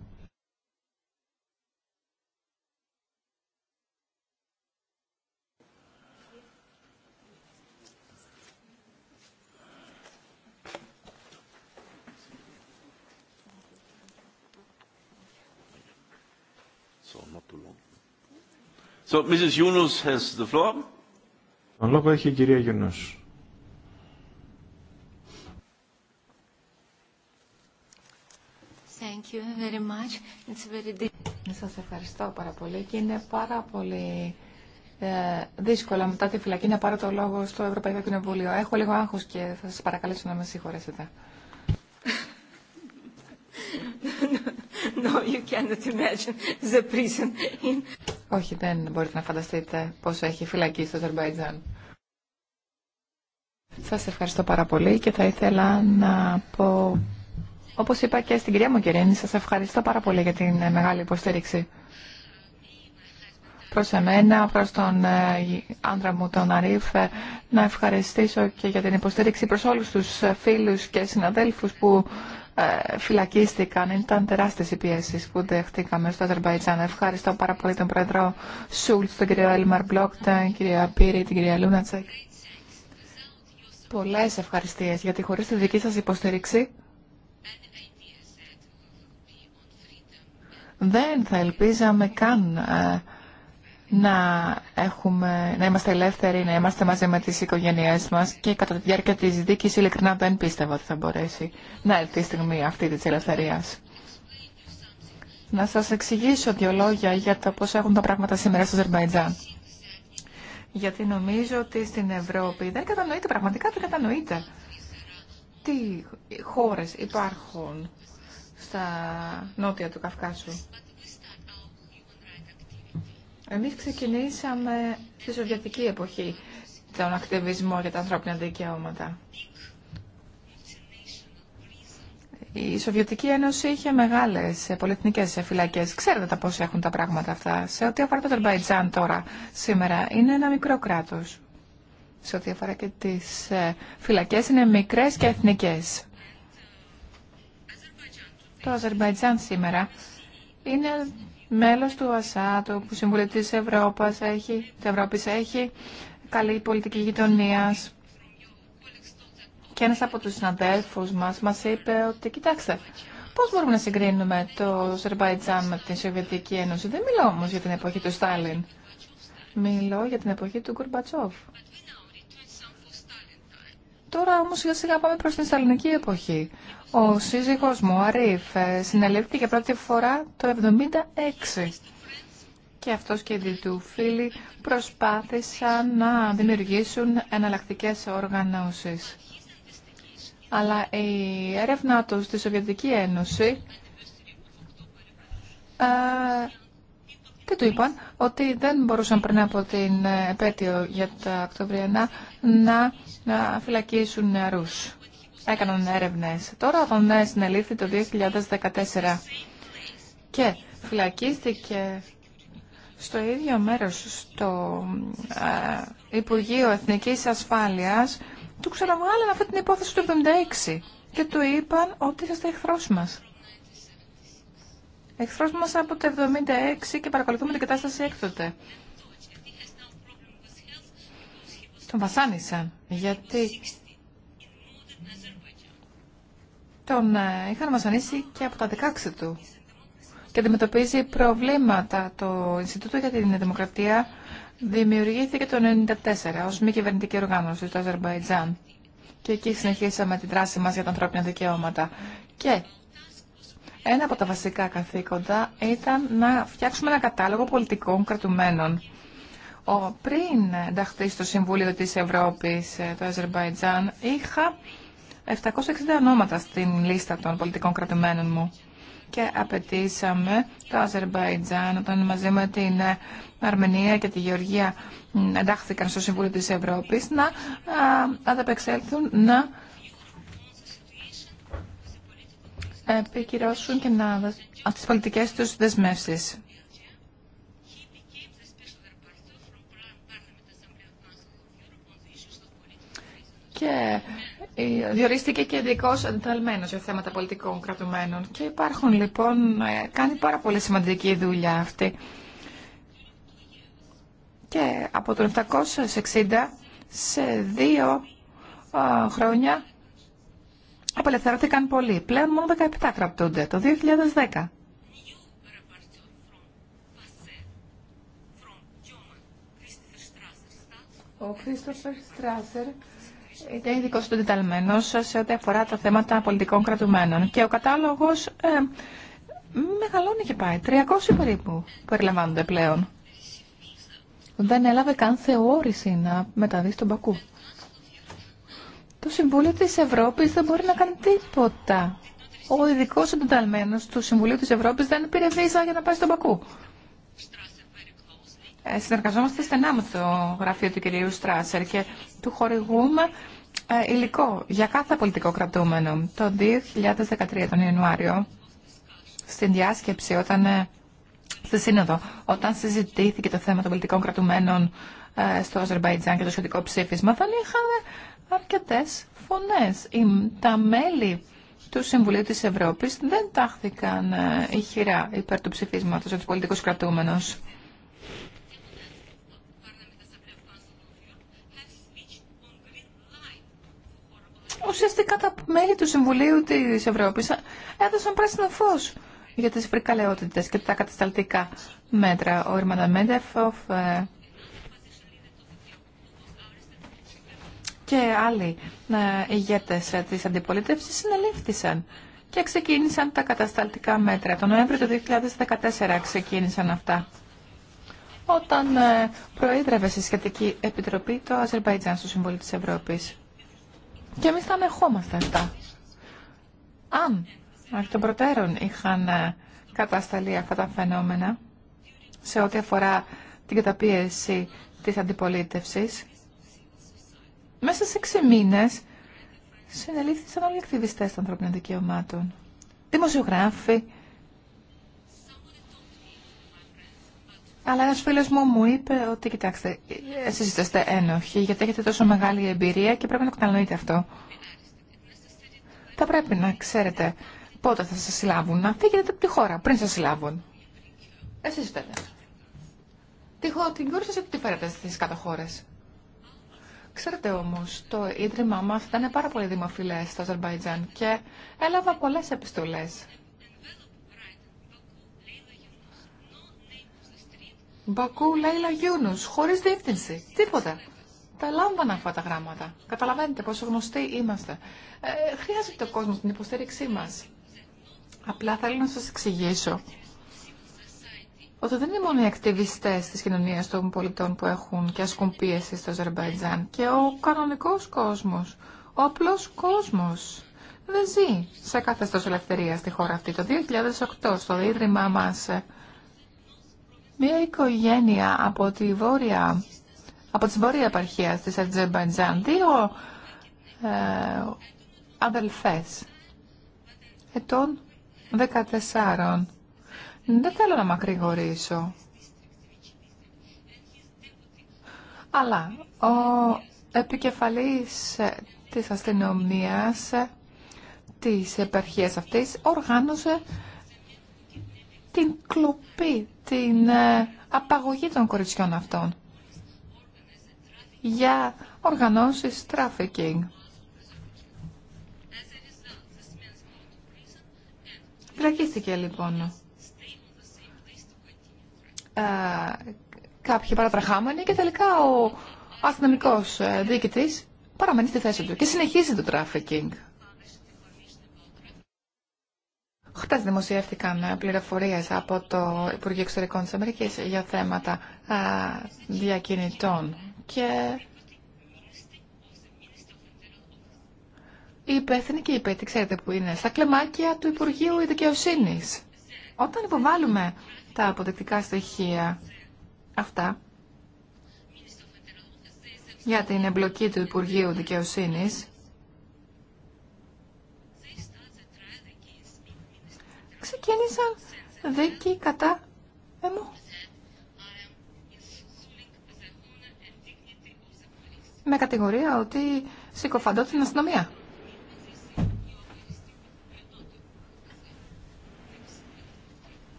A: So, λόγο έχει η κυρία Γιουνούς.
C: Thank Σας ευχαριστώ πάρα πολύ και είναι πάρα πολύ ε, δύσκολα μετά τη φυλακή να πάρω το λόγο στο Ευρωπαϊκό Κοινοβούλιο. Έχω λίγο άγχος και θα σας παρακαλέσω να με συγχωρέσετε. no, you cannot imagine the prison in... Όχι, δεν μπορείτε να φανταστείτε πόσο έχει φυλακή στο Αζερβαϊτζάν. Σας ευχαριστώ πάρα πολύ και θα ήθελα να πω, όπως είπα και στην κυρία Μοκερίνη, σας ευχαριστώ πάρα πολύ για την ε, μεγάλη υποστήριξη. Προς εμένα, προς τον ε, άντρα μου τον Αρίφ, ε, να ευχαριστήσω και για την υποστήριξη προς όλους τους φίλους και συναδέλφους που ε, φυλακίστηκαν. Ήταν τεράστιε οι πιέσει που δεχτήκαμε στο Αζερβαϊτζάν. Ευχαριστώ πάρα πολύ τον Πρόεδρο Σούλτ, τον κύριο Έλμαρ Μπλόκ, την κυρία Πύρη, την κυρία Λούνατσεκ. Πολλέ ευχαριστίε γιατί χωρίς τη δική σα υποστήριξη δεν θα ελπίζαμε καν ε, να, έχουμε, να είμαστε ελεύθεροι, να είμαστε μαζί με τις οικογένειές μας και κατά τη διάρκεια της δίκης ειλικρινά δεν πίστευα ότι θα μπορέσει να έρθει η στιγμή αυτή της ελευθερίας. Να σας εξηγήσω δύο λόγια για το πώς έχουν τα πράγματα σήμερα στο Αζερβαϊτζάν. Γιατί νομίζω ότι στην Ευρώπη δεν κατανοείται, πραγματικά δεν κατανοείται τι χώρες υπάρχουν στα νότια του Καυκάσου εμείς ξεκινήσαμε στη Σοβιετική εποχή τον ακτιβισμό για τα ανθρώπινα δικαιώματα. Η Σοβιετική Ένωση είχε μεγάλες πολυεθνικές φυλακέ. Ξέρετε τα πώς έχουν τα πράγματα αυτά. Σε ό,τι αφορά το Αζερμπαϊτζάν τώρα, σήμερα είναι ένα μικρό κράτο. Σε ό,τι αφορά και τι ε, φυλακέ, είναι μικρέ και εθνικέ. Το Αζερβαϊτζάν σήμερα είναι μέλος του ΑΣΑ, που συμβουλευτή της Ευρώπης, έχει, της Ευρώπης, έχει καλή πολιτική γειτονία. Και ένας από τους συναδέλφους μας μας είπε ότι, κοιτάξτε, πώς μπορούμε να συγκρίνουμε το Σερβαϊτζάν με την Σοβιετική Ένωση. Δεν μιλώ όμως για την εποχή του Στάλιν. Μιλώ για την εποχή του Γκουρμπατσόφ. Τώρα όμω σιγά σιγά πάμε προ την Σταλινική εποχή. Ο σύζυγό μου, Αρίφ, ε, συνελήφθηκε για πρώτη φορά το 1976. Και αυτό και οι του φίλοι προσπάθησαν να δημιουργήσουν εναλλακτικέ οργανώσει. Αλλά η έρευνά του στη Σοβιετική Ένωση ε, και του είπαν ότι δεν μπορούσαν πριν από την ε, επέτειο για τα Οκτωβριανά να, να φυλακίσουν νεαρούς. Έκαναν έρευνες. Τώρα τον συνελήφθη το 2014 και φυλακίστηκε στο ίδιο μέρος στο ε, Υπουργείο Εθνικής Ασφάλειας του ξαναβγάλαν αυτή την υπόθεση του 1976 και του είπαν ότι είσαστε εχθρός μας. Εχθρό μα από το 76 και παρακολουθούμε την κατάσταση έκτοτε. Τον βασάνισαν γιατί τον ε, είχαν βασανίσει και από τα 16 του και αντιμετωπίζει προβλήματα. Το Ινστιτούτο για την Δημοκρατία δημιουργήθηκε το 1994 ως μη κυβερνητική οργάνωση του Αζερβαϊτζάν και εκεί συνεχίσαμε τη δράση μας για τα ανθρώπινα δικαιώματα. Και ένα από τα βασικά καθήκοντα ήταν να φτιάξουμε ένα κατάλογο πολιτικών κρατουμένων. Ο, πριν ενταχθεί στο Συμβούλιο της Ευρώπης ε, το Αζερμπαϊτζάν, είχα 760 ονόματα στην λίστα των πολιτικών κρατουμένων μου και απαιτήσαμε το Αζερμπαϊτζάν όταν μαζί με την ε, Αρμενία και τη Γεωργία εντάχθηκαν στο Συμβούλιο της Ευρώπης να ανταπεξέλθουν να επικυρώσουν και να, από τις πολιτικές τους δεσμεύσεις. Και διορίστηκε και ειδικό ενταλμένο για θέματα πολιτικών κρατουμένων. Και υπάρχουν λοιπόν, ε, κάνει πάρα πολύ σημαντική δουλειά αυτή. Και από το 760 σε δύο ε, χρόνια απελευθερωθήκαν πολλοί. Πλέον μόνο 17 κρατούνται. Το 2010. Ο Κρίστοφερ Στράσερ ήταν ειδικό διταλμένο σε ό,τι αφορά τα θέματα πολιτικών κρατουμένων. Και ο κατάλογο ε, μεγαλώνει και πάει. 300 περίπου περιλαμβάνονται πλέον. Δεν έλαβε καν θεώρηση να μεταδεί στον Πακού το Συμβούλιο της Ευρώπης δεν μπορεί να κάνει τίποτα. Ο ειδικό εντονταλμένος του Συμβουλίου της Ευρώπης δεν πήρε βίζα για να πάει στον Πακού. Ε, συνεργαζόμαστε στενά με το γραφείο του κυρίου Στράσερ και του χορηγούμε ε, υλικό για κάθε πολιτικό κρατούμενο. Το 2013 τον Ιανουάριο, στην διάσκεψη, όταν, ε, στη Σύνοδο, όταν συζητήθηκε το θέμα των πολιτικών κρατουμένων ε, στο Αζερβαϊτζάν και το σχετικό ψήφισμα, δεν είχαμε αρκετές φωνές. Τα μέλη του Συμβουλίου της Ευρώπης δεν τάχθηκαν ε, ηχηρά υπέρ του ψηφίσματος από τους πολιτικούς Ουσιαστικά τα μέλη του Συμβουλίου της Ευρώπης έδωσαν πράσινο φως για τις φρικαλαιότητες και τα κατασταλτικά μέτρα. Ο Ιρμαναμέντεφοφ, ε, και άλλοι ε, ηγέτες ε, της αντιπολίτευσης συνελήφθησαν και ξεκίνησαν τα κατασταλτικά μέτρα. Το Νοέμβριο του 2014 ξεκίνησαν αυτά. Όταν ε, προείδρευε στη σχετική επιτροπή το Αζερβαϊτζάν στο Συμβούλιο της Ευρώπης. Και εμείς θα ανεχόμαστε αυτά. Αν εκ των προτέρων είχαν κατασταλεί αυτά τα φαινόμενα σε ό,τι αφορά την καταπίεση της αντιπολίτευσης, μέσα σε έξι μήνες συνελήφθησαν όλοι οι ακτιβιστέ των ανθρωπίνων δικαιωμάτων. Δημοσιογράφοι. Αλλά ένα φίλος μου μου είπε ότι, κοιτάξτε, εσεί είστε ένοχοι γιατί έχετε τόσο μεγάλη εμπειρία και πρέπει να κατανοείτε αυτό. Θα πρέπει να ξέρετε πότε θα σας συλλάβουν. Να φύγετε από τη χώρα πριν σας συλλάβουν. εσεί είστε Τι την κόρη σας φέρετε στι κάτω χώρε. Ξέρετε όμω, το Ίδρυμά μας ήταν πάρα πολύ δημοφιλέ στο Αζερμπαϊτζάν και έλαβα πολλές επιστολές. Μπακού Λέιλα Γιούνου χωρίς διεύθυνση, τίποτα. Τα λάμβανα αυτά τα γράμματα. Καταλαβαίνετε πόσο γνωστοί είμαστε. Ε, χρειάζεται ο κόσμο την υποστήριξή μας. Απλά θέλω να σα εξηγήσω ότι δεν είναι μόνο οι ακτιβιστέ τη κοινωνία των πολιτών που έχουν και ασκούν πίεση στο Αζερβαϊτζάν και ο κανονικό κόσμο, ο απλό κόσμο. Δεν ζει σε καθεστώς ελευθερία στη χώρα αυτή. Το 2008 στο ίδρυμά μα μια οικογένεια από τη βόρεια, από τη βόρεια επαρχία της ζερμπαιτζαν δύο ε, αδελφές ετών 14 δεν θέλω να μακρηγορήσω. Αλλά ο επικεφαλής ε, της αστυνομίας ε, της επαρχίας αυτής οργάνωσε την κλοπή, την ε, απαγωγή των κοριτσιών αυτών για οργανώσεις trafficking. Φυλακίστηκε λοιπόν ε, κάποιοι παρατραχάμενοι και τελικά ο αστυνομικό ε, διοικητή παραμένει στη θέση του και συνεχίζει το τράφικινγκ. Χτε δημοσιεύτηκαν ε, πληροφορίε από το Υπουργείο Εξωτερικών τη Αμερική για θέματα διακινητών και η υπεύθυνοι και η ξέρετε που είναι, στα κλεμάκια του Υπουργείου Δικαιοσύνη. Όταν υποβάλλουμε τα αποδεκτικά στοιχεία αυτά για την εμπλοκή του Υπουργείου Δικαιοσύνης ξεκίνησαν δίκη κατά εμού. Με κατηγορία ότι συκοφαντώ την αστυνομία.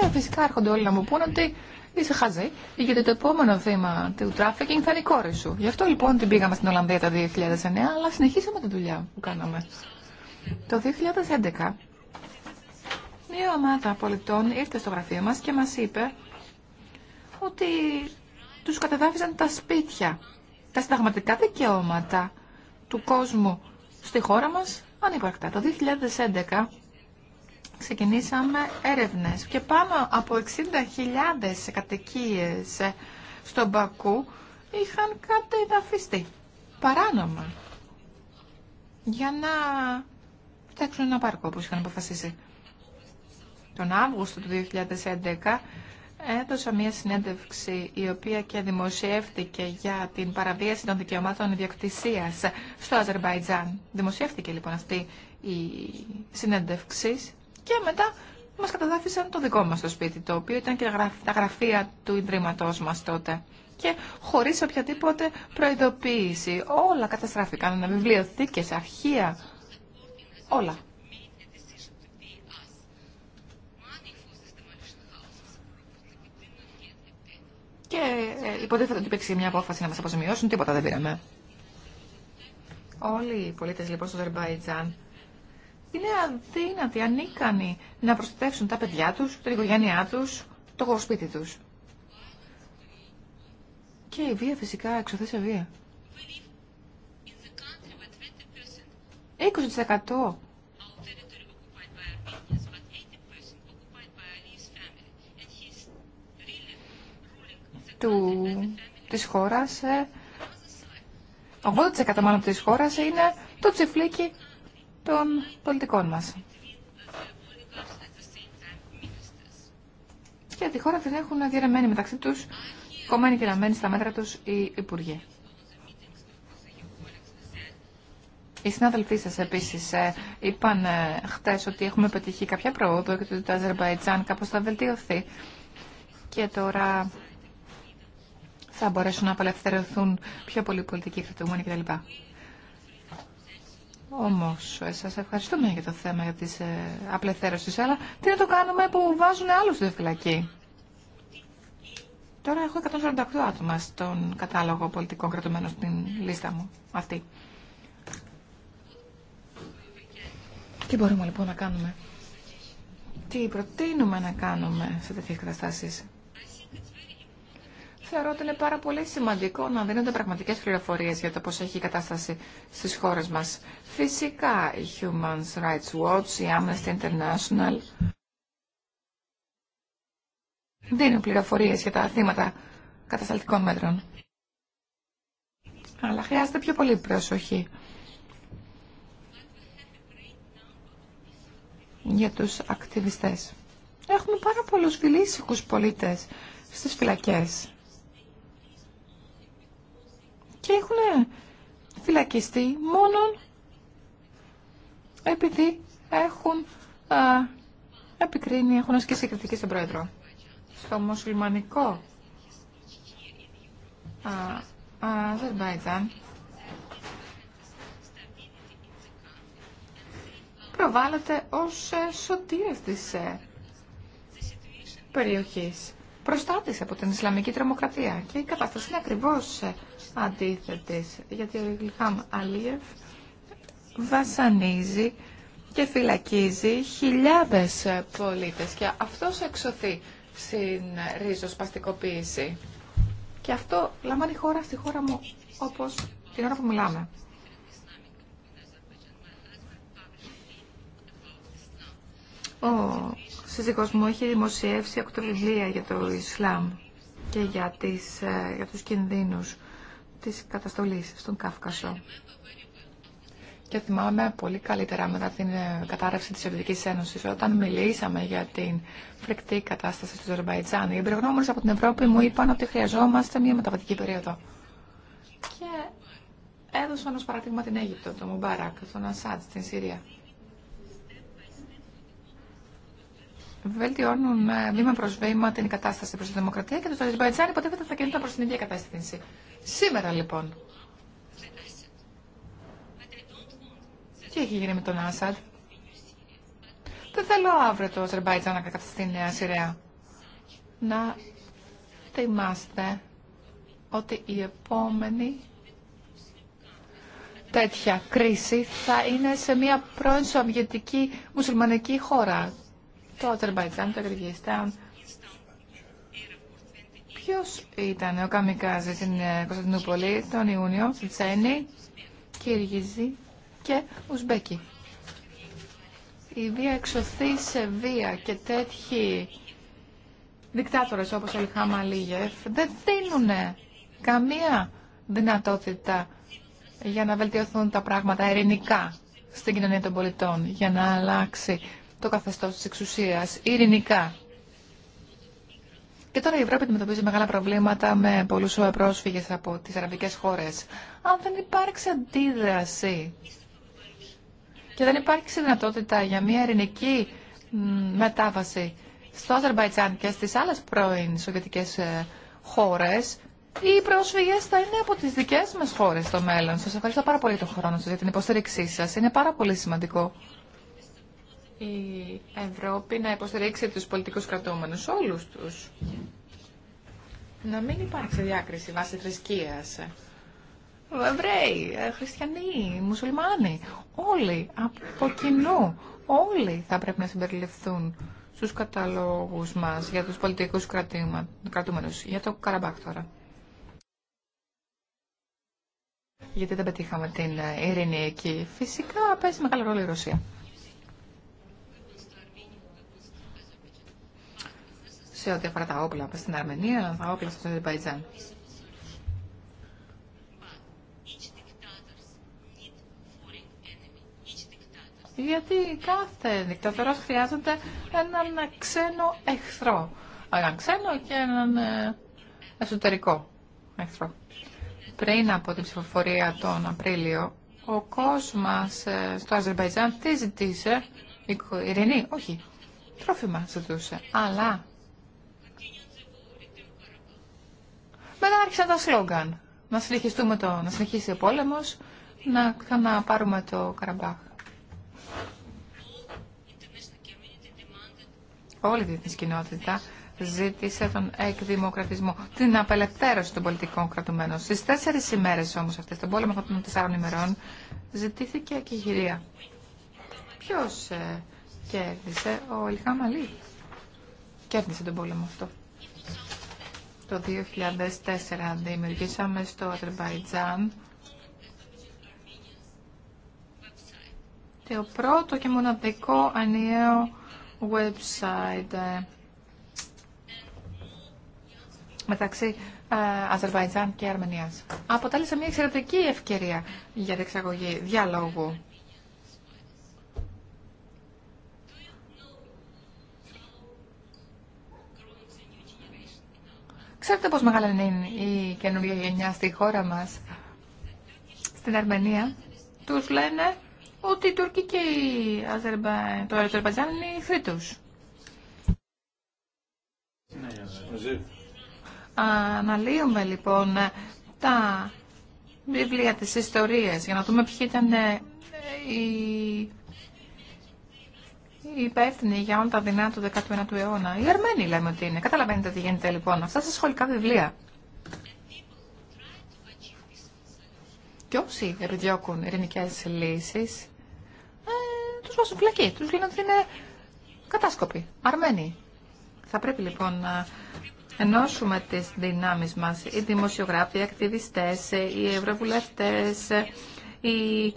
C: Και φυσικά έρχονται όλοι να μου πούν ότι είσαι χαζή, γιατί το επόμενο θύμα του τράφικινγκ θα είναι η κόρη σου. Γι' αυτό λοιπόν την πήγαμε στην Ολλανδία το 2009, αλλά συνεχίσαμε τη δουλειά που κάναμε. Το 2011, μια ομάδα πολιτών ήρθε στο γραφείο μας και μας είπε ότι τους κατεδάφιζαν τα σπίτια, τα συνταγματικά δικαιώματα του κόσμου στη χώρα μας ανύπαρκτα. Το 2011 ξεκινήσαμε έρευνες και πάνω από 60.000 κατοικίες στον Πακού είχαν κατεδαφιστεί παράνομα για να φτιάξουν ένα πάρκο όπως είχαν αποφασίσει. Τον Αύγουστο του 2011 έδωσα μια συνέντευξη η οποία και δημοσιεύτηκε για την παραβίαση των δικαιωμάτων ιδιοκτησίας στο Αζερβαϊτζάν. Δημοσιεύτηκε λοιπόν αυτή η συνέντευξη και μετά μας καταδάφησαν το δικό μας το σπίτι, το οποίο ήταν και τα γραφεία του Ιδρύματός μας τότε. Και χωρίς οποιαδήποτε προειδοποίηση. Όλα καταστράφηκαν, βιβλιοθήκες, αρχεία, όλα. Και ε, υποτίθεται ότι υπήρξε μια απόφαση να μας αποζημιώσουν, τίποτα δεν πήραμε. Όλοι οι πολίτες λοιπόν στο Ζερμπαϊτζάν είναι αδύνατοι, ανίκανοι να προστατεύσουν τα παιδιά τους, την οικογένειά τους, το σπίτι τους. Και η βία φυσικά εξωθέσε βία. 20% του, της χώρας, 80% ε, μάλλον της χώρας είναι το τσιφλίκι των πολιτικών μας. Και τη χώρα την έχουν διαρρεμένη μεταξύ τους, κομμένη και ραμμένη στα μέτρα τους οι υπουργοί. Οι συνάδελφοί σα επίση ε, είπαν ε, χτες ότι έχουμε πετύχει κάποια πρόοδο και ότι το Αζερβαϊτζάν κάπω θα βελτιωθεί. Και τώρα θα μπορέσουν να απελευθερωθούν πιο πολύ πολιτικοί κρατούμενοι κλπ. Όμως, σας ευχαριστούμε για το θέμα της ε, απλεθέρωσης, αλλά τι να το κάνουμε που βάζουν άλλους στη φυλακή. Τώρα έχω 148 άτομα στον κατάλογο πολιτικών κρατουμένων στην λίστα μου αυτή. Τι μπορούμε λοιπόν να κάνουμε. Τι προτείνουμε να κάνουμε σε τέτοιες καταστάσεις θεωρώ ότι είναι πάρα πολύ σημαντικό να δίνονται πραγματικές πληροφορίες για το πώς έχει η κατάσταση στις χώρες μας. Φυσικά, η Human Rights Watch, η Amnesty International δίνουν πληροφορίες για τα θύματα κατασταλτικών μέτρων. Αλλά χρειάζεται πιο πολύ προσοχή για τους ακτιβιστές. Έχουμε πάρα πολλούς φιλήσυχους πολίτες στις φυλακές και έχουν φυλακιστεί μόνο επειδή έχουν α, επικρίνει, έχουν ασκήσει κριτική στον πρόεδρο. Στο μουσουλμανικό Αζερμπαϊτζάν προβάλλεται ως ε, σωτήρες της ε, περιοχής προστάτης από την Ισλαμική τρομοκρατία. Και η κατάσταση είναι ακριβώς ε, αντίθετη, γιατί ο Ιλχάμ Αλίεφ βασανίζει και φυλακίζει χιλιάδες ε, πολίτες και αυτός εξωθεί στην ρίζοσπαστικοποίηση. Και αυτό λαμβάνει χώρα στη χώρα μου όπως την ώρα που μιλάμε. Ο σύζυγός μου έχει δημοσιεύσει ακτοβιβλία για το Ισλάμ και για, τις, ε, για τους κινδύνους της καταστολής στον Κάφκασο. Και θυμάμαι πολύ καλύτερα μετά την ε, κατάρρευση της Σοβιετικής Ένωσης, όταν μιλήσαμε για την φρικτή κατάσταση του Ζερμπαϊτζάν. Οι εμπειρογνώμονες από την Ευρώπη μου είπαν ότι χρειαζόμαστε μια μεταβατική περίοδο. Και έδωσαν ως παράδειγμα την Αίγυπτο, τον Μουμπάρακ, τον Ασάντ, την Συρία. βελτιώνουν ε, βήμα προ βήμα την κατάσταση προ τη δημοκρατία και το Αζερβαϊτζάν υποτίθεται θα κινούνται προ την ίδια κατεύθυνση. Σήμερα λοιπόν. Τι έχει γίνει με τον Άσαντ. Δεν θέλω αύριο το Αζερβαϊτζάν να καταστεί Νέα Να θυμάστε ότι η επόμενη τέτοια κρίση θα είναι σε μια πρώην Σοβιετική μουσουλμανική χώρα το Αζερβαϊτζάν, το Κυριγιστάν. Ποιο ήταν ο Καμικάζη στην ε, Κωνσταντινούπολη τον Ιούνιο, στην Τσένη, Κυργιζή και Ουσμπέκη. Η βία εξωθεί σε βία και τέτοιοι δικτάτορες όπως ο Λιχάμα Λίγεφ δεν δίνουν καμία δυνατότητα για να βελτιωθούν τα πράγματα ειρηνικά στην κοινωνία των πολιτών, για να αλλάξει το καθεστώ τη εξουσία, ειρηνικά. Και τώρα η Ευρώπη αντιμετωπίζει μεγάλα προβλήματα με πολλού ε, πρόσφυγε από τι Αραβικέ χώρε. Αν δεν υπάρξει αντίδραση και δεν υπάρξει δυνατότητα για μια ειρηνική μετάβαση στο Αζερμπαϊτζάν και στι άλλε πρώην σοβιετικέ ε, χώρες, οι πρόσφυγε θα είναι από τι δικέ μα χώρε στο μέλλον. Σα ευχαριστώ πάρα πολύ τον χρόνο σα για την υποστήριξή σα. Είναι πάρα πολύ σημαντικό η Ευρώπη να υποστηρίξει τους πολιτικούς κρατούμενους, όλους τους. Να μην υπάρξει διάκριση βάσει θρησκείας. Εβραίοι, ε, χριστιανοί, μουσουλμάνοι, όλοι από κοινού, όλοι θα πρέπει να συμπεριληφθούν στους καταλόγους μας για τους πολιτικούς κρατούμενους, για το Καραμπάκ τώρα. Γιατί δεν πετύχαμε την ειρήνη εκεί. Φυσικά παίζει μεγάλο ρόλο η Ρωσία. σε ό,τι αφορά τα όπλα στην Αρμενία, τα όπλα στο Αζερβαϊτζάν. Γιατί κάθε δικτατορός χρειάζεται έναν ξένο εχθρό. Έναν ξένο και έναν ε, εσωτερικό εχθρό. Πριν από την ψηφοφορία τον Απρίλιο, ο κόσμος ε, στο Αζερβαϊτζάν τι ζητήσε, ειρηνή, όχι, τρόφιμα ζητούσε. Αλλά Μετά άρχισαν τα σλόγγαν. Να, συνεχιστούμε το, να συνεχίσει ο πόλεμος, να ξαναπάρουμε το Καραμπάχ. Όλη η κοινότητα ζήτησε τον εκδημοκρατισμό, την απελευθέρωση των πολιτικών κρατουμένων. Στις τέσσερις ημέρες όμως αυτές, τον πόλεμο των τεσσάρων ημερών, ζητήθηκε και η χειρία. Ποιος ε, κέρδισε, ο Ιλχάμ Κέρδισε τον πόλεμο αυτό. Το 2004 δημιουργήσαμε στο Αζερβαϊτζάν το πρώτο και μοναδικό ανιαίο website ε, μεταξύ ε, Αζερβαϊτζάν και Αρμενίας. Αποτέλεσε μια εξαιρετική ευκαιρία για την εξαγωγή διαλόγου Ξέρετε πώς μεγάλα είναι η καινούργια γενιά στη χώρα μας. Στην Αρμενία τους λένε ότι οι Τούρκοι και οι το Αζερμπαϊτζάν είναι οι τους. Αναλύουμε λοιπόν τα βιβλία της ιστορίας για να δούμε ποιοι ήταν ε, οι οι υπεύθυνοι για όλα τα δεινά του 19ου αιώνα. Οι Αρμένοι λέμε ότι είναι. Καταλαβαίνετε τι γίνεται λοιπόν. Αυτά στα σχολικά βιβλία. Και όσοι επιδιώκουν ειρηνικέ λύσει, ε, του βάζουν φυλακή. Του λένε ότι είναι κατάσκοποι. Αρμένοι. Θα πρέπει λοιπόν να ενώσουμε τι δυνάμει μα. Οι δημοσιογράφοι, οι ακτιβιστέ, οι ευρωβουλευτέ, οι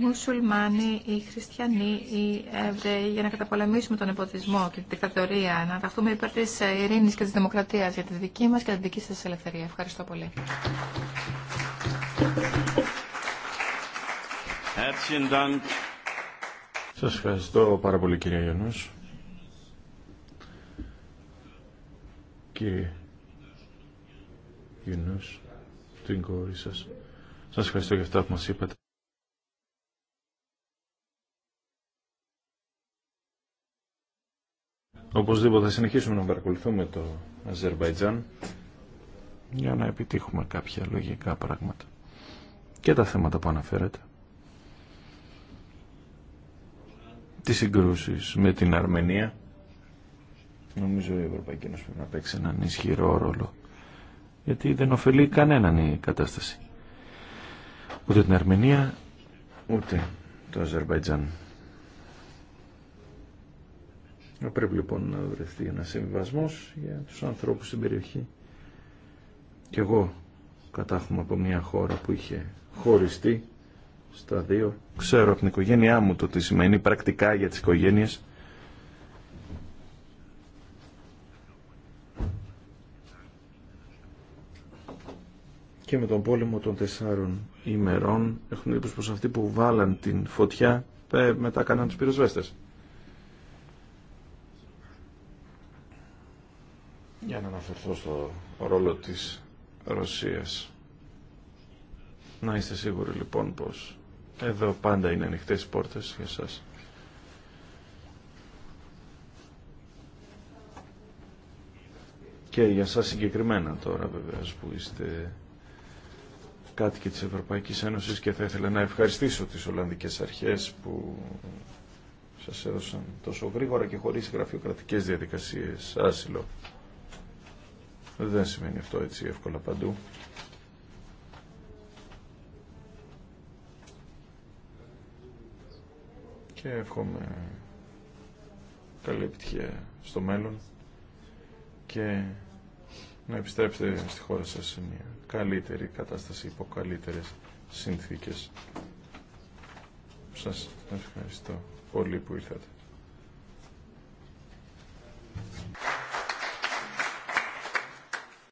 C: μουσουλμάνοι οι χριστιανοί οι Εβραίοι για να καταπολεμήσουμε τον εποτισμό και την δικτατορία, να ταχθούμε υπέρ τη ειρήνη και τη δημοκρατία για τη δική μα και τη δική σα ελευθερία. Ευχαριστώ πολύ.
A: Σα ευχαριστώ πάρα πολύ, κύριε Γιάννου. Κύριε Γιάννου, την κόρη σα. Σα ευχαριστώ για αυτά που μα είπατε. Οπωσδήποτε θα συνεχίσουμε να παρακολουθούμε το Αζερβαϊτζάν για να επιτύχουμε κάποια λογικά πράγματα και τα θέματα που αναφέρετε. τις συγκρούσεις με την Αρμενία νομίζω η Ευρωπαϊκή Ένωση πρέπει να παίξει έναν ισχυρό ρόλο γιατί δεν ωφελεί κανέναν η κατάσταση ούτε την Αρμενία ούτε το Αζερβαϊτζάν Πρέπει λοιπόν να βρεθεί ένα συμβιβασμό για τους ανθρώπους στην περιοχή. Και εγώ κατάχομαι από μια χώρα που είχε χωριστεί στα δύο. Ξέρω από την οικογένειά μου το τι σημαίνει πρακτικά για τις οικογένειε. Και με τον πόλεμο των τεσσάρων ημερών έχουν δει πως αυτοί που βάλαν την φωτιά ε, μετά κάναν τους πυροσβέστες. για να αναφερθώ στο ρόλο της Ρωσίας. Να είστε σίγουροι λοιπόν πως εδώ πάντα είναι ανοιχτέ πόρτες για σας. Και για σας συγκεκριμένα τώρα βέβαια που είστε κάτοικοι της Ευρωπαϊκής Ένωσης και θα ήθελα να ευχαριστήσω τις Ολλανδικές Αρχές που σας έδωσαν τόσο γρήγορα και χωρίς γραφειοκρατικές διαδικασίες άσυλο. Δεν σημαίνει αυτό έτσι εύκολα παντού. Και εύχομαι καλή επιτυχία στο μέλλον και να επιστρέψετε στη χώρα σας σε μια καλύτερη κατάσταση υπό καλύτερες συνθήκες. Σας ευχαριστώ πολύ που ήρθατε.